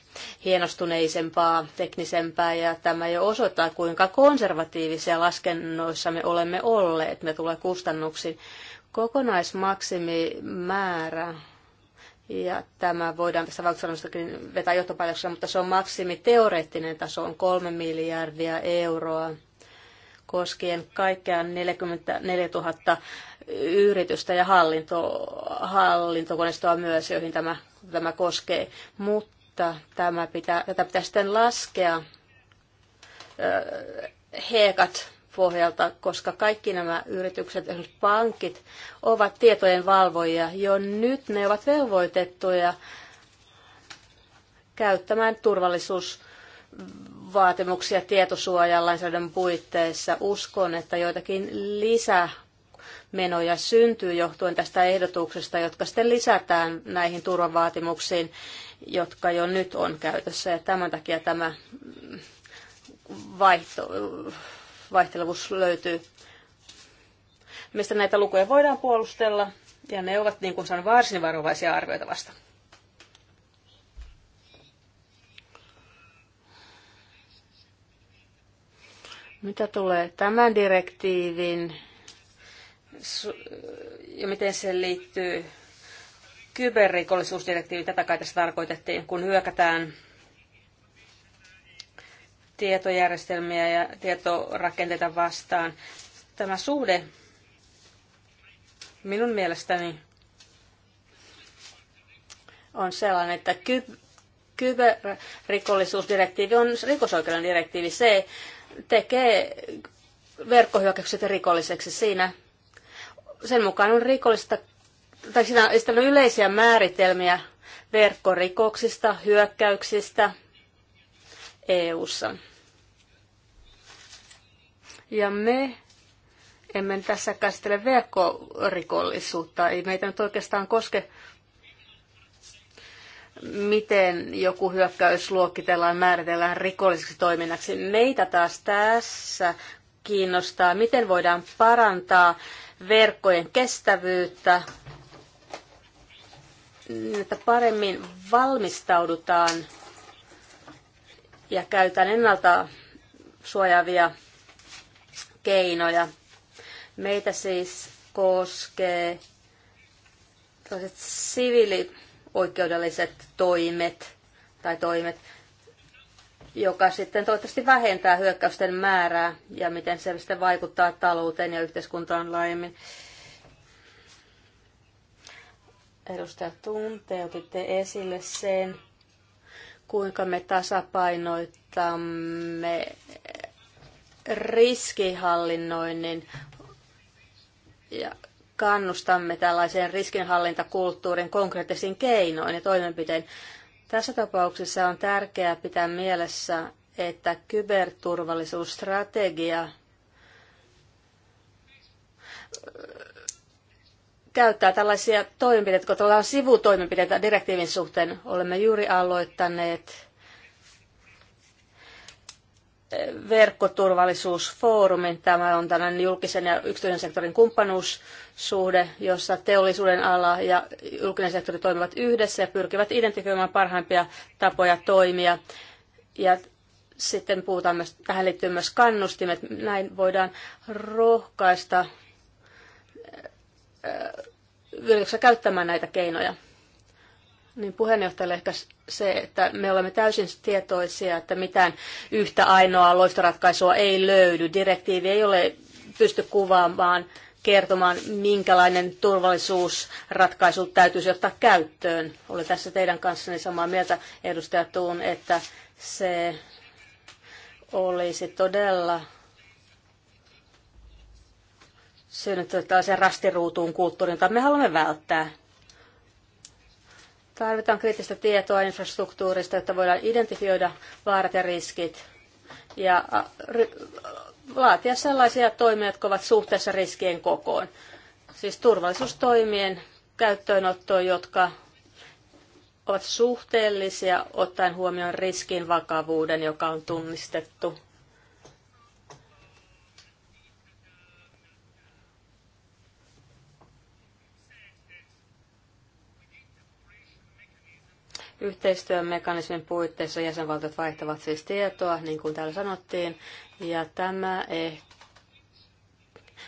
hienostuneisempaa, teknisempää ja tämä jo osoittaa, kuinka konservatiivisia laskennoissa me olemme olleet, me tulee kustannuksiin. Kokonaismaksimimäärä ja tämä voidaan tässä Valksanomastakin vetää johtopäätöksellä, mutta se on maksimi teoreettinen taso, on kolme miljardia euroa koskien kaikkea 44 000 yritystä ja hallinto, hallintokoneistoa myös, joihin tämä, tämä koskee. Mutta tämä pitää, tätä pitää sitten laskea heekat pohjalta, koska kaikki nämä yritykset, esimerkiksi pankit, ovat tietojen valvojia. Jo nyt ne ovat velvoitettuja käyttämään turvallisuusvaatimuksia tietosuojalainsäädännön puitteissa. Uskon, että joitakin lisämenoja syntyy johtuen tästä ehdotuksesta, jotka sitten lisätään näihin turvavaatimuksiin, jotka jo nyt on käytössä. Ja tämän takia tämä vaihto, vaihtelevuus löytyy. Mistä näitä lukuja voidaan puolustella, ja ne ovat, niin kuin sanon, varsin varovaisia arvioita vasta. Mitä tulee tämän direktiivin ja miten se liittyy kyberrikollisuusdirektiiviin, tätä kai tässä tarkoitettiin, kun hyökätään tietojärjestelmiä ja tietorakenteita vastaan. Tämä suhde minun mielestäni on sellainen, että ky- kyberrikollisuusdirektiivi on rikosoikeuden direktiivi. Se tekee verkkohyökkäykset rikolliseksi siinä. Sen mukaan on rikollista, tai siinä on yleisiä määritelmiä verkkorikoksista, hyökkäyksistä – EU-ssa. Ja me emme tässä käsittele verkkorikollisuutta. Ei meitä nyt oikeastaan koske, miten joku hyökkäys luokitellaan, määritellään rikolliseksi toiminnaksi. Meitä taas tässä kiinnostaa, miten voidaan parantaa verkkojen kestävyyttä, että paremmin valmistaudutaan ja käytän ennalta suojaavia keinoja. Meitä siis koskee siviilioikeudelliset toimet tai toimet, joka sitten toivottavasti vähentää hyökkäysten määrää ja miten se sitten vaikuttaa talouteen ja yhteiskuntaan laajemmin. Edustaja Tunte, otitte esille sen, kuinka me tasapainoitamme riskihallinnoinnin ja kannustamme tällaiseen riskinhallintakulttuurin konkreettisiin keinoin ja toimenpitein. Tässä tapauksessa on tärkeää pitää mielessä, että kyberturvallisuusstrategia käyttää tällaisia toimenpiteitä, jotka tavallaan sivutoimenpiteitä direktiivin suhteen. Olemme juuri aloittaneet eh, verkkoturvallisuusfoorumin. Tämä on tällainen julkisen ja yksityisen sektorin kumppanuussuhde, jossa teollisuuden ala ja julkinen sektori toimivat yhdessä ja pyrkivät identifioimaan parhaimpia tapoja toimia. Ja sitten puhutaan myös, tähän liittyy myös kannustimet. Näin voidaan rohkaista Äh, yrityksessä käyttämään näitä keinoja. Niin puheenjohtajalle ehkä se, että me olemme täysin tietoisia, että mitään yhtä ainoaa loistoratkaisua ei löydy. Direktiivi ei ole pysty kuvaamaan, kertomaan, minkälainen turvallisuusratkaisu täytyisi ottaa käyttöön. Olen tässä teidän kanssanne samaa mieltä, edustaja Tuun, että se olisi todella synnyttää tällaisen rastiruutuun kulttuurin, jota me haluamme välttää. Tarvitaan kriittistä tietoa infrastruktuurista, jotta voidaan identifioida vaarat ja riskit ja laatia sellaisia toimia, jotka ovat suhteessa riskien kokoon. Siis turvallisuustoimien käyttöönottoa, jotka ovat suhteellisia ottaen huomioon riskin vakavuuden, joka on tunnistettu. Yhteistyömekanismin puitteissa jäsenvaltiot vaihtavat siis tietoa, niin kuin täällä sanottiin, ja tämä eh-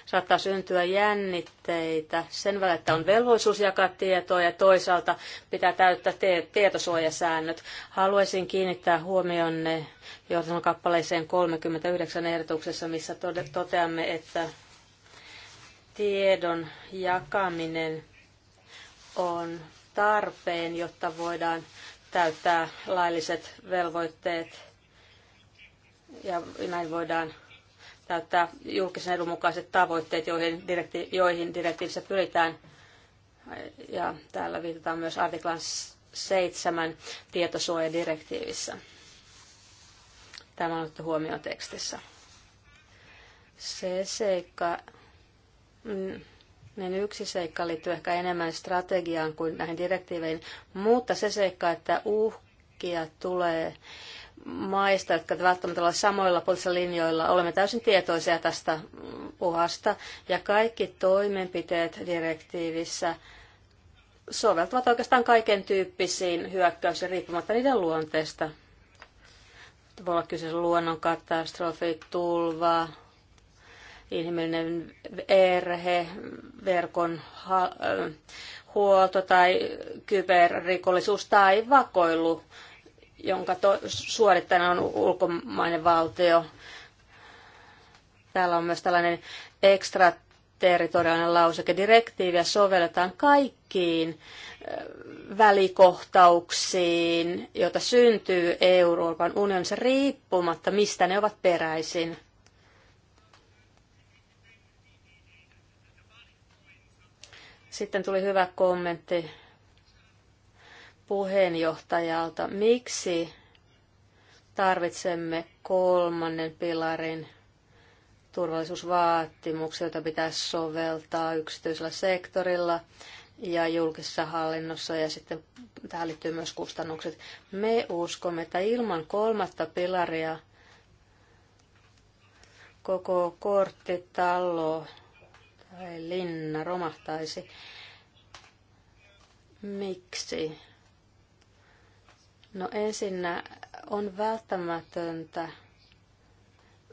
saattaa syntyä jännitteitä sen välillä, että on velvollisuus jakaa tietoa ja toisaalta pitää täyttää te- tietosuojasäännöt. Haluaisin kiinnittää huomionne johdon kappaleeseen 39 ehdotuksessa, missä toteamme, että tiedon jakaminen on tarpeen, jotta voidaan täyttää lailliset velvoitteet ja näin voidaan täyttää julkisen edun mukaiset tavoitteet, joihin, direkti- joihin direktiivissä pyritään. Ja täällä viitataan myös artiklan 7 tietosuojadirektiivissä. Tämä on otettu huomioon tekstissä. Se seikka, mm. Niin yksi seikka liittyy ehkä enemmän strategiaan kuin näihin direktiiveihin, mutta se seikka, että uhkia tulee maista, jotka välttämättä ole samoilla poliittisilla linjoilla. Olemme täysin tietoisia tästä uhasta ja kaikki toimenpiteet direktiivissä soveltuvat oikeastaan kaiken tyyppisiin hyökkäyksiin riippumatta niiden luonteesta. Voi olla kyseessä luonnonkatastrofi, tulva, inhimillinen erhe, verkon äh, huolto tai kyberrikollisuus tai vakoilu, jonka to- suorittajana on ulkomainen valtio. Täällä on myös tällainen ekstraterritoriaalinen lauseke. Direktiiviä sovelletaan kaikkiin äh, välikohtauksiin, joita syntyy Euroopan unionissa riippumatta, mistä ne ovat peräisin. Sitten tuli hyvä kommentti puheenjohtajalta. Miksi tarvitsemme kolmannen pilarin turvallisuusvaatimuksia, joita pitäisi soveltaa yksityisellä sektorilla ja julkisessa hallinnossa ja sitten tähän liittyy myös kustannukset. Me uskomme, että ilman kolmatta pilaria koko korttitalo linna romahtaisi. Miksi? No ensinnä äh, on välttämätöntä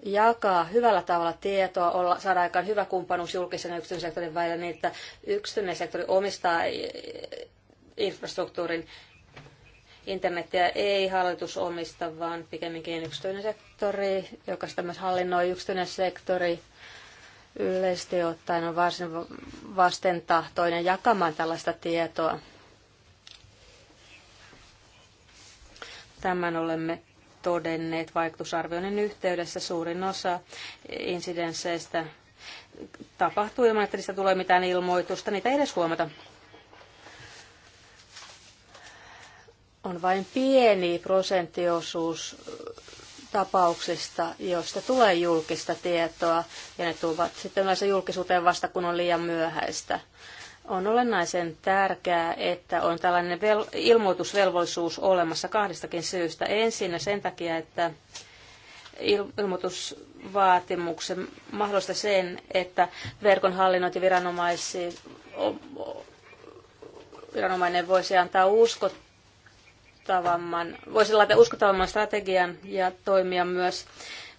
jakaa hyvällä tavalla tietoa, olla, saada aikaan hyvä kumppanuus julkisen ja yksityisen sektorin välillä niin, että yksityinen sektori omistaa äh, infrastruktuurin internetiä ei hallitus omista, vaan pikemminkin yksityinen sektori, joka sitä myös hallinnoi yksityinen sektori yleisesti ottaen on varsin vastentahtoinen jakamaan tällaista tietoa. Tämän olemme todenneet vaikutusarvioinnin yhteydessä suurin osa insidensseistä tapahtuu ilman, että niistä tulee mitään ilmoitusta. Niitä ei edes huomata. On vain pieni prosenttiosuus tapauksista, joista tulee julkista tietoa, ja ne tulevat sitten yleensä julkisuuteen vasta, kun on liian myöhäistä. On olennaisen tärkeää, että on tällainen vel- ilmoitusvelvollisuus olemassa kahdestakin syystä. Ensinnä sen takia, että il- ilmoitusvaatimuksen mahdollista sen, että verkon hallinnointiviranomaisi viranomainen voisi antaa uskottavuutta uskottavamman, voisi laittaa uskottavamman strategian ja toimia myös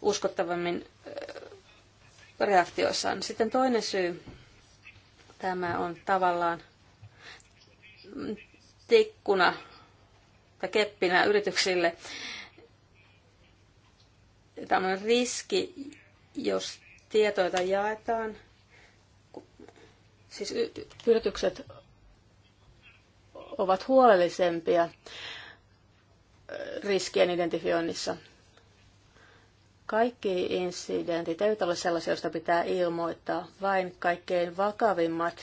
uskottavammin reaktioissaan. Sitten toinen syy, tämä on tavallaan tikkuna tai keppinä yrityksille. Tämä on riski, jos tietoita jaetaan. Siis yritykset ovat huolellisempia riskien identifioinnissa. Kaikki insidentit eivät ole sellaisia, joista pitää ilmoittaa, vain kaikkein vakavimmat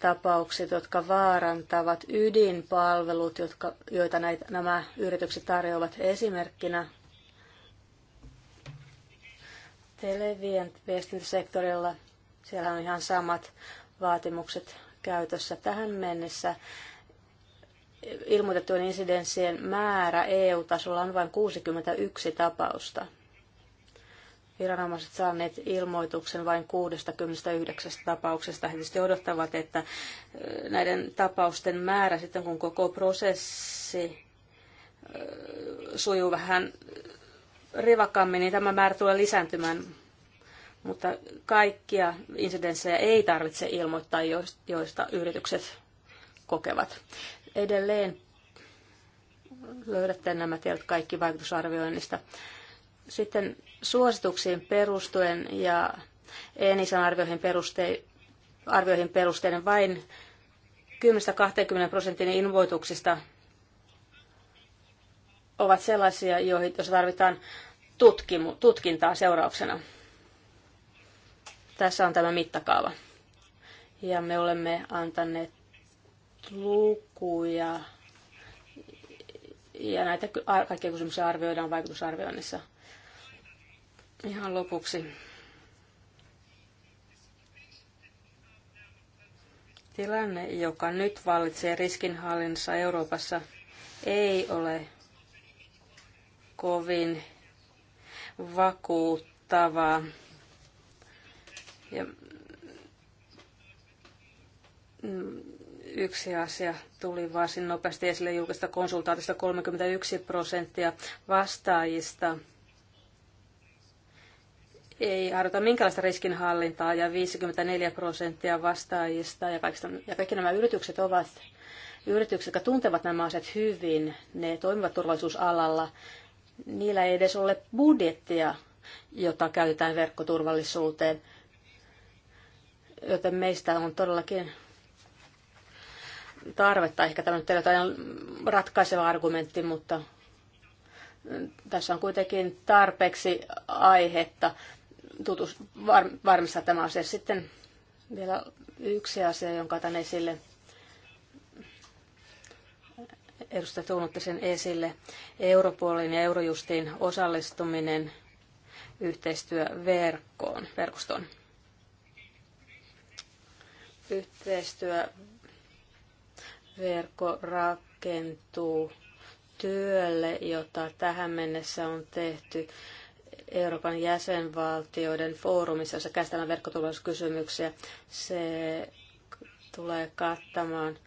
tapaukset, jotka vaarantavat ydinpalvelut, jotka, joita näitä, nämä yritykset tarjoavat esimerkkinä. Televiestintäsektorilla siellä on ihan samat vaatimukset käytössä tähän mennessä ilmoitettujen insidenssien määrä EU-tasolla on vain 61 tapausta. Viranomaiset saaneet ilmoituksen vain 69 tapauksesta. He tietysti odottavat, että näiden tapausten määrä sitten, kun koko prosessi sujuu vähän rivakammin, niin tämä määrä tulee lisääntymään. Mutta kaikkia insidenssejä ei tarvitse ilmoittaa, joista yritykset kokevat. Edelleen löydätte nämä tiedot kaikki vaikutusarvioinnista. Sitten suosituksiin perustuen ja Enisan arvioihin, peruste, arvioihin perusteiden vain 10-20 prosentin invoituksista ovat sellaisia, joissa tarvitaan tutkimu, tutkintaa seurauksena. Tässä on tämä mittakaava. Ja me olemme antaneet lukuja ja näitä kaikkia kysymyksiä arvioidaan vaikutusarvioinnissa. Ihan lopuksi. Tilanne, joka nyt vallitsee riskinhallinnassa Euroopassa, ei ole kovin vakuuttavaa. Ja, mm, Yksi asia tuli varsin nopeasti esille julkista konsultaatista 31 prosenttia vastaajista ei harjoita minkälaista riskinhallintaa ja 54 prosenttia vastaajista ja, kaikista, ja kaikki nämä yritykset ovat yritykset, jotka tuntevat nämä asiat hyvin, ne toimivat turvallisuusalalla, niillä ei edes ole budjettia, jota käytetään verkkoturvallisuuteen. Joten meistä on todellakin tarvetta. Ehkä tämä nyt ei ole ratkaiseva argumentti, mutta tässä on kuitenkin tarpeeksi aihetta tutus, var, varmistaa tämä asia. Sitten vielä yksi asia, jonka otan esille. Edustaja tuunutti sen esille. Europolin ja Eurojustiin osallistuminen yhteistyöverkkoon, verkostoon. Yhteistyö Verkko rakentuu työlle, jota tähän mennessä on tehty Euroopan jäsenvaltioiden foorumissa, jossa käsitellään verkkoturvallisuuskysymyksiä. Se tulee kattamaan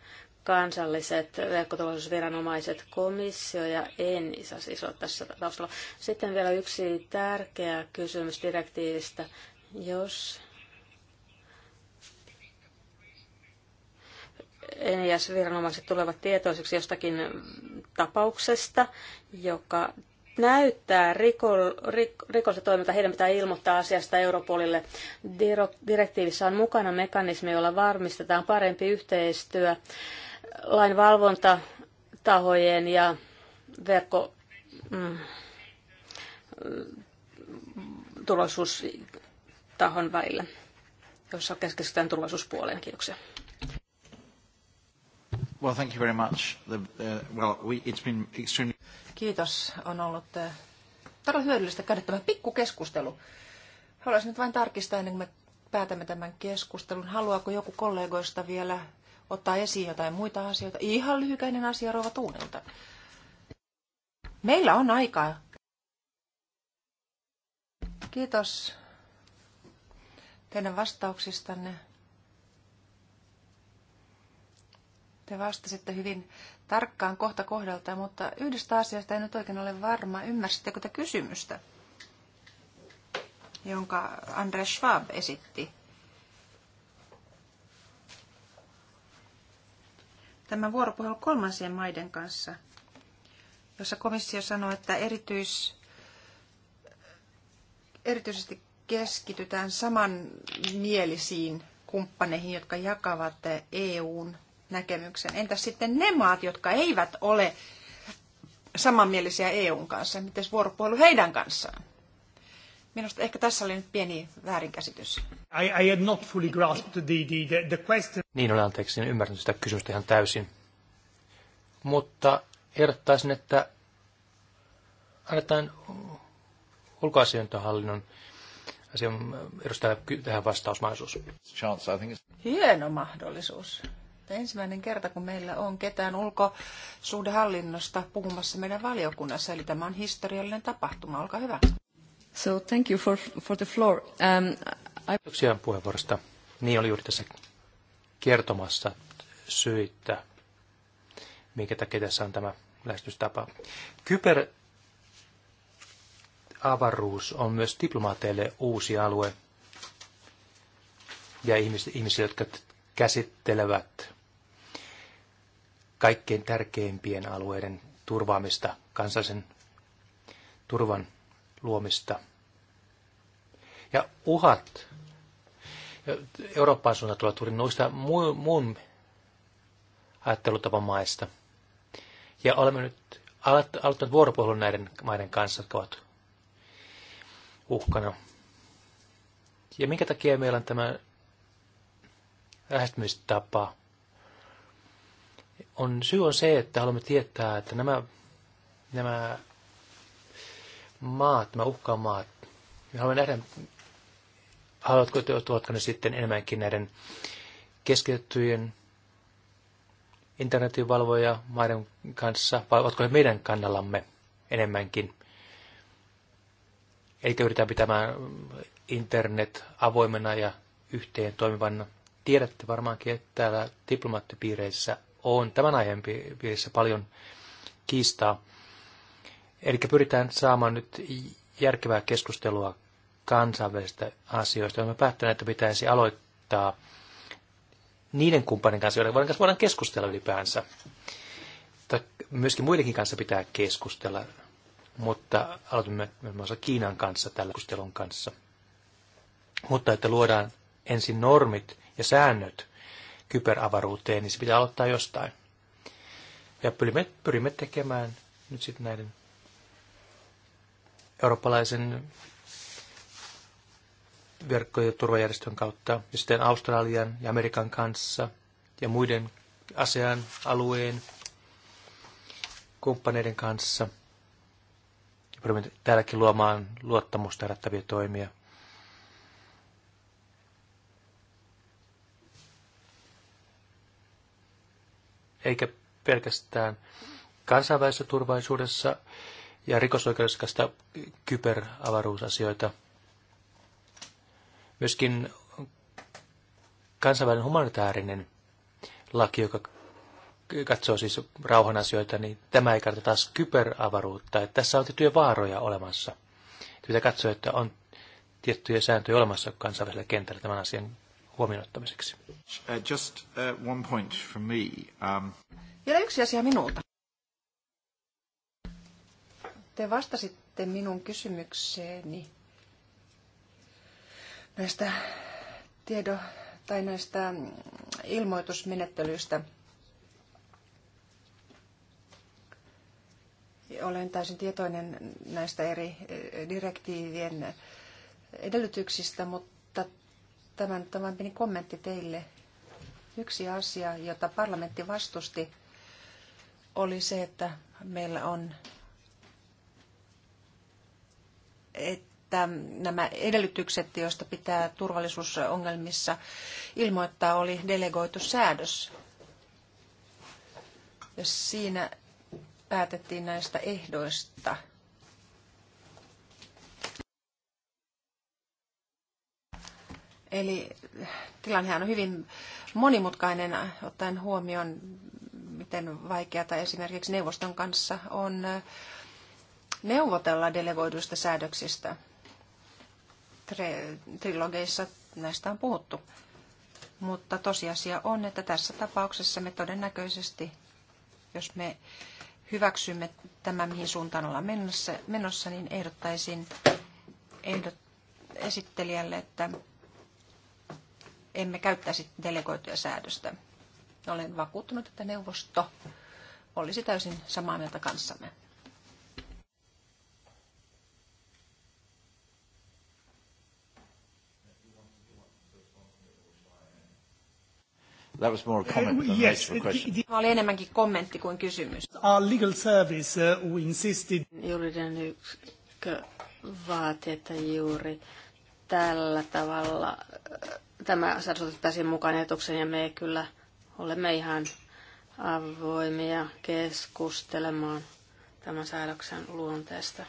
kansalliset verkkoturvallisuusviranomaiset, komissio ja ENISA siis on tässä taustalla. Sitten vielä yksi tärkeä kysymys direktiivistä. Jos NIS-viranomaiset e tulevat tietoisiksi jostakin tapauksesta, joka näyttää riko, rik, rikollista toimintaa, heidän pitää ilmoittaa asiasta Europolille. Direktiivissä on mukana mekanismi, jolla varmistetaan parempi yhteistyö lainvalvontatahojen ja verkko... Mm, turvallisuustahon välillä, jossa keskitytään turvallisuuspuoleen. Kiitoksia. Well, thank you very much. The, uh, well, we, it's been extremely... Kiitos. On ollut uh, todella hyödyllistä käydä tämä pikkukeskustelu. Haluaisin nyt vain tarkistaa ennen kuin me päätämme tämän keskustelun. Haluaako joku kollegoista vielä ottaa esiin jotain muita asioita? Ihan lyhykäinen asia Rova Tuunelta. Meillä on aikaa. Kiitos teidän vastauksistanne. Te vastasitte hyvin tarkkaan kohta kohdalta, mutta yhdestä asiasta en nyt oikein ole varma. Ymmärsittekö te kysymystä, jonka Andres Schwab esitti? Tämä vuoropuhelu kolmansien maiden kanssa, jossa komissio sanoi, että erityis, erityisesti keskitytään samanmielisiin kumppaneihin, jotka jakavat EUn näkemyksen. Entä sitten ne maat, jotka eivät ole samanmielisiä EUn kanssa? Miten vuoropuhelu heidän kanssaan? Minusta ehkä tässä oli nyt pieni väärinkäsitys. I, I had not fully grasped the, the, the question. Niin olen anteeksi, en ymmärtänyt sitä kysymystä ihan täysin. Mutta ehdottaisin, että annetaan ulkoasiointohallinnon asian edustaja tähän vastausmahdollisuus. Hieno mahdollisuus että ensimmäinen kerta, kun meillä on ketään ulkosuhdehallinnosta puhumassa meidän valiokunnassa, eli tämä on historiallinen tapahtuma. Olkaa hyvä. So thank you for, for the floor. Um, I... Kiitoksia puheenvuorosta. Niin oli juuri tässä kertomassa syitä, minkä takia tässä on tämä lähestystapa. Kyber avaruus on myös diplomaateille uusi alue ja ihmisille, jotka käsittelevät kaikkein tärkeimpien alueiden turvaamista, kansallisen turvan luomista. Ja uhat Euroopan suuntaan tulevat noista muun, ajattelutapa maista. Ja olemme nyt aloittaneet vuoropuhelun näiden maiden kanssa, jotka ovat uhkana. Ja minkä takia meillä on tämä lähestymistapa on, syy on se, että haluamme tietää, että nämä, nämä maat, nämä uhkaamaat, me haluamme nähdä, haluatko, tuotko ne sitten enemmänkin näiden keskitettyjen internetin valvoja maiden kanssa, vai ovatko he meidän kannallamme enemmänkin? Eli yritetään pitämään internet avoimena ja yhteen toimivana. Tiedätte varmaankin, että täällä diplomaattipiireissä on tämän aiheen piirissä paljon kiistaa. Eli pyritään saamaan nyt järkevää keskustelua kansainvälisistä asioista. Olemme päättäneet, että pitäisi aloittaa niiden kumppanin kanssa, joiden kanssa voidaan keskustella ylipäänsä. Mutta myöskin muidenkin kanssa pitää keskustella, mutta aloitamme muun muassa Kiinan kanssa tällä keskustelun kanssa. Mutta että luodaan ensin normit ja säännöt kyberavaruuteen, niin se pitää aloittaa jostain. Ja pyrimme, pyrimme tekemään nyt sitten näiden eurooppalaisen verkko- ja turvajärjestön kautta, ja sitten Australian ja Amerikan kanssa ja muiden ASEAN alueen kumppaneiden kanssa. pyrimme täälläkin luomaan luottamusta herättäviä toimia – eikä pelkästään kansainvälisessä turvallisuudessa ja rikosoikeudessa kyberavaruusasioita. Myöskin kansainvälinen humanitaarinen laki, joka katsoo siis rauhan asioita, niin tämä ei kannata taas kyberavaruutta. Että tässä on tiettyjä vaaroja olemassa. Pitää katsoa, että on tiettyjä sääntöjä olemassa kansainvälisellä kentällä tämän asian huomioon ottamiseksi. Uh, just uh, one point from me. Um... Vielä yksi asia minulta. Te vastasitte minun kysymykseeni näistä tiedo- tai näistä mm, ilmoitusmenettelyistä. Olen täysin tietoinen näistä eri e, direktiivien edellytyksistä, mutta Tämän, tämän pieni kommentti teille. Yksi asia, jota parlamentti vastusti, oli se, että meillä on, että nämä edellytykset, joista pitää turvallisuusongelmissa ilmoittaa, oli delegoitu säädös. Ja siinä päätettiin näistä ehdoista – Eli eh, tilannehan on hyvin monimutkainen ottaen huomioon, miten vaikeata esimerkiksi neuvoston kanssa on eh, neuvotella delegoiduista säädöksistä. Trilogeissa näistä on puhuttu. Mutta tosiasia on, että tässä tapauksessa me todennäköisesti, jos me hyväksymme tämän, mihin suuntaan ollaan menossa, menossa niin ehdottaisin ehdot, esittelijälle, että emme käyttäisi delegoituja säädöstä. Olen vakuuttunut, että neuvosto olisi täysin samaa mieltä kanssamme. That was more a uh, comment than yes, a question. the, oli enemmänkin kommentti kuin kysymys. Our legal service, uh, we insisted... Juridinen yksikö vaatii, että juuri tällä tavalla tämä saataisiin mukaan etuksen ja me kyllä olemme ihan avoimia keskustelemaan tämän säädöksen luonteesta.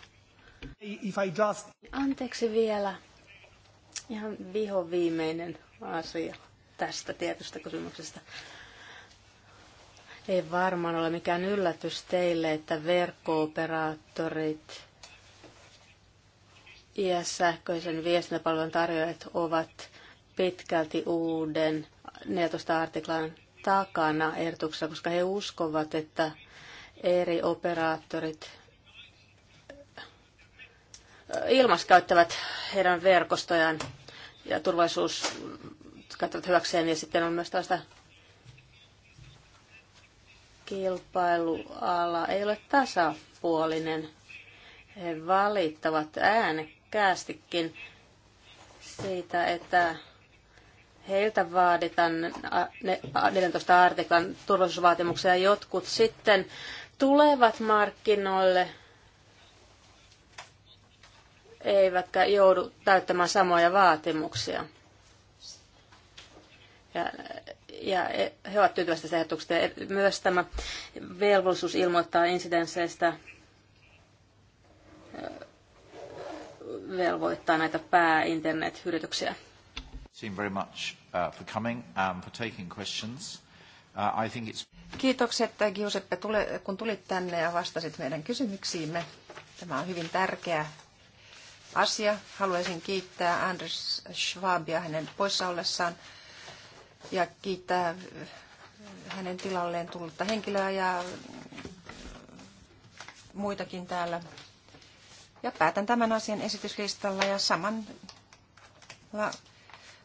If I just... Anteeksi vielä. Ihan viho viimeinen asia tästä tietystä kysymyksestä. Ei varmaan ole mikään yllätys teille, että verkkooperaattorit ja sähköisen viestintäpalvelun tarjoajat ovat pitkälti uuden 14 artiklan takana ehdotuksessa, koska he uskovat, että eri operaattorit ilmaskäyttävät heidän verkostojaan ja turvallisuus käyttävät hyväkseen. Ja sitten on myös tällaista kilpailuala ei ole tasapuolinen. He valittavat äänekkäästikin siitä, että heiltä vaaditaan 14 artiklan turvallisuusvaatimuksia. Jotkut sitten tulevat markkinoille eivätkä joudu täyttämään samoja vaatimuksia. Ja, ja e, he ovat tyytyväisiä ehdotuksesta. E, myös tämä velvollisuus ilmoittaa insidensseistä e, velvoittaa näitä pääinternet-yrityksiä. Kiitokset Giuseppe, kun tulit tänne ja vastasit meidän kysymyksiimme. Tämä on hyvin tärkeä asia. Haluaisin kiittää Anders Schwabia hänen poissaollessaan ja kiittää äh, hänen tilalleen tullutta henkilöä ja äh, muitakin täällä. Ja päätän tämän asian esityslistalla ja saman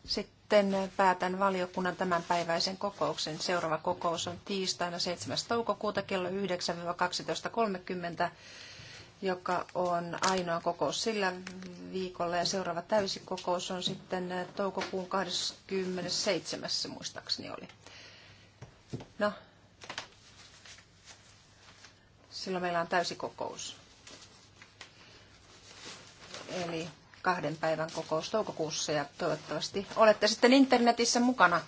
sitten päätän valiokunnan tämänpäiväisen kokouksen. Seuraava kokous on tiistaina 7. toukokuuta kello 9-12.30, joka on ainoa kokous sillä viikolla. Ja seuraava täysikokous on sitten toukokuun 27. muistaakseni oli. No, silloin meillä on täysikokous. Eli kahden päivän kokous toukokuussa ja toivottavasti olette sitten internetissä mukana.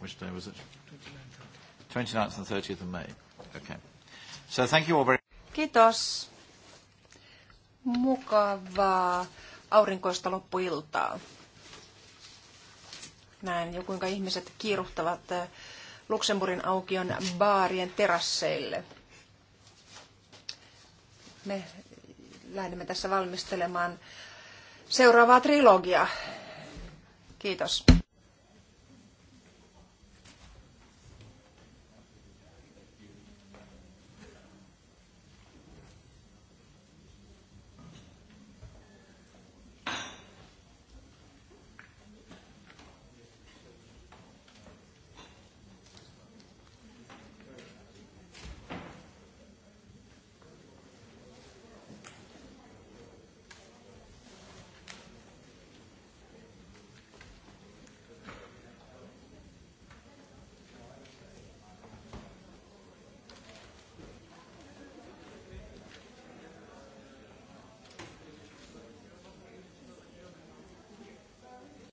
Which day was it? 29th and 30th of May. Okay. So thank you all very... Kiitos. Mukavaa aurinkoista loppuiltaa. Näen jo kuinka ihmiset kiiruhtavat eh, Luxemburgin aukion baarien terasseille. Me lähdemme tässä valmistelemaan seuraavaa trilogiaa. Kiitos.